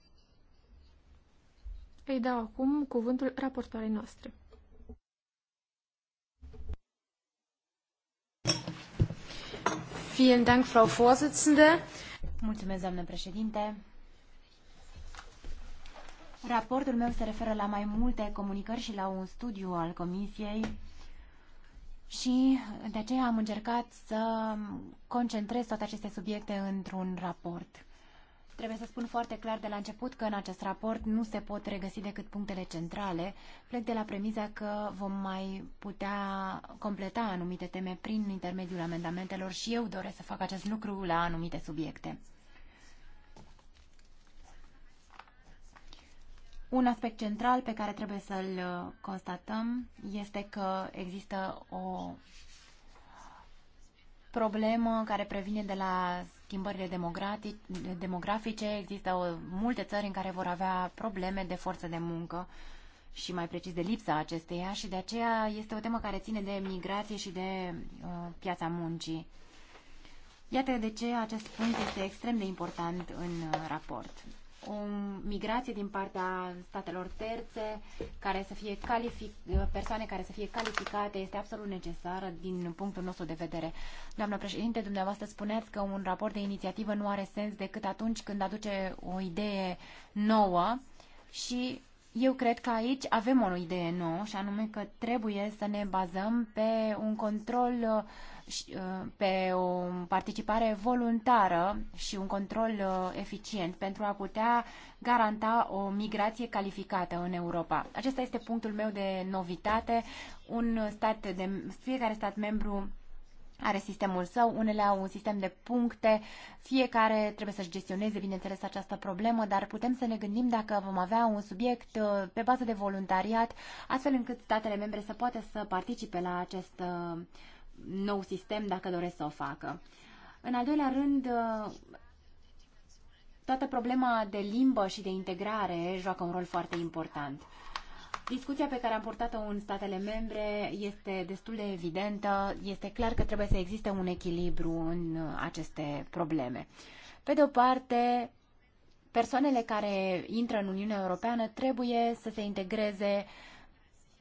Îi dau acum cuvântul raportoarei noastre. Vielen Dank, Frau Vorsitzende. Mulțumesc, doamnă președinte. Raportul meu se referă la mai multe comunicări și la un studiu al Comisiei și de aceea am încercat să concentrez toate aceste subiecte într-un raport. Trebuie să spun foarte clar de la început că în acest raport nu se pot regăsi decât punctele centrale. Plec de la premiza că vom mai putea completa anumite teme prin intermediul amendamentelor și eu doresc să fac acest lucru la anumite subiecte. Un aspect central pe care trebuie să-l uh, constatăm este că există o problemă care previne de la schimbările demografice. Există o, uh, multe țări în care vor avea probleme de forță de muncă și mai precis de lipsa acesteia și de aceea este o temă care ține de migrație și de uh, piața muncii. Iată de ce acest punct este extrem de important în uh, raport o migrație din partea statelor terțe, care să fie calific, persoane care să fie calificate, este absolut necesară din punctul nostru de vedere. Doamna președinte, dumneavoastră spuneați că un raport de inițiativă nu are sens decât atunci când aduce o idee nouă și eu cred că aici avem o idee nouă și anume că trebuie să ne bazăm pe un control uh, Uh, pe o participare voluntară și un control uh, eficient pentru a putea garanta o migrație calificată în Europa. Acesta este punctul meu de novitate. Un stat de, fiecare stat membru are sistemul său, unele au un sistem de puncte, fiecare trebuie să-și gestioneze, bineînțeles, această problemă, dar putem să ne gândim dacă vom avea un subiect uh, pe bază de voluntariat, astfel încât statele membre să poată să participe la acest nou sistem dacă doresc să o facă. În al doilea rând, uh, toată problema de limbă și de integrare joacă un rol foarte important. Discuția pe care am purtat-o în statele membre este destul de evidentă. Este clar că trebuie să existe un echilibru în uh, aceste probleme. Pe de o parte, persoanele care intră în Uniunea Europeană trebuie să se integreze uh,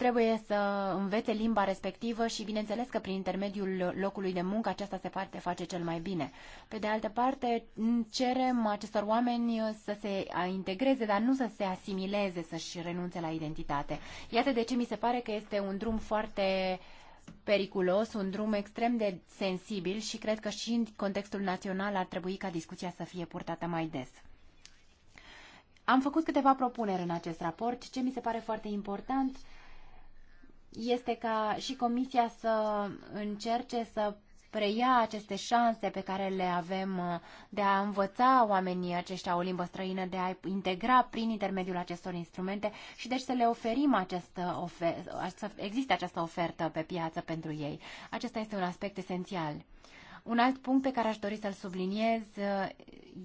trebuie să învețe limba respectivă și bineînțeles că prin intermediul locului de muncă aceasta se poate face cel mai bine. Pe de altă parte, cerem acestor oameni să se integreze, dar nu să se asimileze, să-și renunțe la identitate. Iată de ce mi se pare că este un drum foarte periculos, un drum extrem de sensibil și cred că și în contextul național ar trebui ca discuția să fie purtată mai des. Am făcut câteva propuneri în acest raport. Ce mi se pare foarte important este ca și Comisia să încerce să preia aceste șanse pe care le avem uh, de a învăța oamenii aceștia o limbă străină, de a integra prin intermediul acestor instrumente și deci să le oferim această uh, ofer- să existe această ofertă pe piață pentru ei. Acesta este un aspect esențial. Un alt punct pe care aș dori să-l subliniez uh,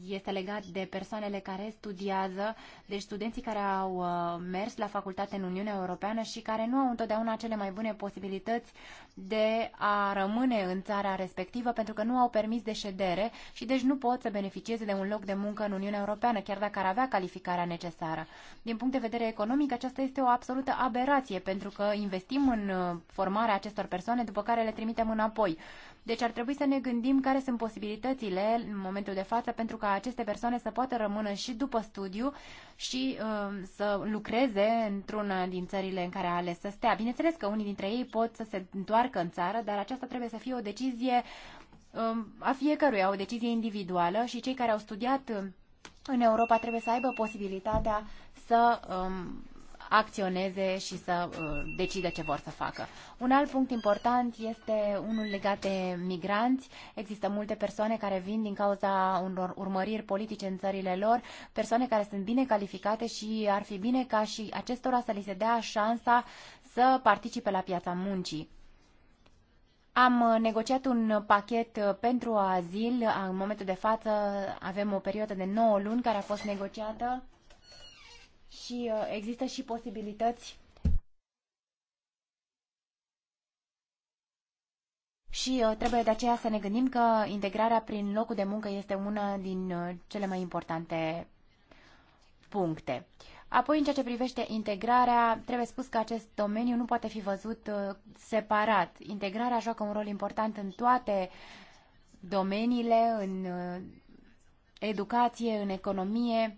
este legat de persoanele care studiază, deci studenții care au uh, mers la facultate în Uniunea Europeană și care nu au întotdeauna cele mai bune posibilități de a rămâne în țara respectivă pentru că nu au permis de ședere și deci nu pot să beneficieze de un loc de muncă în Uniunea Europeană, chiar dacă ar avea calificarea necesară. Din punct de vedere economic, aceasta este o absolută aberație pentru că investim în uh, formarea acestor persoane, după care le trimitem înapoi. Deci ar trebui să ne gândim care sunt posibilitățile în momentul de față pentru ca aceste persoane să poată rămână și după studiu și uh, să lucreze într-una din țările în care a ales să stea. Bineînțeles că unii dintre ei pot să se întoarcă în țară, dar aceasta trebuie să fie o decizie uh, a fiecăruia, o decizie individuală și cei care au studiat um, în Europa trebuie să aibă posibilitatea să Uh, acționeze și să uh, decide ce vor să facă. Un alt punct important este unul legat de migranți. Există multe persoane care vin din cauza unor urmăriri politice în țările lor, persoane care sunt bine calificate și ar fi bine ca și acestora să li se dea șansa să participe la piața muncii. Am uh, negociat un pachet uh, pentru azil. În momentul de față avem o perioadă de 9 luni care a fost negociată și uh, există și posibilități Și uh, trebuie de aceea să ne gândim că integrarea prin locul de muncă este una din uh, cele mai importante puncte. Apoi, în ceea ce privește integrarea, trebuie spus că acest domeniu nu poate fi văzut separat. Integrarea joacă un rol important în toate domeniile, în educație, în economie,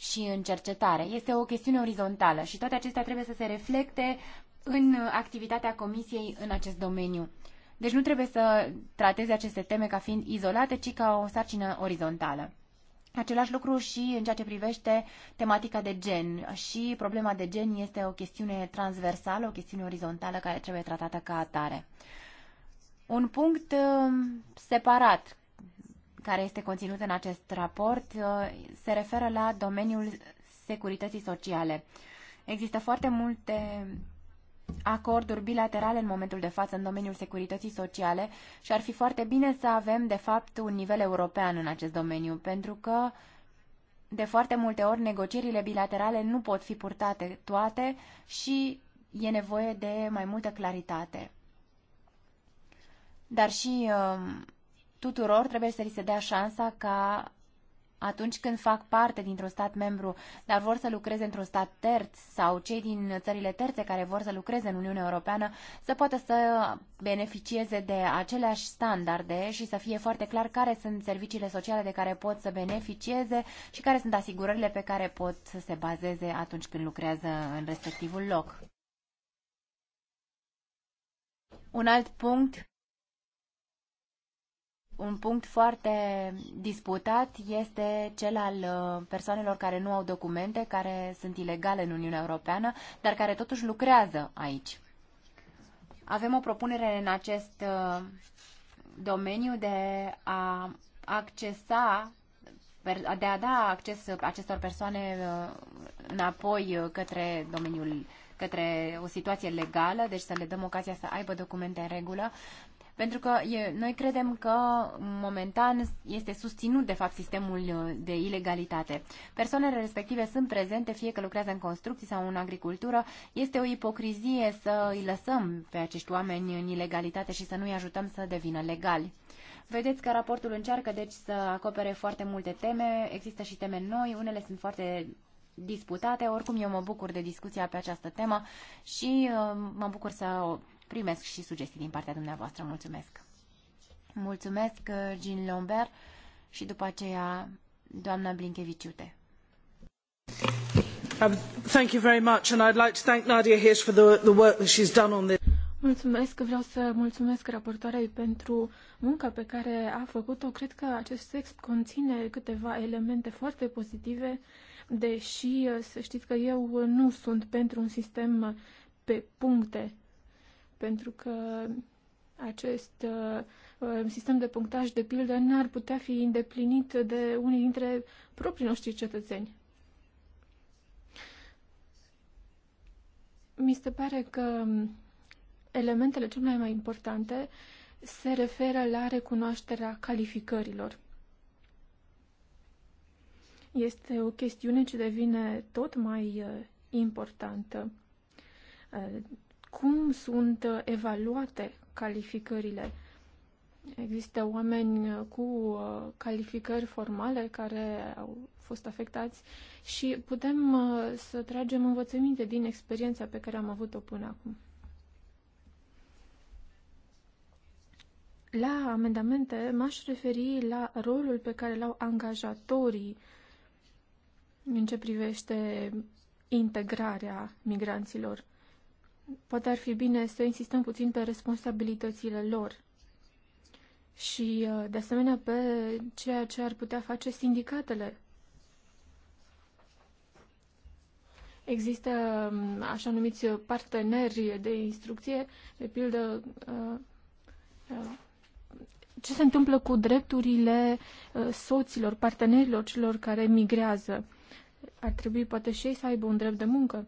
și în cercetare. Este o chestiune orizontală și toate acestea trebuie să se reflecte în activitatea Comisiei în acest domeniu. Deci nu trebuie să trateze aceste teme ca fiind izolate, ci ca o sarcină orizontală. Același lucru și în ceea ce privește tematica de gen. Și problema de gen este o chestiune transversală, o chestiune orizontală care trebuie tratată ca atare. Un punct um, separat care este conținut în acest raport uh, se referă la domeniul securității sociale. Există foarte multe acorduri bilaterale în momentul de față în domeniul securității sociale și ar fi foarte bine să avem, de fapt, un nivel european în acest domeniu, pentru că de foarte multe ori negocierile bilaterale nu pot fi purtate toate și e nevoie de mai multă claritate. Dar și uh, tuturor trebuie să li se dea șansa ca atunci când fac parte dintr-un stat membru, dar vor să lucreze într-un stat terț sau cei din țările terțe care vor să lucreze în Uniunea Europeană să poată să beneficieze de aceleași standarde și să fie foarte clar care sunt serviciile sociale de care pot să beneficieze și care sunt asigurările pe care pot să se bazeze atunci când lucrează în respectivul loc. Un alt punct un punct foarte disputat este cel al uh, persoanelor care nu au documente, care sunt ilegale în Uniunea Europeană, dar care totuși lucrează aici. Avem o propunere în acest uh, domeniu de a accesa de a da acces acestor persoane uh, înapoi către domeniul către o situație legală, deci să le dăm ocazia să aibă documente în regulă. Pentru că e, noi credem că momentan este susținut de fapt sistemul uh, de ilegalitate. Persoanele respective sunt prezente, fie că lucrează în construcții sau în agricultură. Este o ipocrizie să îi lăsăm pe acești oameni în ilegalitate și să nu îi ajutăm să devină legali. Vedeți că raportul încearcă deci să acopere foarte multe teme, există și teme noi, unele sunt foarte disputate, oricum eu mă bucur de discuția pe această temă și uh, mă bucur să primesc și sugestii din partea dumneavoastră. Mulțumesc! Mulțumesc, uh, Jean Lambert, și după aceea doamna Blinkeviciute. Um, thank you very much and I'd like to thank Nadia Hirsch for the, the work that she's done on this. Mulțumesc, vreau să mulțumesc raportoarei pentru munca pe care a făcut-o. Cred că acest text conține câteva elemente foarte pozitive, deși uh, să știți că eu uh, nu sunt pentru un sistem pe puncte pentru că acest uh, sistem de punctaj, de pildă, n-ar putea fi îndeplinit de unii dintre proprii noștri cetățeni. Mi se pare că elementele cele mai importante se referă la recunoașterea calificărilor. Este o chestiune ce devine tot mai uh, importantă uh, cum sunt uh, evaluate calificările? Există oameni uh, cu uh, calificări formale care au fost afectați și putem să tragem învățăminte din experiența pe care am avut-o până acum. La amendamente m-aș referi la rolul pe care l-au angajatorii în ce privește integrarea migranților poate ar fi bine să insistăm puțin pe responsabilitățile lor și, uh, de asemenea, pe ceea ce ar putea face sindicatele. Există um, așa numiți parteneri de instrucție, de pildă uh, uh, ce se întâmplă cu drepturile soților, partenerilor celor care migrează. Ar trebui poate și ei să aibă un drept de muncă.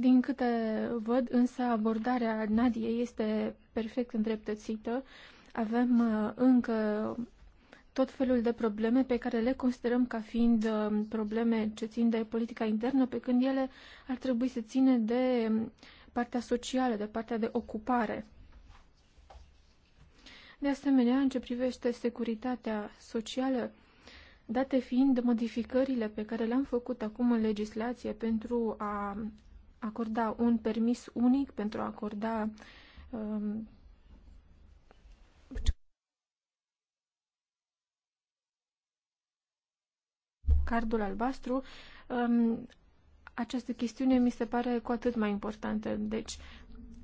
Din câte văd, însă, abordarea Nadiei este perfect îndreptățită. Avem uh, încă tot felul de probleme pe care le considerăm ca fiind uh, probleme ce țin de politica internă, pe când ele ar trebui să țină de um, partea socială, de partea de ocupare. De asemenea, în ce privește securitatea socială, date fiind modificările pe care le-am făcut acum în legislație pentru a acorda un permis unic, pentru a acorda um, cardul albastru, um, această chestiune mi se pare cu atât mai importantă. Deci,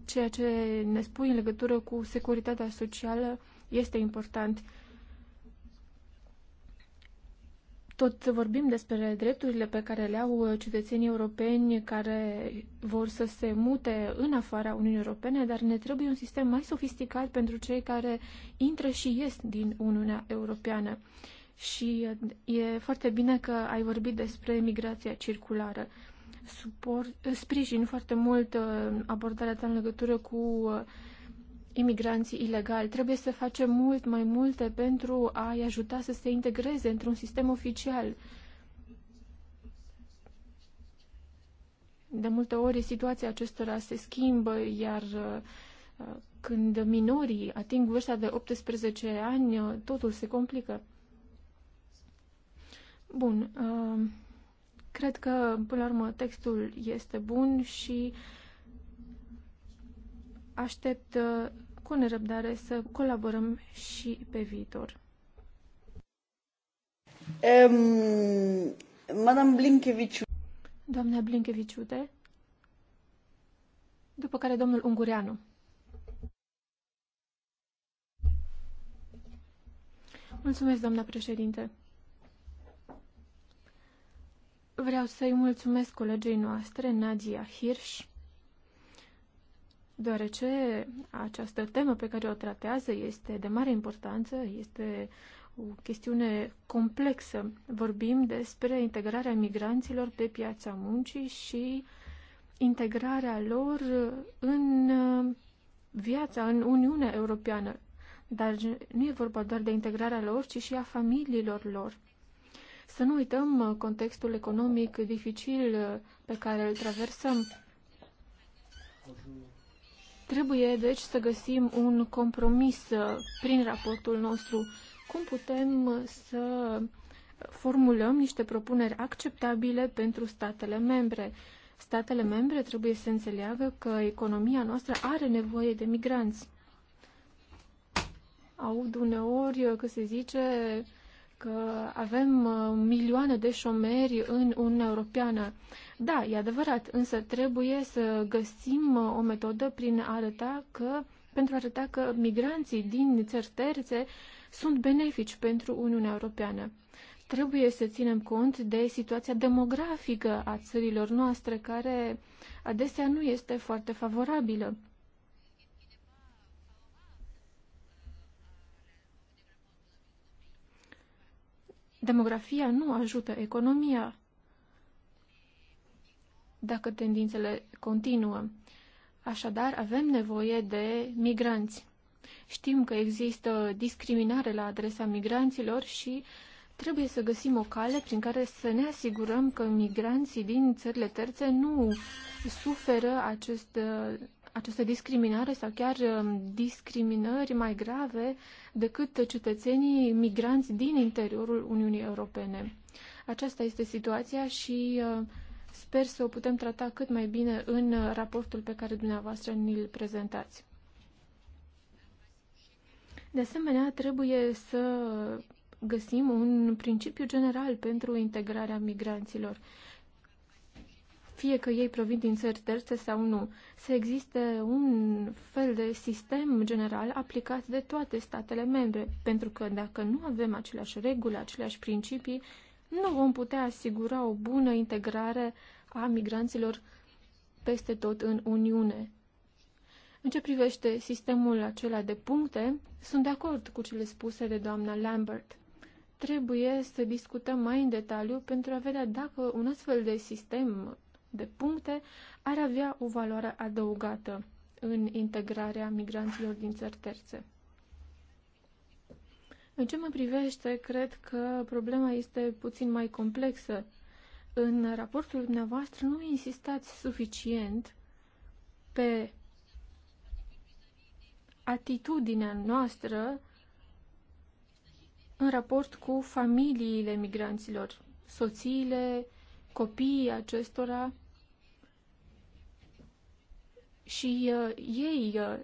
ceea ce ne spui în legătură cu securitatea socială este important. Uh, Tot vorbim despre drepturile pe care le au cetățenii europeni care vor să se mute în afara Uniunii Europene, dar ne trebuie un sistem mai sofisticat pentru cei care intră și ies din Uniunea Europeană. Și e foarte bine că ai vorbit despre migrația circulară. Suport, sprijin foarte mult uh, abordarea ta în legătură cu uh, imigranții ilegali. Trebuie să facem mult mai multe pentru a-i ajuta să se integreze într-un sistem oficial. De multe ori situația acestora se schimbă, iar uh, când minorii ating vârsta de 18 ani, uh, totul se complică. Bun. Uh, cred că, până la urmă, textul este bun și aștept cu nerăbdare să colaborăm și pe viitor. Um, Madame Blinkeviciu. Doamna de? După care domnul Ungureanu. Mulțumesc, doamna președinte. Vreau să-i mulțumesc colegei noastre, Nadia Hirsch, deoarece această temă pe care o tratează este de mare importanță, este o chestiune complexă. Vorbim despre integrarea migranților pe piața muncii și integrarea lor în viața, în Uniunea Europeană. Dar nu e vorba doar de integrarea lor, ci și a familiilor lor. Să nu uităm contextul economic dificil pe care îl traversăm. Bonjour. Trebuie, deci, să găsim un compromis uh, prin raportul nostru. Cum putem uh, să formulăm niște propuneri acceptabile pentru statele membre? Statele membre trebuie să înțeleagă că economia noastră are nevoie de migranți. Aud uneori uh, că se zice că avem milioane de șomeri în Uniunea Europeană. Da, e adevărat, însă trebuie să găsim uh, o metodă prin a arăta că, pentru a arăta că migranții din țări terțe sunt benefici pentru Uniunea Europeană. Trebuie să ținem cont de situația demografică a țărilor noastre, care adesea nu este foarte favorabilă. Demografia nu ajută economia dacă tendințele continuă. Așadar, avem nevoie de migranți. Știm că există discriminare la adresa migranților și trebuie să găsim o cale prin care să ne asigurăm că migranții din țările terțe nu suferă acest, această discriminare sau chiar um, discriminări mai grave decât cetățenii migranți din interiorul Uniunii Europene. Aceasta este situația și uh, Sper să o putem trata cât mai bine în uh, raportul pe care dumneavoastră ni-l prezentați. De asemenea, trebuie să găsim un principiu general pentru integrarea migranților. Fie că ei provin din țări terțe sau nu, să existe un fel de sistem general aplicat de toate statele membre, pentru că dacă nu avem aceleași reguli, aceleași principii, nu vom putea asigura o bună integrare a migranților peste tot în Uniune. În ce privește sistemul acela de puncte, sunt de acord cu cele spuse de doamna Lambert. Trebuie să discutăm mai în detaliu pentru a vedea dacă un astfel de sistem de puncte ar avea o valoare adăugată în integrarea migranților din țări terțe. În ce mă privește, cred că problema este puțin mai complexă. În raportul dumneavoastră nu insistați suficient pe atitudinea noastră în raport cu familiile migranților, soțiile, copiii acestora și uh, ei uh,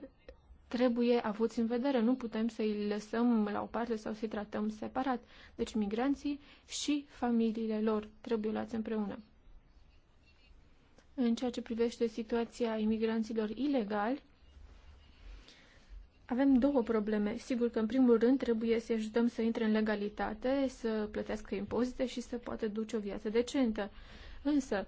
trebuie avuți în vedere. Nu putem să-i lăsăm la o parte sau să-i tratăm separat. Deci migranții și familiile lor trebuie luați împreună. În ceea ce privește situația imigranților ilegali, avem două probleme. Sigur că, în primul rând, trebuie să ajutăm să intre în legalitate, să plătească impozite și să poată duce o viață decentă. Însă,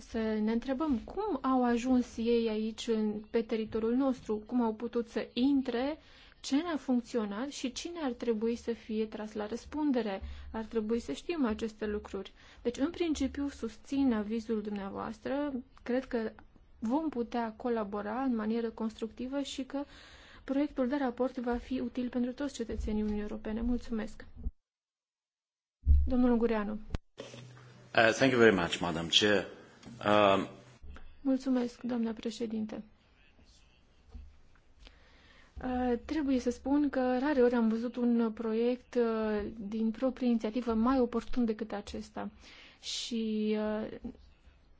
să ne întrebăm cum au ajuns ei aici în, pe teritoriul nostru, cum au putut să intre, ce n-a funcționat și cine ar trebui să fie tras la răspundere. Ar trebui să știm aceste lucruri. Deci, în principiu, susțin avizul dumneavoastră. Cred că vom putea colabora în manieră constructivă și că proiectul de raport va fi util pentru toți cetățenii Uniunii Europene. Mulțumesc! Domnul Gureanu. Uh, thank you very much, Madam Chair. Um, Mulțumesc, doamna președinte. Uh, trebuie să spun că rare ori am văzut un proiect uh, din proprie inițiativă mai oportun decât acesta. Și uh,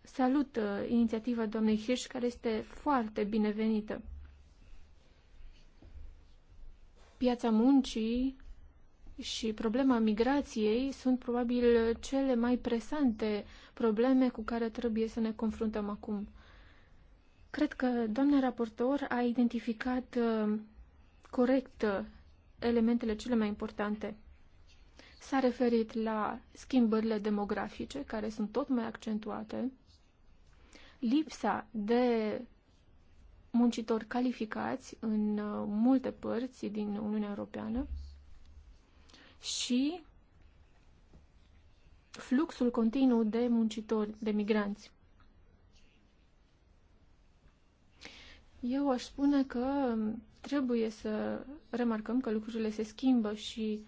salut inițiativa doamnei Hirsch, care este foarte binevenită. Piața muncii și problema migrației sunt probabil cele mai presante uh, probleme cu care trebuie să ne confruntăm acum. Cred că doamna raportor a identificat uh, corect uh, elementele cele mai importante. S-a referit la schimbările demografice, care sunt tot mai accentuate, lipsa de muncitori calificați în uh, multe părți din Uniunea Europeană și fluxul continuu de muncitori, de migranți. Eu aș spune că trebuie să remarcăm că lucrurile se schimbă și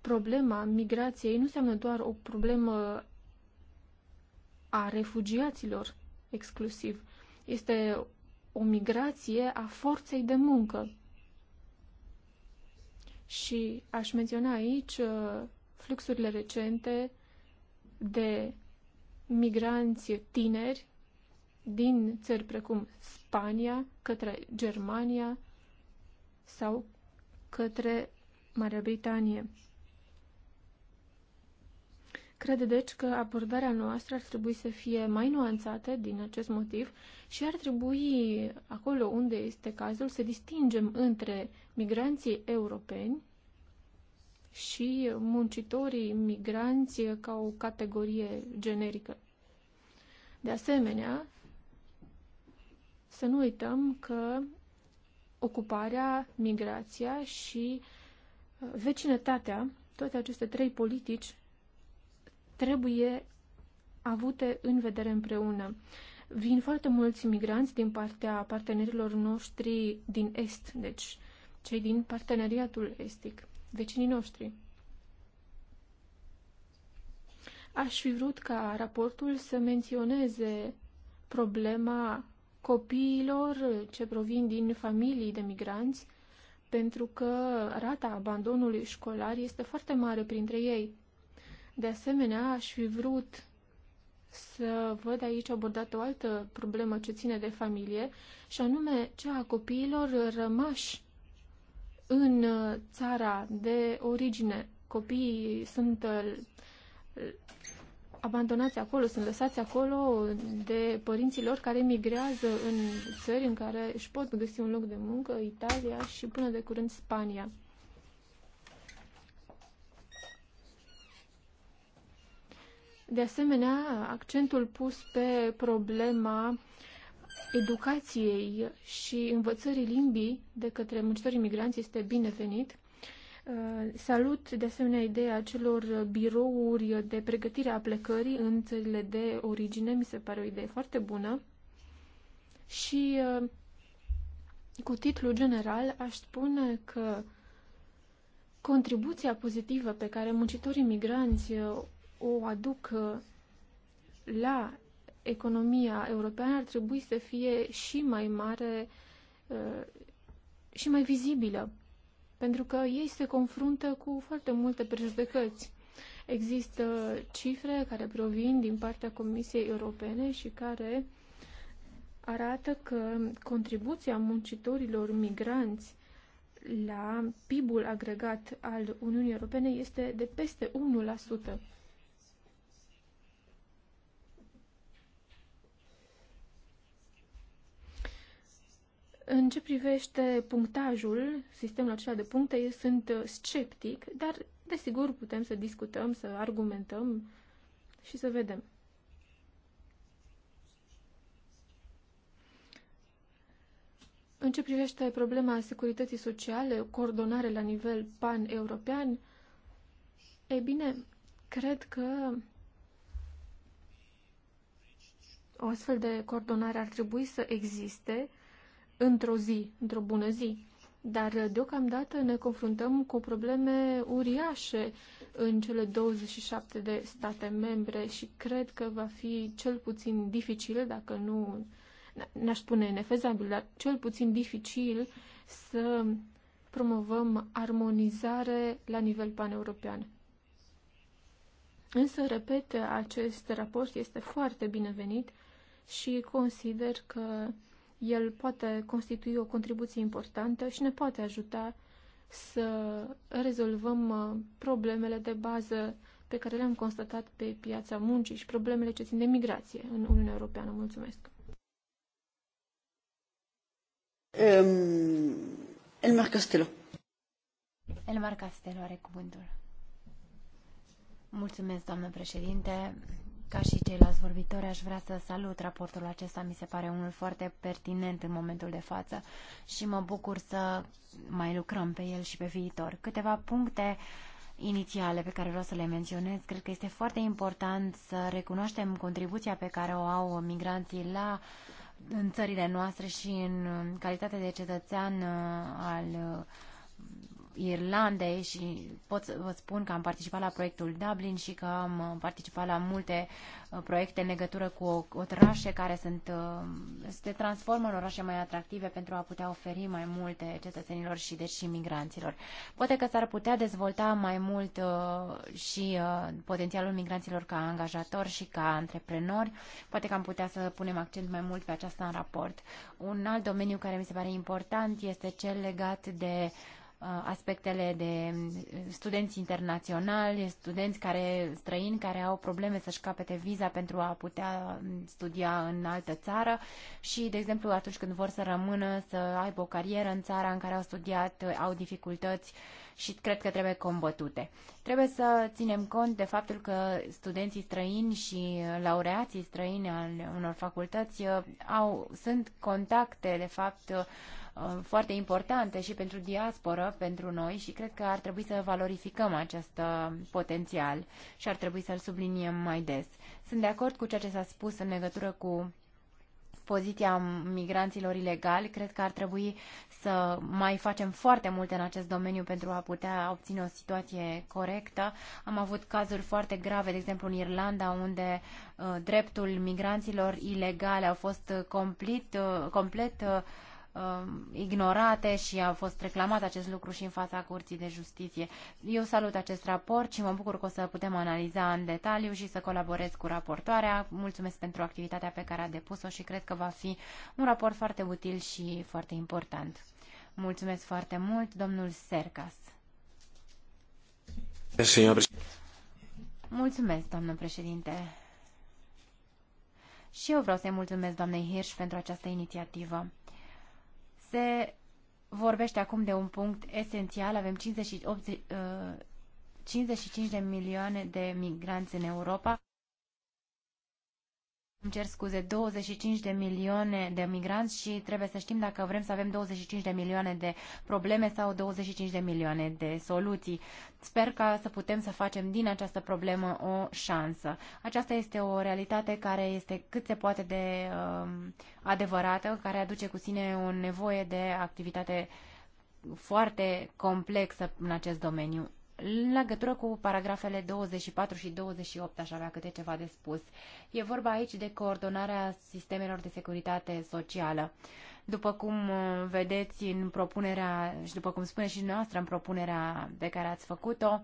problema migrației nu înseamnă doar o problemă a refugiaților exclusiv. Este o migrație a forței de muncă. Și aș menționa aici uh, fluxurile recente de migranți tineri din țări precum Spania către Germania sau către Marea Britanie. Crede deci că abordarea noastră ar trebui să fie mai nuanțată din acest motiv și ar trebui, acolo unde este cazul, să distingem între migranții europeni și muncitorii migranți ca o categorie generică. De asemenea, să nu uităm că ocuparea, migrația și uh, vecinătatea, toate aceste trei politici trebuie avute în vedere împreună. Vin foarte mulți migranți din partea partenerilor noștri din Est, deci cei din parteneriatul estic vecinii noștri. Aș fi vrut ca raportul să menționeze problema copiilor ce provin din familii de migranți, pentru că rata abandonului școlar este foarte mare printre ei. De asemenea, aș fi vrut să văd aici abordată o altă problemă ce ține de familie, și anume cea a copiilor rămași în uh, țara de origine. Copiii sunt uh, abandonați acolo, sunt lăsați acolo de părinții lor care emigrează în țări în care își pot găsi un loc de muncă, Italia și până de curând Spania. De asemenea, accentul pus pe problema educației și învățării limbii de către muncitorii migranți este binevenit. Uh, salut de asemenea ideea celor birouri de pregătire a plecării în țările de origine, mi se pare o idee foarte bună. Și uh, cu titlu general aș spune că contribuția pozitivă pe care muncitorii migranți uh, o aduc la economia europeană ar trebui să fie și mai mare uh, și mai vizibilă, pentru că ei se confruntă cu foarte multe prejudecăți. Există cifre care provin din partea Comisiei Europene și care arată că contribuția muncitorilor migranți la PIB-ul agregat al Uniunii Europene este de peste 1%. În ce privește punctajul, sistemul acela de puncte, eu sunt uh, sceptic, dar desigur putem să discutăm, să argumentăm și să vedem. În ce privește problema securității sociale, coordonare la nivel pan-european, e bine, cred că o astfel de coordonare ar trebui să existe într-o zi, într-o bună zi. Dar uh, deocamdată ne confruntăm cu probleme uriașe în cele 27 de state membre și cred că va fi cel puțin dificil, dacă nu n-aș spune nefezabil, dar cel puțin dificil să promovăm armonizare la nivel paneuropean. Însă, repet, acest raport este foarte binevenit și consider că el poate constitui o contribuție importantă și ne poate ajuta să rezolvăm uh, problemele de bază pe care le-am constatat pe piața muncii și problemele ce țin de migrație în Uniunea Europeană. Mulțumesc! Um, Elmar Castelo. Elmar Castelo are cuvântul. Mulțumesc, doamnă președinte. Ca și ceilalți vorbitori, aș vrea să salut raportul acesta. Mi se pare unul foarte pertinent în momentul de față și mă bucur să mai lucrăm pe el și pe viitor. Câteva puncte inițiale pe care vreau să le menționez. Cred că este foarte important să recunoaștem contribuția pe care o au migranții la în țările noastre și în calitate de cetățean uh, al uh, Irlandei și pot să vă spun că am participat la proiectul Dublin și că am participat la multe uh, proiecte în legătură cu orașe care sunt, uh, se transformă în orașe mai atractive pentru a putea oferi mai multe cetățenilor și deci și migranților. Poate că s-ar putea dezvolta mai mult uh, și potențialul migranților ca angajatori și ca antreprenori. Poate că am putea să punem accent mai mult pe aceasta în raport. Un alt domeniu care mi se pare important este cel legat de uh, aspectele de studenți internaționali, studenți care, străini care au probleme să-și capete viza pentru a putea studia în altă țară și, de exemplu, atunci când vor să rămână, să aibă o carieră în țara în care au studiat, au dificultăți și cred că trebuie combătute. Trebuie să ținem cont de faptul că studenții străini și laureații străini al unor facultăți uh, au, sunt contacte, de fapt, uh, Uh, foarte importante și pentru diasporă, pentru noi și cred că ar trebui să valorificăm acest uh, potențial și ar trebui să-l subliniem mai des. Sunt de acord cu ceea ce s-a spus în legătură cu poziția migranților ilegali. Cred că ar trebui să mai facem foarte multe în acest domeniu pentru a putea obține o situație corectă. Am avut cazuri foarte grave, de exemplu în Irlanda, unde uh, dreptul migranților ilegale a fost uh, complet, uh, complet uh, Um, ignorate și a fost reclamat acest lucru și în fața Curții de Justiție. Eu salut acest raport și mă bucur că o să putem analiza în detaliu și să colaborez cu raportoarea. Mulțumesc pentru activitatea pe care a depus-o și cred că va fi un raport foarte util și foarte important. Mulțumesc foarte mult, domnul Sercas. Mulțumesc, doamnă președinte. Și eu vreau să-i mulțumesc doamnei Hirsch pentru această inițiativă. Se vorbește acum de un punct esențial. Avem 58, 55 uh, de milioane de migranți în Europa îmi cer scuze, 25 de milioane de migranți și trebuie să știm dacă vrem să avem 25 de milioane de probleme sau 25 de milioane de soluții. Sper ca să putem să facem din această problemă o șansă. Aceasta este o realitate care este cât se poate de uh, adevărată, care aduce cu sine o nevoie de activitate foarte complexă în acest domeniu. În legătură cu paragrafele 24 și 28 aș avea câte ceva de spus. E vorba aici de coordonarea sistemelor de securitate socială. După cum uh, vedeți în propunerea și după cum spune și noastră în propunerea pe care ați făcut-o,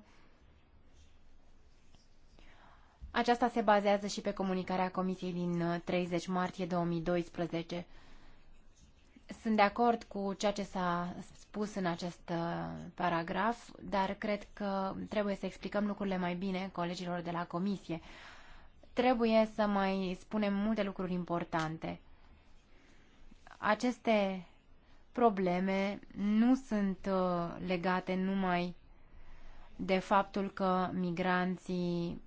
aceasta se bazează și pe comunicarea Comisiei din 30 uh, martie 2012. Sunt de acord cu ceea ce s-a spus în acest uh, paragraf, dar cred că trebuie să explicăm lucrurile mai bine colegilor de la comisie. Trebuie să mai spunem multe lucruri importante. Aceste probleme nu sunt uh, legate numai de faptul că migranții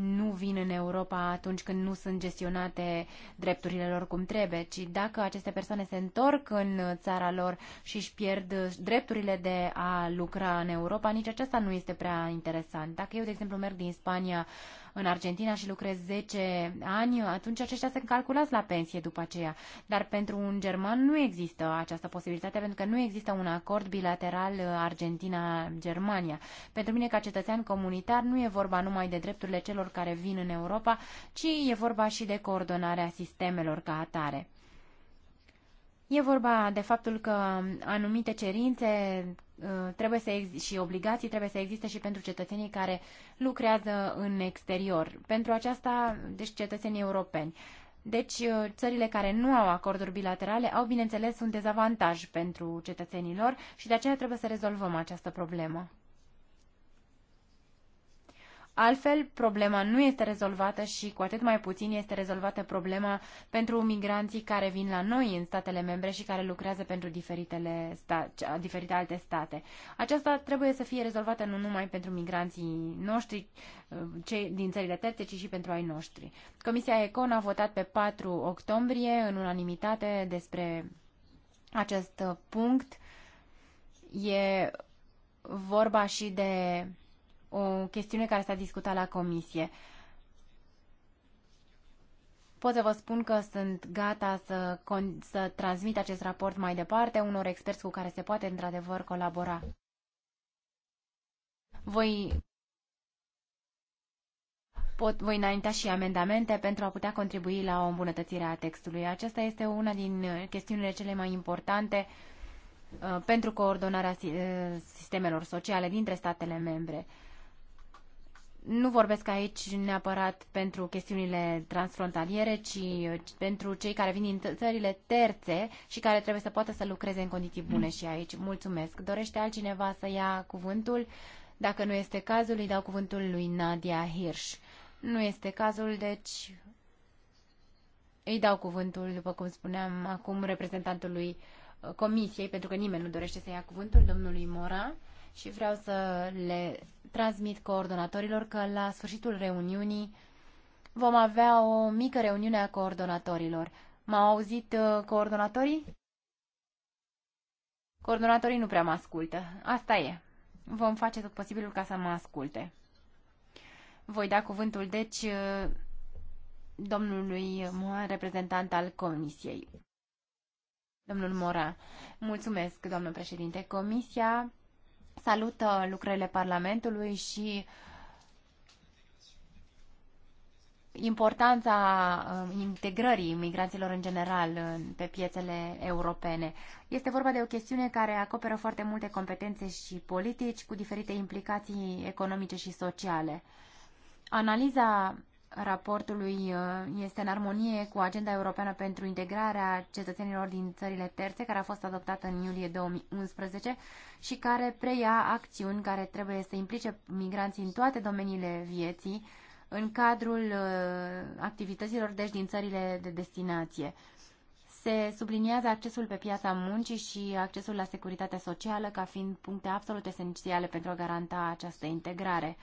nu vin în Europa atunci când nu sunt gestionate drepturile lor cum trebuie, ci dacă aceste persoane se întorc în țara lor și își pierd drepturile de a lucra în Europa, nici aceasta nu este prea interesant. Dacă eu, de exemplu, merg din Spania în Argentina și lucrez 10 ani, atunci aceștia sunt calculați la pensie după aceea. Dar pentru un german nu există această posibilitate pentru că nu există un acord bilateral uh, Argentina-Germania. Pentru mine ca cetățean comunitar nu e vorba numai de drepturile celor care vin în Europa, ci e vorba și de coordonarea sistemelor ca atare. E vorba de faptul că anumite cerințe uh, trebuie să și obligații trebuie să existe și pentru cetățenii care lucrează în exterior. Pentru aceasta, deci cetățenii europeni. Deci, uh, țările care nu au acorduri bilaterale au, bineînțeles, un dezavantaj pentru cetățenilor și de aceea trebuie să rezolvăm această problemă. Altfel, problema nu este rezolvată și cu atât mai puțin este rezolvată problema pentru migranții care vin la noi în statele membre și care lucrează pentru diferitele sta- diferite alte state. Aceasta trebuie să fie rezolvată nu numai pentru migranții noștri, uh, cei din țările terțe, ci și pentru ai noștri. Comisia Econ a votat pe 4 octombrie în unanimitate despre acest punct. E vorba și de o chestiune care s-a discutat la comisie. Pot să vă spun că sunt gata să, să transmit acest raport mai departe unor experți cu care se poate într-adevăr colabora. Voi, pot, voi înainta și amendamente pentru a putea contribui la o îmbunătățire a textului. Aceasta este una din chestiunile cele mai importante uh, pentru coordonarea uh, sistemelor sociale dintre statele membre nu vorbesc aici neapărat pentru chestiunile transfrontaliere, ci uh, pentru cei care vin din țările terțe și care trebuie să poată să lucreze în condiții bune și aici. Mulțumesc. Dorește altcineva să ia cuvântul? Dacă nu este cazul, îi dau cuvântul lui Nadia Hirsch. Nu este cazul, deci îi dau cuvântul, după cum spuneam acum, reprezentantului uh, Comisiei, pentru că nimeni nu dorește să ia cuvântul, domnului Mora, și vreau să le transmit coordonatorilor că la sfârșitul reuniunii vom avea o mică reuniune a coordonatorilor. M-au auzit uh, coordonatorii? Coordonatorii nu prea mă ascultă. Asta e. Vom face tot posibilul ca să mă asculte. Voi da cuvântul, deci, uh, domnului Moan, reprezentant al Comisiei. Domnul Mora, mulțumesc, doamnă președinte. Comisia salută lucrările Parlamentului și importanța uh, integrării migranților în general uh, pe piețele europene. Este vorba de o chestiune care acoperă foarte multe competențe și politici cu diferite implicații economice și sociale. Analiza raportului uh, este în armonie cu agenda europeană pentru integrarea cetățenilor din țările terțe, care a fost adoptată în iulie 2011 și care preia acțiuni care trebuie să implice migranții în toate domeniile vieții, în cadrul uh, activităților, deci din țările de destinație. Se subliniază accesul pe piața muncii și accesul la securitatea socială ca fiind puncte absolut esențiale pentru a garanta această integrare.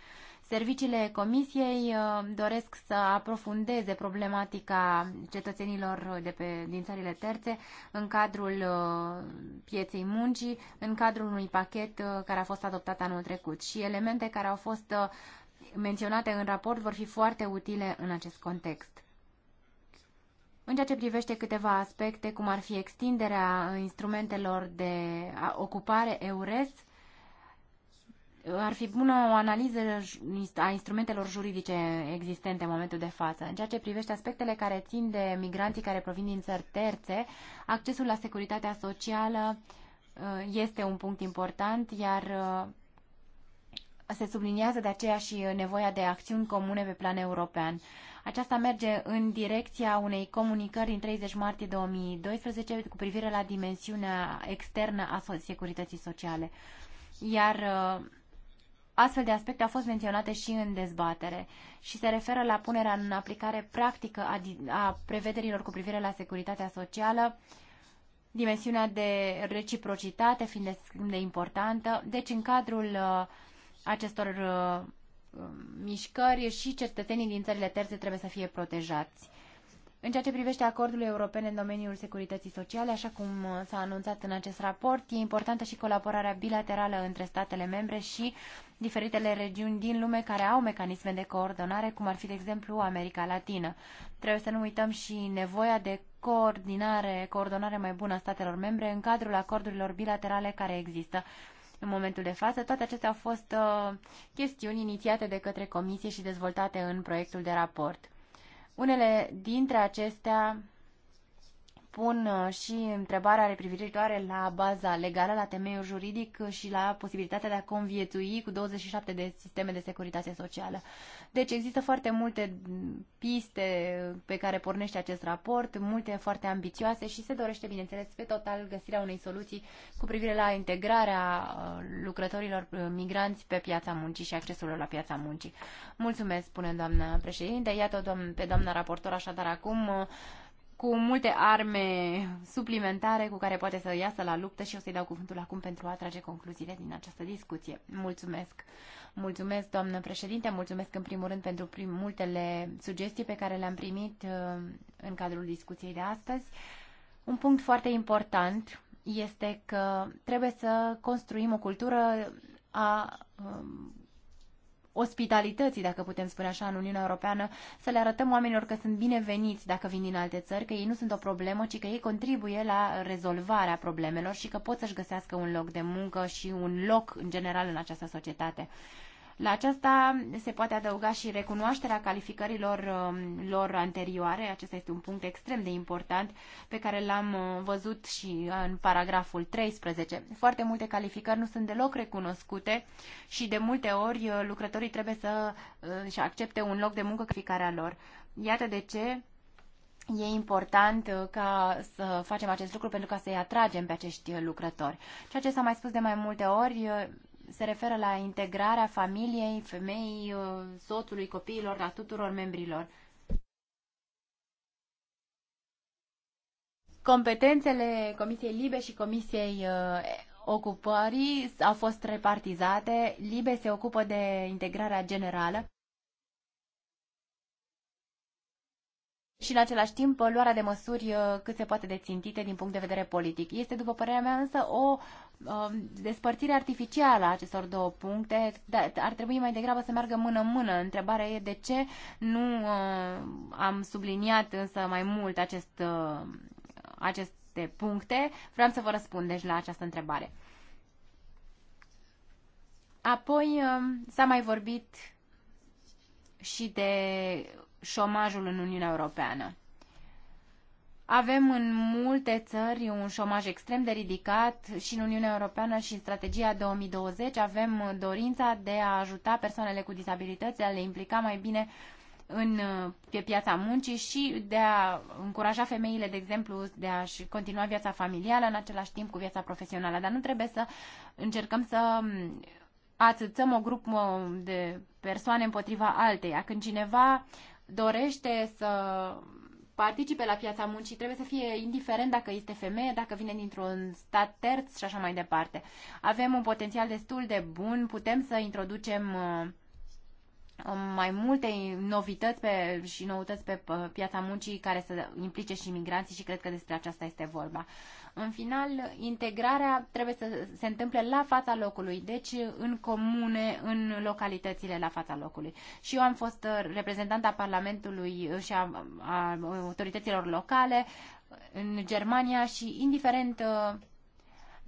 Serviciile Comisiei uh, doresc să aprofundeze problematica cetățenilor de pe, din țările terțe în cadrul uh, pieței muncii, în cadrul unui pachet uh, care a fost adoptat anul trecut și elemente care au fost menționate în raport vor fi foarte utile în acest context. În ceea ce privește câteva aspecte, cum ar fi extinderea instrumentelor de ocupare EURES, ar fi bună o analiză a instrumentelor juridice existente în momentul de față. În ceea ce privește aspectele care țin de migranții care provin din țări terțe, accesul la securitatea socială uh, este un punct important, iar uh, se subliniază de aceea și nevoia de acțiuni comune pe plan european. Aceasta merge în direcția unei comunicări din 30 martie 2012 cu privire la dimensiunea externă a securității sociale. Iar uh, Astfel de aspecte au fost menționate și în dezbatere și se referă la punerea în aplicare practică a, a prevederilor cu privire la securitatea socială, dimensiunea de reciprocitate fiind de, de importantă. Deci, în cadrul uh, acestor uh, um, mișcări și cetățenii din țările terțe trebuie să fie protejați. În ceea ce privește acordul european în domeniul securității sociale, așa cum uh, s-a anunțat în acest raport, e importantă și colaborarea bilaterală între statele membre și diferitele regiuni din lume care au mecanisme de coordonare, cum ar fi, de exemplu, America Latină. Trebuie să nu uităm și nevoia de coordinare, coordonare mai bună a statelor membre în cadrul acordurilor bilaterale care există în momentul de față. Toate acestea au fost uh, chestiuni inițiate de către Comisie și dezvoltate în proiectul de raport. Unele dintre acestea pun uh, și întrebarea reprivitoare la baza legală, la temeiul juridic și la posibilitatea de a conviețui cu 27 de sisteme de securitate socială. Deci există foarte multe piste pe care pornește acest raport, multe foarte ambițioase și se dorește, bineînțeles, pe total găsirea unei soluții cu privire la integrarea uh, lucrătorilor uh, migranți pe piața muncii și accesul lor la piața muncii. Mulțumesc, spune doamna președinte. Iată pe doamna raportor așadar acum cu multe arme suplimentare cu care poate să iasă la luptă și o să-i dau cuvântul acum pentru a trage concluziile din această discuție. Mulțumesc! Mulțumesc, doamnă președinte, mulțumesc în primul rând pentru prim, multele sugestii pe care le-am primit uh, în cadrul discuției de astăzi. Un punct foarte important este că trebuie să construim o cultură a um, ospitalității, dacă putem spune așa, în Uniunea Europeană, să le arătăm oamenilor că sunt bineveniți dacă vin din alte țări, că ei nu sunt o problemă, ci că ei contribuie la rezolvarea problemelor și că pot să-și găsească un loc de muncă și un loc în general în această societate. La aceasta se poate adăuga și recunoașterea calificărilor um, lor anterioare. Acesta este un punct extrem de important pe care l-am uh, văzut și în paragraful 13. Foarte multe calificări nu sunt deloc recunoscute și de multe ori uh, lucrătorii trebuie să uh, și accepte un loc de muncă calificarea lor. Iată de ce E important ca să facem acest lucru pentru ca să-i atragem pe acești lucrători. Ceea ce s-a mai spus de mai multe ori se referă la integrarea familiei, femeii, uh, soțului, copiilor, la tuturor membrilor. Competențele Comisiei Libe și Comisiei uh, Ocupării au fost repartizate. Libe se ocupă de integrarea generală și în același timp luarea de măsuri uh, cât se poate de țintite din punct de vedere politic. Este, după părerea mea, însă o um, despărțire artificială a acestor două puncte. Ar trebui mai degrabă să meargă mână-mână. Întrebarea e de ce nu uh, am subliniat însă mai mult acest, uh, aceste puncte. Vreau să vă răspund deci la această întrebare. Apoi um, s-a mai vorbit și de șomajul în Uniunea Europeană. Avem în multe țări un șomaj extrem de ridicat și în Uniunea Europeană și în strategia 2020 avem dorința de a ajuta persoanele cu dizabilități, a le implica mai bine în, pe piața muncii și de a încuraja femeile, de exemplu, de a-și continua viața familială în același timp cu viața profesională. Dar nu trebuie să încercăm să atâțăm o grup de persoane împotriva alteia. Când cineva dorește să participe la piața muncii trebuie să fie indiferent dacă este femeie, dacă vine dintr-un stat terț și așa mai departe. Avem un potențial destul de bun, putem să introducem uh, um, mai multe novități pe, și noutăți pe uh, piața muncii care să implice și migranții și cred că despre aceasta este vorba. În final, integrarea trebuie să se întâmple la fața locului, deci în comune, în localitățile la fața locului. Și eu am fost uh, reprezentanta Parlamentului și a, a autorităților locale în Germania și indiferent uh,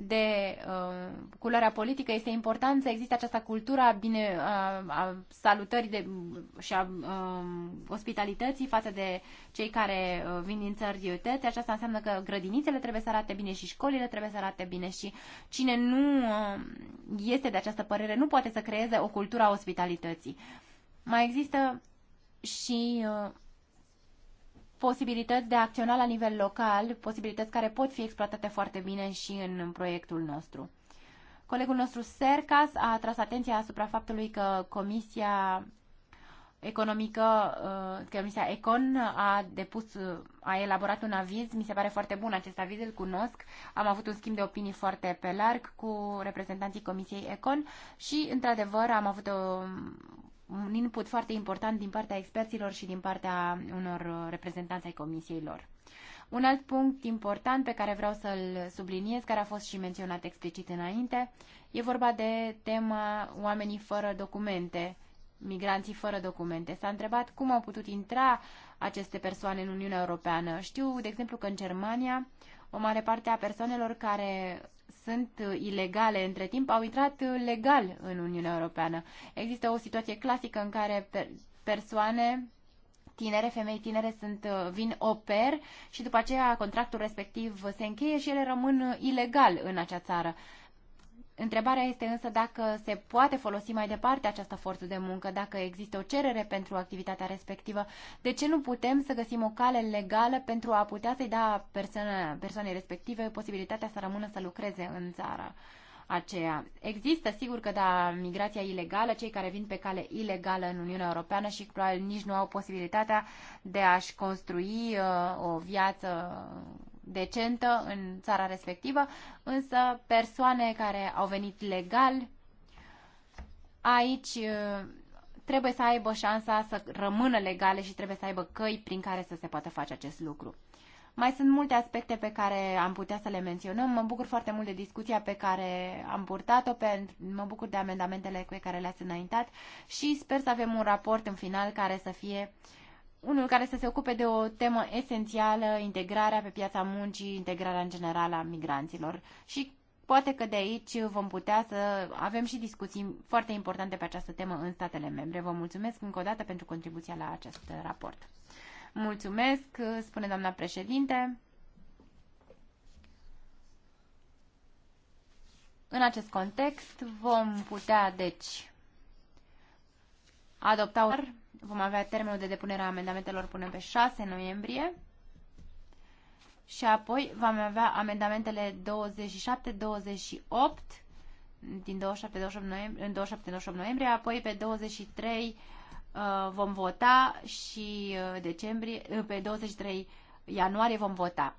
de uh, culoarea politică, este important să existe această cultură a, bine, a, a salutării de, și a um, ospitalității față de cei care uh, vin din țări tete. Aceasta înseamnă că grădinițele trebuie să arate bine și școlile trebuie să arate bine și cine nu uh, este de această părere nu poate să creeze o cultură a ospitalității. Mai există și uh, posibilități de a acționa la nivel local, posibilități care pot fi exploatate foarte bine și în proiectul nostru. Colegul nostru Sercas a atras atenția asupra faptului că Comisia Economică, uh, Comisia Econ a depus, uh, a elaborat un aviz, mi se pare foarte bun acest aviz, îl cunosc, am avut un schimb de opinii foarte pe larg cu reprezentanții Comisiei Econ și, într-adevăr, am avut o uh, un input foarte important din partea experților și din partea unor reprezentanți ai comisiei lor. Un alt punct important pe care vreau să-l subliniez, care a fost și menționat explicit înainte, e vorba de tema oamenii fără documente, migranții fără documente. S-a întrebat cum au putut intra aceste persoane în Uniunea Europeană. Știu, de exemplu, că în Germania o mare parte a persoanelor care sunt uh, ilegale între timp au intrat uh, legal în Uniunea Europeană. Există o situație clasică în care persoane tinere, femei tinere sunt, uh, vin oper și după aceea contractul respectiv se încheie și ele rămân ilegal în acea țară. Întrebarea este însă dacă se poate folosi mai departe această forță de muncă, dacă există o cerere pentru activitatea respectivă. De ce nu putem să găsim o cale legală pentru a putea să-i da persoane, persoanei respective posibilitatea să rămână să lucreze în țara? aceea. Există, sigur că, da, migrația ilegală, cei care vin pe cale ilegală în Uniunea Europeană și probabil nici nu au posibilitatea de a-și construi uh, o viață decentă în țara respectivă, însă persoane care au venit legal aici uh, trebuie să aibă șansa să rămână legale și trebuie să aibă căi prin care să se poată face acest lucru. Mai sunt multe aspecte pe care am putea să le menționăm. Mă bucur foarte mult de discuția pe care am purtat-o, mă bucur de amendamentele pe care le-ați înaintat și sper să avem un raport în final care să fie uh, unul care să se ocupe de o temă esențială, integrarea pe piața muncii, integrarea în general a migranților și poate că de aici vom putea să avem și discuții foarte importante pe această temă în statele membre. Vă mulțumesc încă o dată pentru contribuția la acest raport. Mulțumesc, spune doamna președinte. În acest context vom putea, deci, adoptau. vom avea termenul de depunere a amendamentelor până pe 6 noiembrie și apoi vom avea amendamentele 27, 28 din 27, 28 noiembrie, în 27, 28 noiembrie, apoi pe 23 uh, vom vota și uh, decembrie, uh, pe 23 ianuarie vom vota.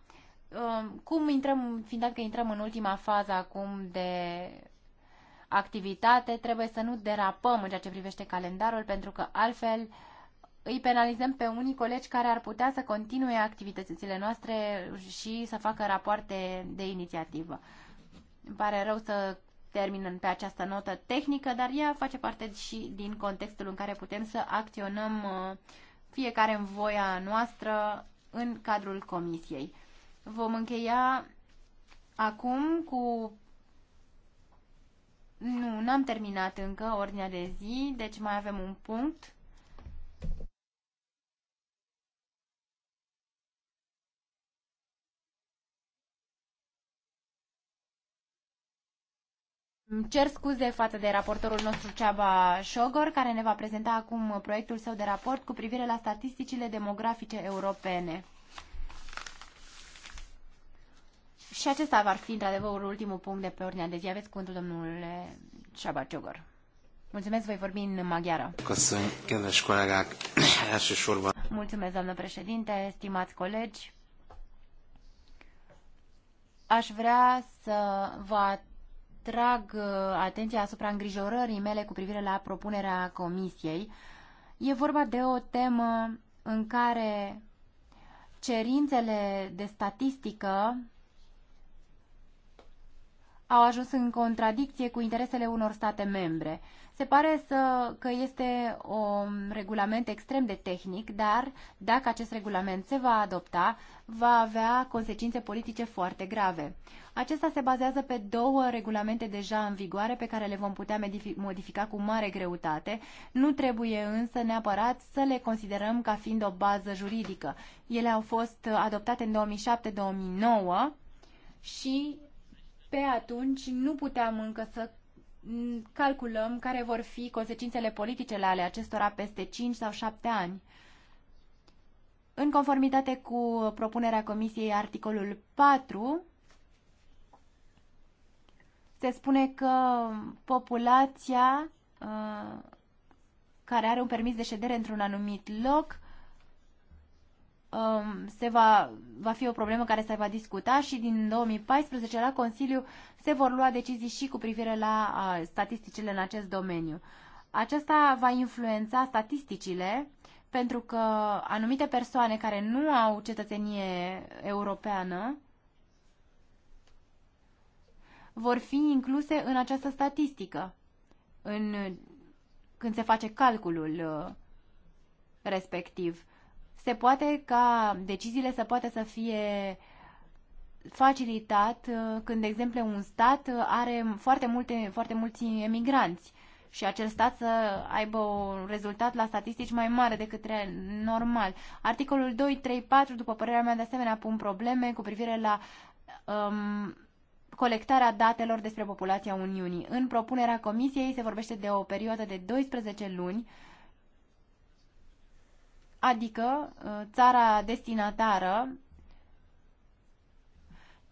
Uh, cum intrăm, fiind dat că intrăm în ultima fază acum de activitate, trebuie să nu derapăm în ceea ce privește calendarul, pentru că altfel îi penalizăm pe unii colegi care ar putea să continue activitățile noastre și să facă rapoarte de inițiativă. Îmi pare rău să termin pe această notă tehnică, dar ea face parte și din contextul în care putem să acționăm uh, fiecare în voia noastră în cadrul comisiei. Vom încheia acum cu nu, n-am terminat încă ordinea de zi, deci mai avem un punct. cer scuze față de raportorul nostru Ceaba Șogor, care ne va prezenta acum proiectul său de raport cu privire la statisticile demografice europene. Și acesta ar fi, într-adevăr, ultimul punct de pe ordinea de zi. Aveți cuvântul, domnule Csabaciogor. Mulțumesc, voi vorbi în maghiară. Köszönj, kedves și elsősorban. Mulțumesc, doamnă președinte, stimați colegi. Aș vrea să vă atrag uh, atenția asupra îngrijorării mele cu privire la propunerea comisiei. E vorba de o temă în care cerințele de statistică au ajuns în contradicție cu interesele unor state membre. Se pare să, că este un um, regulament extrem de tehnic, dar dacă acest regulament se va adopta, va avea consecințe politice foarte grave. Acesta se bazează pe două regulamente deja în vigoare pe care le vom putea modifica cu mare greutate. Nu trebuie însă neapărat să le considerăm ca fiind o bază juridică. Ele au fost adoptate în 2007-2009 și pe atunci nu puteam încă să calculăm care vor fi consecințele politice ale acestora peste 5 sau 7 ani. În conformitate cu propunerea Comisiei articolul 4, se spune că populația uh, care are un permis de ședere într-un anumit loc Um, se va, va fi o problemă care se va discuta și din 2014 la Consiliu se vor lua decizii și cu privire la uh, statisticile în acest domeniu. Aceasta va influența statisticile pentru că anumite persoane care nu au cetățenie europeană vor fi incluse în această statistică în, când se face calculul uh, respectiv se poate ca deciziile să poată să fie facilitat uh, când, de exemplu, un stat uh, are foarte, multe, foarte mulți emigranți și acel stat să aibă un rezultat la statistici mai mare decât normal. Articolul 2, 3, 4, după părerea mea, de asemenea, pun probleme cu privire la um, colectarea datelor despre populația Uniunii. În propunerea Comisiei se vorbește de o perioadă de 12 luni uh, adică uh, țara destinatară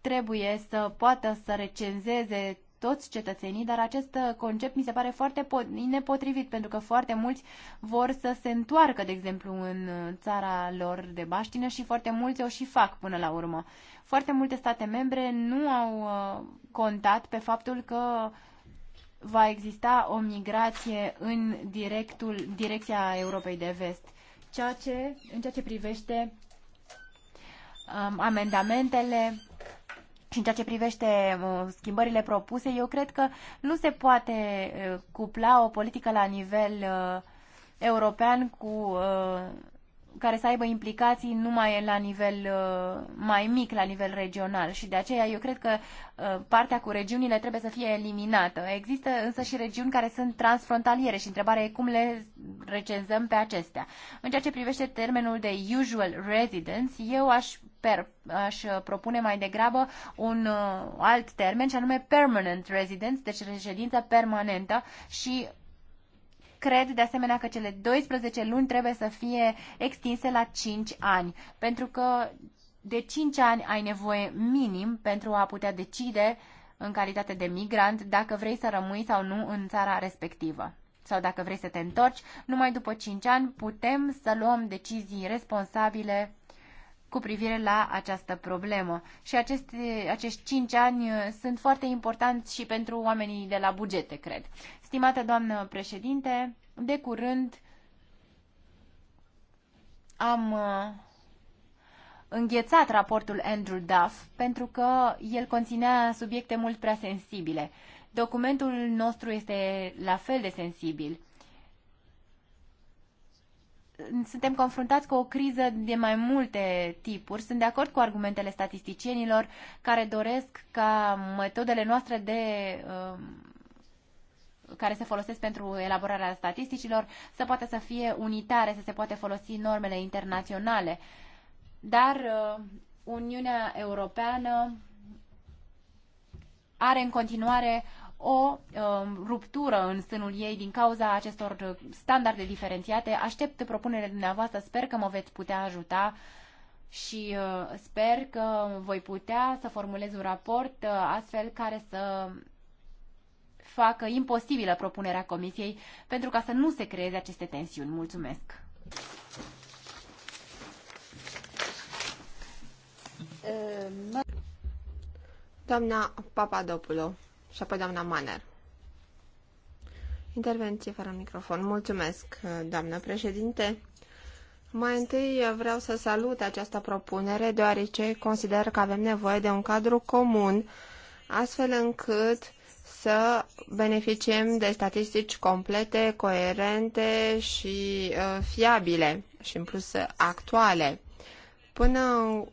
trebuie să poată să recenzeze toți cetățenii, dar acest concept mi se pare foarte nepotrivit, pentru că foarte mulți vor să se întoarcă, de exemplu, în uh, țara lor de baștină și foarte mulți o și fac până la urmă. Foarte multe state membre nu au uh, contat pe faptul că va exista o migrație în directul, direcția Europei de Vest ceea ce, în ceea ce privește um, amendamentele și în ceea ce privește uh, schimbările propuse, eu cred că nu se poate uh, cupla o politică la nivel uh, european cu uh, care să aibă implicații numai la nivel uh, mai mic, la nivel regional și de aceea eu cred că uh, partea cu regiunile trebuie să fie eliminată. Există însă și regiuni care sunt transfrontaliere și întrebarea e cum le recenzăm pe acestea. În ceea ce privește termenul de usual residence, eu aș, per, aș uh, propune mai degrabă un alt termen și anume permanent residence, deci reședință permanentă și Cred, de asemenea, că cele 12 luni trebuie să fie extinse la 5 ani, pentru că de 5 ani ai nevoie minim pentru a putea decide în calitate de migrant dacă vrei să rămâi sau nu în țara respectivă. Sau dacă vrei să te întorci, numai după 5 ani putem să luăm decizii responsabile cu privire la această problemă. Și aceste, acești cinci ani uh, sunt foarte importanți și pentru oamenii de la bugete, cred. Stimată doamnă președinte, de curând am uh, înghețat raportul Andrew Duff pentru că el conținea subiecte mult prea sensibile. Documentul nostru este la fel de sensibil suntem confruntați cu o criză de mai multe tipuri. Sunt de acord cu argumentele statisticienilor care doresc ca metodele noastre de um, care se folosesc pentru elaborarea statisticilor să poată să fie unitare, să se poate folosi normele internaționale. Dar uh, Uniunea Europeană are în continuare o uh, ruptură în sânul ei din cauza acestor standarde diferențiate. Aștept propunerile dumneavoastră, sper că mă veți putea ajuta și uh, sper că voi putea să formulez un raport uh, astfel care să facă imposibilă propunerea Comisiei pentru ca să nu se creeze aceste tensiuni. Mulțumesc! Doamna Papadopoulou și apoi doamna Maner. Intervenție fără microfon. Mulțumesc, doamnă președinte. Mai întâi vreau să salut această propunere, deoarece consider că avem nevoie de un cadru comun, astfel încât să beneficiem de statistici complete, coerente și uh, fiabile și în plus actuale. Până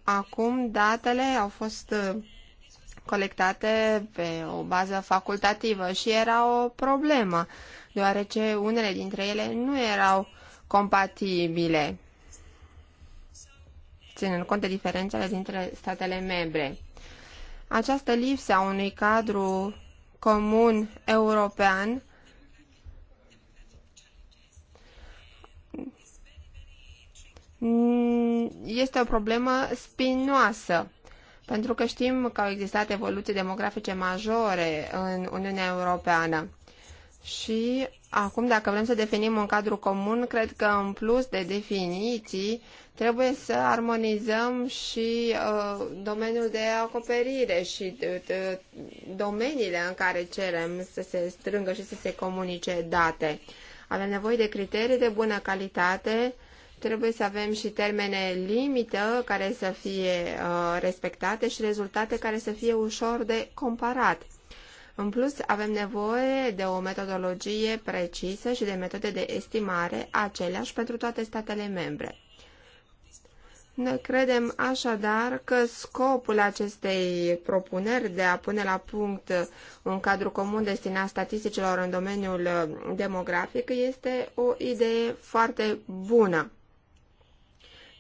acum datele au fost uh, colectate pe o bază facultativă și era o problemă, deoarece unele dintre ele nu erau compatibile, ținând cont de diferențele dintre statele membre. Această lipsă a unui cadru comun european este o problemă spinoasă pentru că știm că au existat evoluții demografice majore în Uniunea Europeană. Și acum, dacă vrem să definim un cadru comun, cred că în plus de definiții, trebuie să armonizăm și uh, domeniul de acoperire și uh, uh domeniile în care cerem să se strângă și să se comunice date. Avem nevoie de criterii de bună calitate, Trebuie să avem și termene limită care să fie uh, respectate și rezultate care să fie ușor de comparat. În plus, avem nevoie de o metodologie precisă și de metode de estimare aceleași pentru toate statele membre. Noi credem așadar că scopul acestei propuneri de a pune la punct un cadru comun destinat statisticilor în domeniul demografic este o idee foarte bună.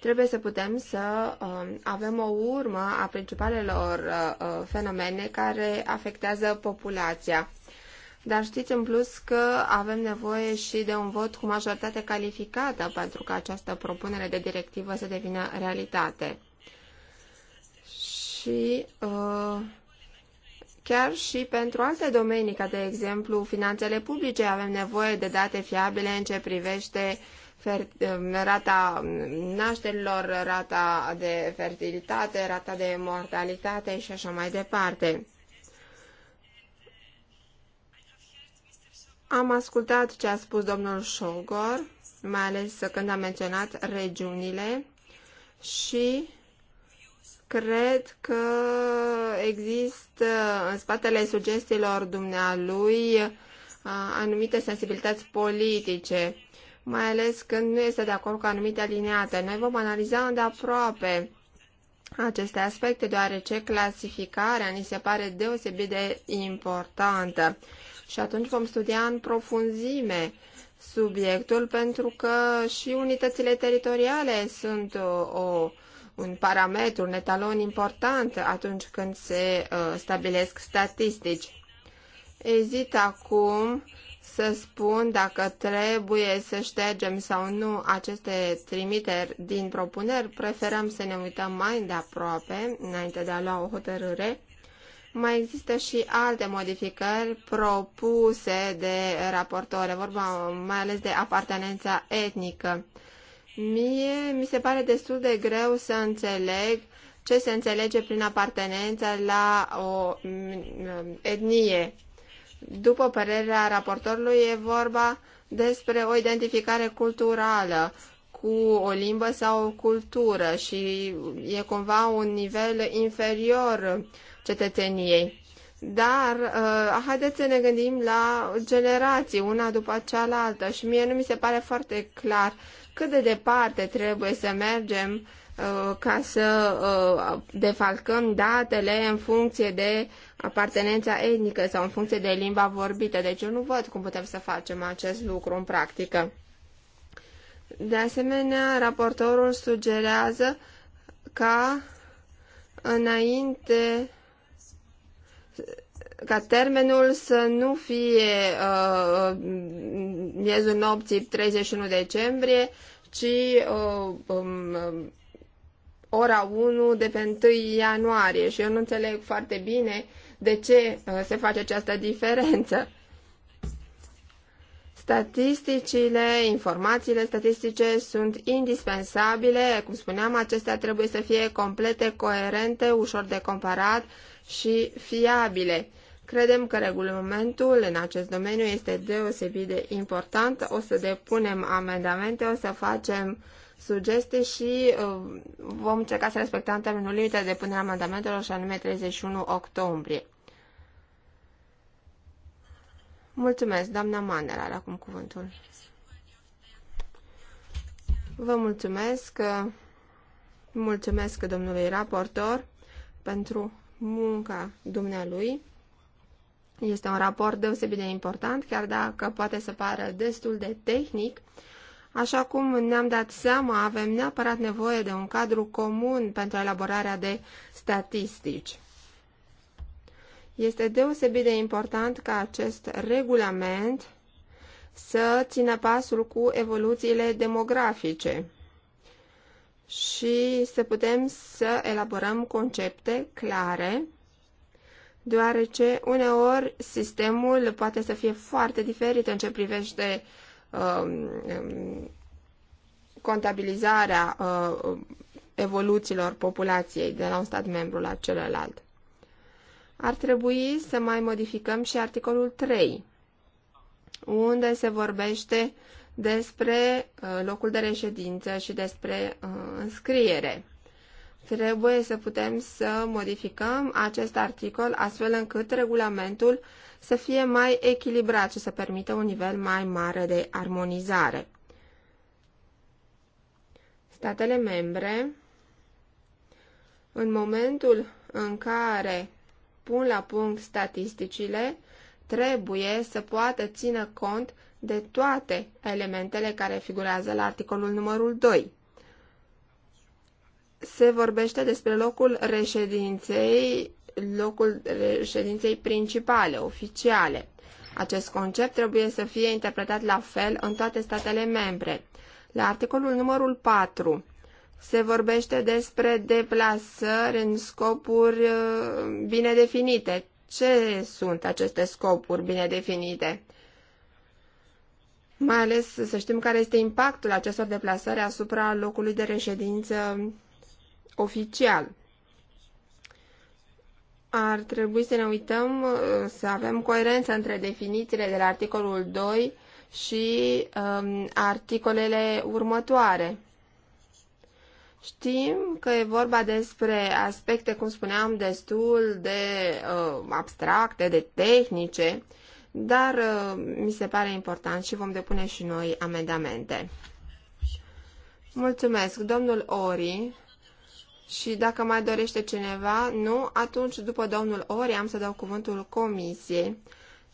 Trebuie să putem să um, avem o urmă a principalelor uh, uh, fenomene care afectează populația. Dar știți în plus că avem nevoie și de un vot cu majoritate calificată pentru ca această propunere de directivă să devină realitate. Și uh, chiar și pentru alte domenii, ca de exemplu finanțele publice, avem nevoie de date fiabile în ce privește Um, rata nașterilor, rata de fertilitate, rata de mortalitate și așa mai departe. Am ascultat ce a spus domnul Șogor, mai ales când a menționat regiunile și cred că există în spatele sugestiilor dumnealui uh, anumite sensibilități politice mai ales când nu este de acord cu anumite alineate. Noi vom analiza îndeaproape aceste aspecte, deoarece clasificarea ni se pare deosebit de importantă. Și atunci vom studia în profunzime subiectul, pentru că și unitățile teritoriale sunt o, o, un parametru, un etalon important atunci când se uh, stabilesc statistici. Ezit acum să spun dacă trebuie să ștergem sau nu aceste trimiteri din propuneri. Preferăm să ne uităm mai de aproape înainte de a lua o hotărâre. Mai există și alte modificări propuse de raportor, vorba mai ales de apartenența etnică. Mie mi se pare destul de greu să înțeleg ce se înțelege prin apartenența la o mm, mm, etnie după părerea raportorului, e vorba despre o identificare culturală cu o limbă sau o cultură și e cumva un nivel inferior cetățeniei. Dar uh, haideți să ne gândim la generații, una după cealaltă și mie nu mi se pare foarte clar cât de departe trebuie să mergem uh, ca să uh, defalcăm datele în funcție de uh, apartenența etnică sau în funcție de limba vorbită. Deci eu nu văd cum putem să facem acest lucru în practică. De asemenea, raportorul sugerează ca înainte ca termenul să nu fie uh, miezul nopții 31 decembrie, ci uh, um, ora 1 de pe 1 ianuarie și eu nu înțeleg foarte bine de ce uh, se face această diferență. Statisticile, informațiile statistice sunt indispensabile, cum spuneam, acestea trebuie să fie complete, coerente, ușor de comparat și fiabile. Credem că regulamentul în acest domeniu este deosebit de important. O să depunem amendamente, o să facem uh, Sugeste și uh, vom încerca să respectăm termenul limită de până amendamentelor și anume 31 octombrie. Mulțumesc, doamna Manel, are acum cuvântul. Vă mulțumesc, uh, mulțumesc domnului raportor pentru munca dumnealui. Este un raport deosebit de important, chiar dacă poate să pară destul de tehnic, Așa cum ne-am dat seama, avem neapărat nevoie de un cadru comun pentru elaborarea de statistici. Este deosebit de important ca acest regulament să țină pasul cu evoluțiile demografice și să putem să elaborăm concepte clare, deoarece uneori sistemul poate să fie foarte diferit în ce privește uh, Um, contabilizarea uh, evoluțiilor populației de la un stat membru la celălalt. Ar trebui să mai modificăm și articolul 3, unde se vorbește despre uh, locul de reședință și despre uh, înscriere. Trebuie să putem să modificăm acest articol astfel încât regulamentul să fie mai echilibrat și să permită un nivel mai mare de armonizare. Statele membre, în momentul în care pun la punct statisticile, trebuie să poată țină cont de toate elementele care figurează la articolul numărul 2 se vorbește despre locul reședinței, locul reședinței principale, oficiale. Acest concept trebuie să fie interpretat la fel în toate statele membre. La articolul numărul 4 se vorbește despre deplasări în scopuri uh, bine definite. Ce sunt aceste scopuri bine definite? Mai ales să știm care este impactul acestor deplasări asupra locului de reședință oficial. Ar trebui să ne uităm, uh, să avem coerență între definițiile de la articolul 2 și um, articolele următoare. Știm că e vorba despre aspecte, cum spuneam, destul de uh, abstracte, de tehnice, dar uh, mi se pare important și vom depune și noi amendamente. Mulțumesc, domnul Ori. Și dacă mai dorește cineva, nu, atunci după domnul Ori am să dau cuvântul comisiei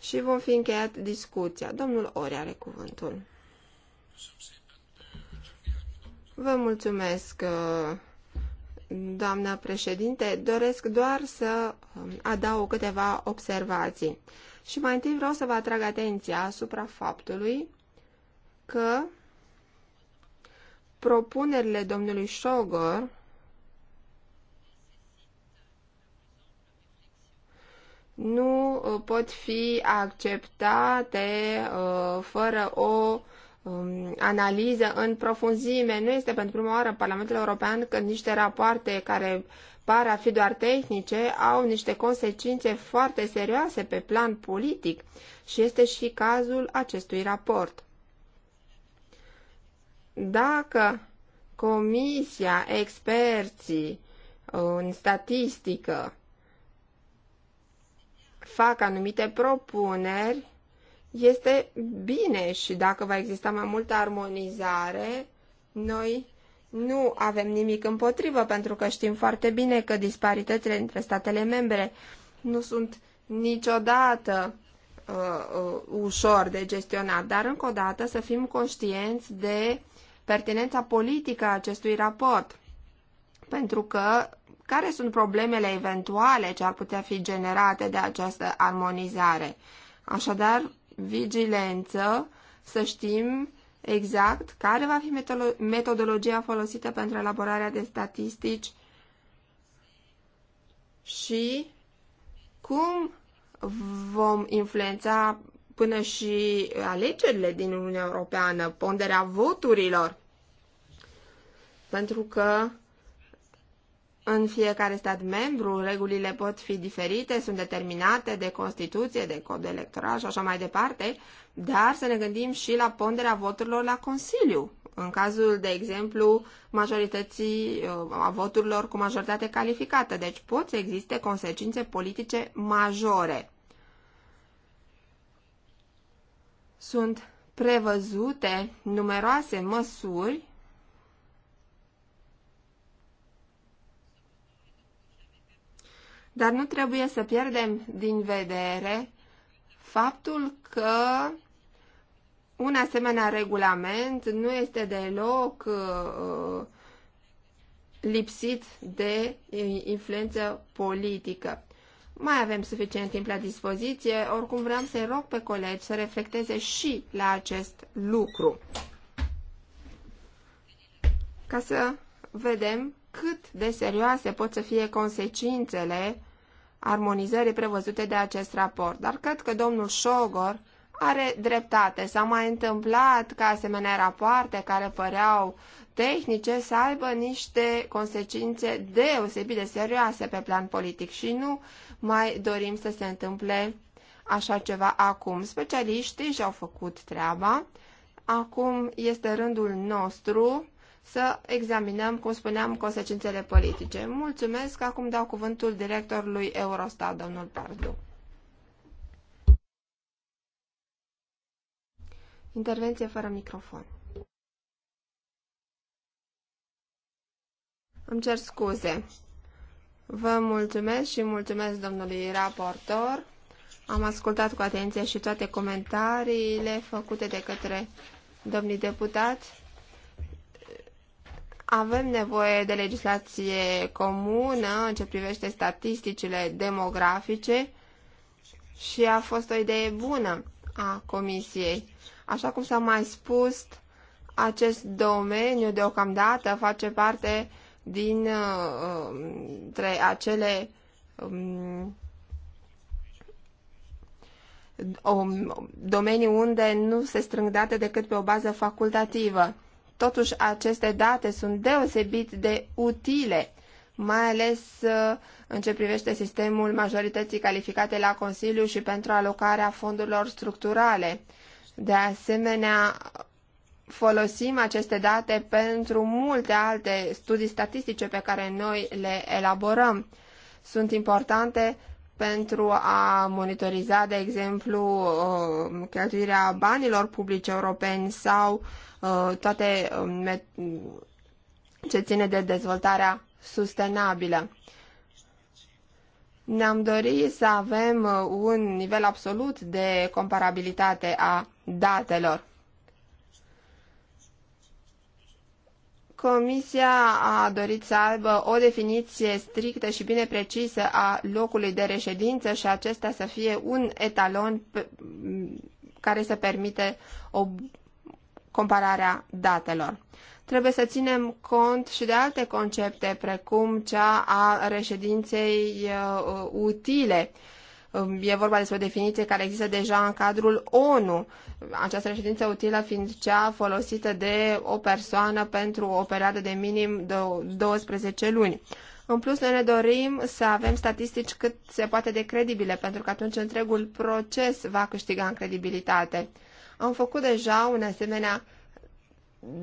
și vom fi încheiat discuția. Domnul Ori are cuvântul. Vă mulțumesc, doamna președinte. Doresc doar să um, adaug câteva observații. Și mai întâi vreau să vă atrag atenția asupra faptului că propunerile domnului Șogor nu uh, pot fi acceptate uh, fără o um, analiză în profunzime. Nu este pentru prima oară Parlamentul European că niște rapoarte care par a fi doar tehnice au niște consecințe foarte serioase pe plan politic și este și cazul acestui raport. Dacă comisia, experții uh, în statistică, fac anumite propuneri, este bine și dacă va exista mai multă armonizare, noi nu avem nimic împotrivă, pentru că știm foarte bine că disparitățile între statele membre nu sunt niciodată uh, uh, ușor de gestionat, dar încă o dată să fim conștienți de pertinența politică a acestui raport, pentru că care sunt problemele eventuale ce ar putea fi generate de această armonizare. Așadar, vigilență, să știm exact care va fi metodologia folosită pentru elaborarea de statistici și cum vom influența până și alegerile din Uniunea Europeană, ponderea voturilor. Pentru că în fiecare stat membru, regulile pot fi diferite, sunt determinate de Constituție, de cod electoral și așa mai departe, dar să ne gândim și la ponderea voturilor la Consiliu, în cazul, de exemplu, majorității uh, a voturilor cu majoritate calificată. Deci pot să existe consecințe politice majore. Sunt prevăzute numeroase măsuri Dar nu trebuie să pierdem din vedere faptul că un asemenea regulament nu este deloc uh, lipsit de uh, influență politică. Mai avem suficient timp la dispoziție, oricum vreau să-i rog pe colegi să reflecteze și la acest lucru. Ca să vedem cât de serioase pot să fie consecințele armonizării prevăzute de acest raport. Dar cred că domnul Șogor are dreptate. S-a mai întâmplat ca asemenea rapoarte care păreau tehnice să aibă niște consecințe deosebit de serioase pe plan politic și nu mai dorim să se întâmple așa ceva acum. Specialiștii și-au făcut treaba. Acum este rândul nostru să examinăm, cum spuneam, consecințele politice. Mulțumesc. Acum dau cuvântul directorului Eurostat, domnul Pardu. Intervenție fără microfon. Îmi cer scuze. Vă mulțumesc și mulțumesc domnului raportor. Am ascultat cu atenție și toate comentariile făcute de către domnii deputați avem nevoie de legislație comună în ce privește statisticile demografice și a fost o idee bună a Comisiei. Așa cum s-a mai spus, acest domeniu deocamdată face parte din uh, um, acele um, domenii unde nu se strâng date decât pe o bază facultativă. Totuși, aceste date sunt deosebit de utile, mai ales uh, în ce privește sistemul majorității calificate la Consiliu și pentru alocarea fondurilor structurale. De asemenea, folosim aceste date pentru multe alte studii statistice pe care noi le elaborăm. Sunt importante pentru a monitoriza, de exemplu, uh, cheltuirea banilor publici europeni sau Uh, toate uh, ce ține de dezvoltarea sustenabilă. Ne-am dorit să avem uh, un nivel absolut de comparabilitate a datelor. Comisia a dorit să aibă o definiție strictă și bine precisă a locului de reședință și acesta să fie un etalon care să permite o compararea datelor. Trebuie să ținem cont și de alte concepte, precum cea a reședinței uh, utile. Um, e vorba despre o definiție care există deja în cadrul ONU, această reședință utilă fiind cea folosită de o persoană pentru o perioadă de minim 12 luni. În plus, noi ne dorim să avem statistici cât se poate de credibile, pentru că atunci întregul proces va câștiga în credibilitate. Am făcut deja un asemenea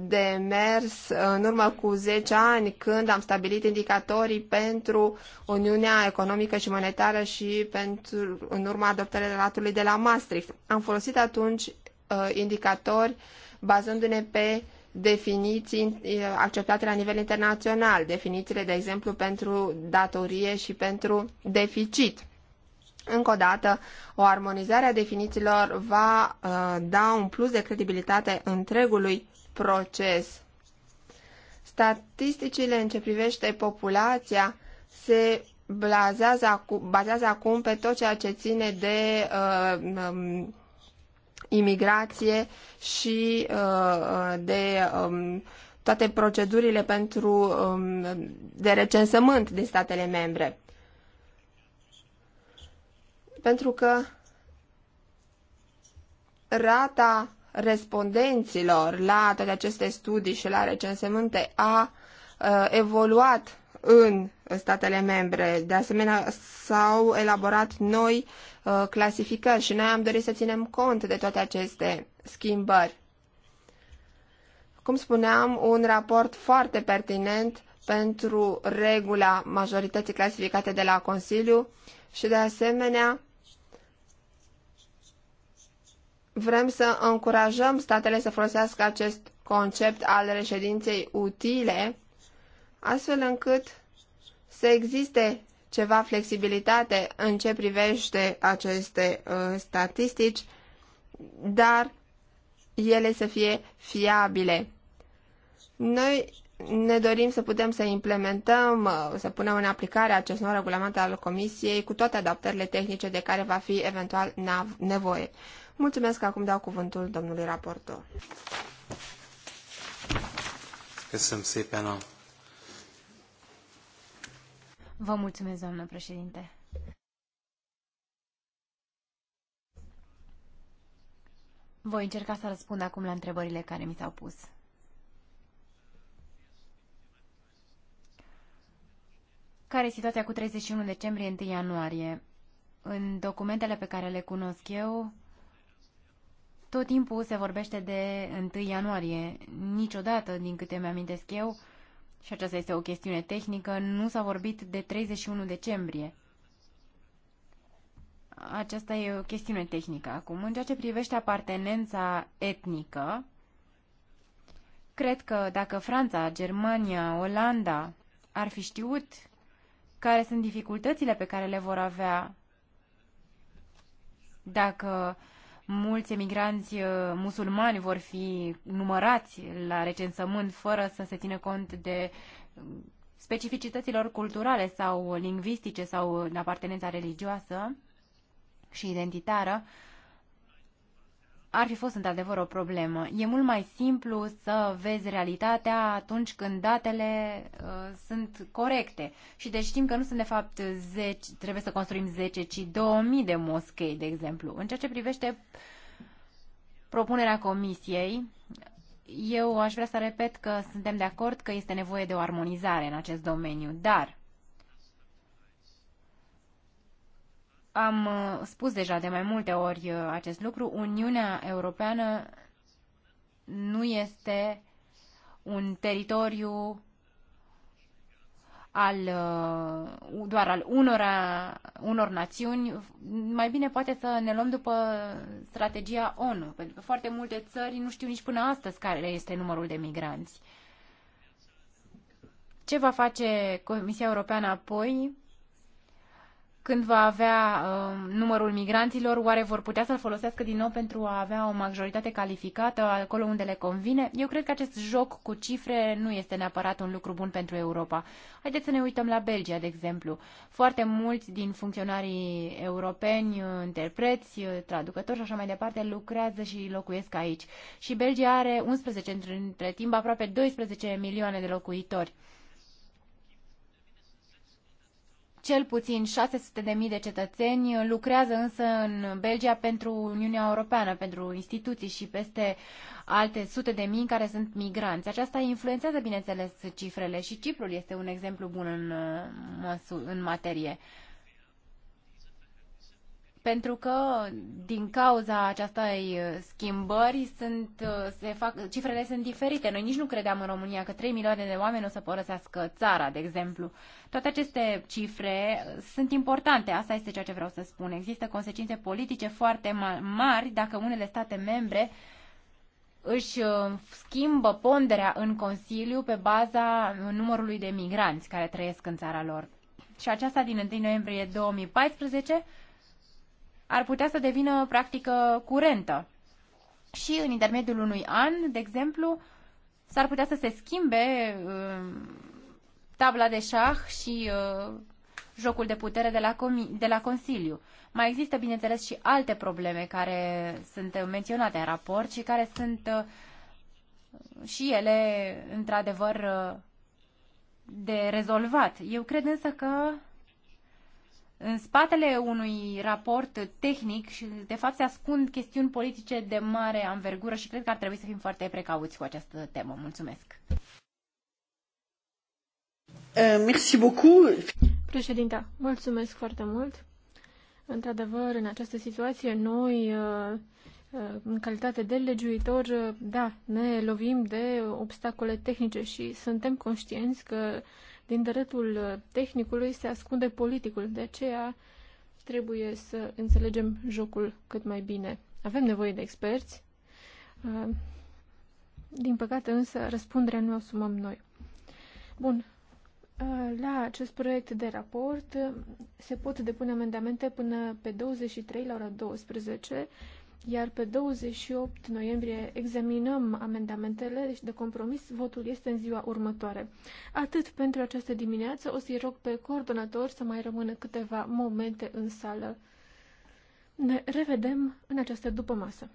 demers în urmă cu 10 ani când am stabilit indicatorii pentru Uniunea Economică și Monetară și pentru, în urma adoptării relatului de la Maastricht. Am folosit atunci uh, indicatori bazându-ne pe definiții uh, acceptate la nivel internațional, definițiile, de exemplu, pentru datorie și pentru deficit. Încă o dată, o armonizare a definițiilor va uh, da un plus de credibilitate întregului proces. Statisticile în ce privește populația se blazează acu- bazează acum pe tot ceea ce ține de uh, um, imigrație și uh, de um, toate procedurile pentru um, de recensământ din statele membre pentru că rata respondenților la toate aceste studii și la recensământe a uh, evoluat în statele membre. De asemenea, s-au elaborat noi uh, clasificări și noi am dorit să ținem cont de toate aceste schimbări. Cum spuneam, un raport foarte pertinent pentru regula majorității clasificate de la Consiliu și, de asemenea, Vrem să încurajăm statele să folosească acest concept al reședinței utile, astfel încât să existe ceva flexibilitate în ce privește aceste uh, statistici, dar ele să fie fiabile. Noi ne dorim să putem să implementăm, uh, să punem în aplicare acest nou regulament al Comisiei cu toate adaptările tehnice de care va fi eventual nevoie. Mulțumesc, acum dau cuvântul domnului raportor. Vă mulțumesc, doamnă președinte. Voi încerca să răspund acum la întrebările care mi s-au pus. Care e situația cu 31 decembrie 1 ianuarie? În documentele pe care le cunosc eu, tot timpul se vorbește de 1 ianuarie. Niciodată, din câte mi-amintesc eu, și aceasta este o chestiune tehnică, nu s-a vorbit de 31 decembrie. Aceasta e o chestiune tehnică. Acum, în ceea ce privește apartenența etnică, cred că dacă Franța, Germania, Olanda ar fi știut care sunt dificultățile pe care le vor avea dacă uh, mulți emigranți uh, musulmani vor fi numărați la recensământ fără să se țină cont de uh, specificităților culturale sau lingvistice sau de apartenența religioasă și identitară, uh, ar fi fost într-adevăr o problemă. E mult mai simplu să vezi realitatea atunci când datele uh, sunt corecte. Și deci știm că nu sunt de fapt 10, trebuie să construim 10, ci 2000 de moschei, de exemplu. În ceea ce privește propunerea comisiei, eu aș vrea să repet că suntem de acord că este nevoie de o armonizare în acest domeniu, dar Am uh, spus deja de mai multe ori uh, acest lucru, Uniunea Europeană nu este un teritoriu al, uh, doar al unora, unor națiuni, mai bine poate să ne luăm după strategia ONU, pentru că foarte multe țări nu știu nici până astăzi care este numărul de migranți. Ce va face Comisia Europeană apoi? când va avea uh, numărul migranților, oare vor putea să-l folosească din nou pentru a avea o majoritate calificată acolo unde le convine? Eu cred că acest joc cu cifre nu este neapărat un lucru bun pentru Europa. Haideți să ne uităm la Belgia, de exemplu. Foarte mulți din funcționarii europeni, uh, interpreți, uh, traducători și așa mai departe, lucrează și locuiesc aici. Și Belgia are 11, între timp, aproape 12 milioane de locuitori. Cel puțin 600.000 de cetățeni lucrează însă în Belgia pentru Uniunea Europeană, pentru instituții și peste alte sute de mii care sunt migranți. Aceasta influențează, bineînțeles, cifrele și Ciprul este un exemplu bun în, în materie pentru că din cauza acestei uh, schimbări sunt, uh, se fac, cifrele sunt diferite. Noi nici nu credeam în România că 3 milioane de oameni o să părăsească țara, de exemplu. Toate aceste cifre uh, sunt importante, asta este ceea ce vreau să spun. Există consecințe politice foarte mari dacă unele state membre își schimbă ponderea în Consiliu pe baza numărului de migranți care trăiesc în țara lor. Și aceasta din 1 noiembrie 2014 ar putea să devină practică curentă. Și în intermediul unui an, de exemplu, s-ar putea să se schimbe uh, tabla de șah și uh, jocul de putere de la, de la Consiliu. Mai există, bineînțeles, și alte probleme care sunt menționate în raport și care sunt uh, și ele, într-adevăr, de rezolvat. Eu cred însă că în spatele unui raport tehnic și de fapt se ascund chestiuni politice de mare anvergură și cred că ar trebui să fim foarte precauți cu această temă. Mulțumesc. Eh, merci beaucoup. Președinta, mulțumesc foarte mult. Într-adevăr, în această situație, noi, eh, eh, în calitate de legiuitor, da, ne lovim de obstacole tehnice și suntem conștienți că din dreptul tehnicului se ascunde politicul. De aceea trebuie să înțelegem jocul cât mai bine. Avem nevoie de experți. Uh, din păcate însă răspunderea nu asumăm noi. Bun. Uh, la acest proiect de raport uh, se pot depune amendamente până pe 23 la ora 12 iar pe 28 noiembrie examinăm amendamentele de compromis. Votul este în ziua următoare. Atât pentru această dimineață. O să-i rog pe coordonator să mai rămână câteva momente în sală. Ne revedem în această dupămasă.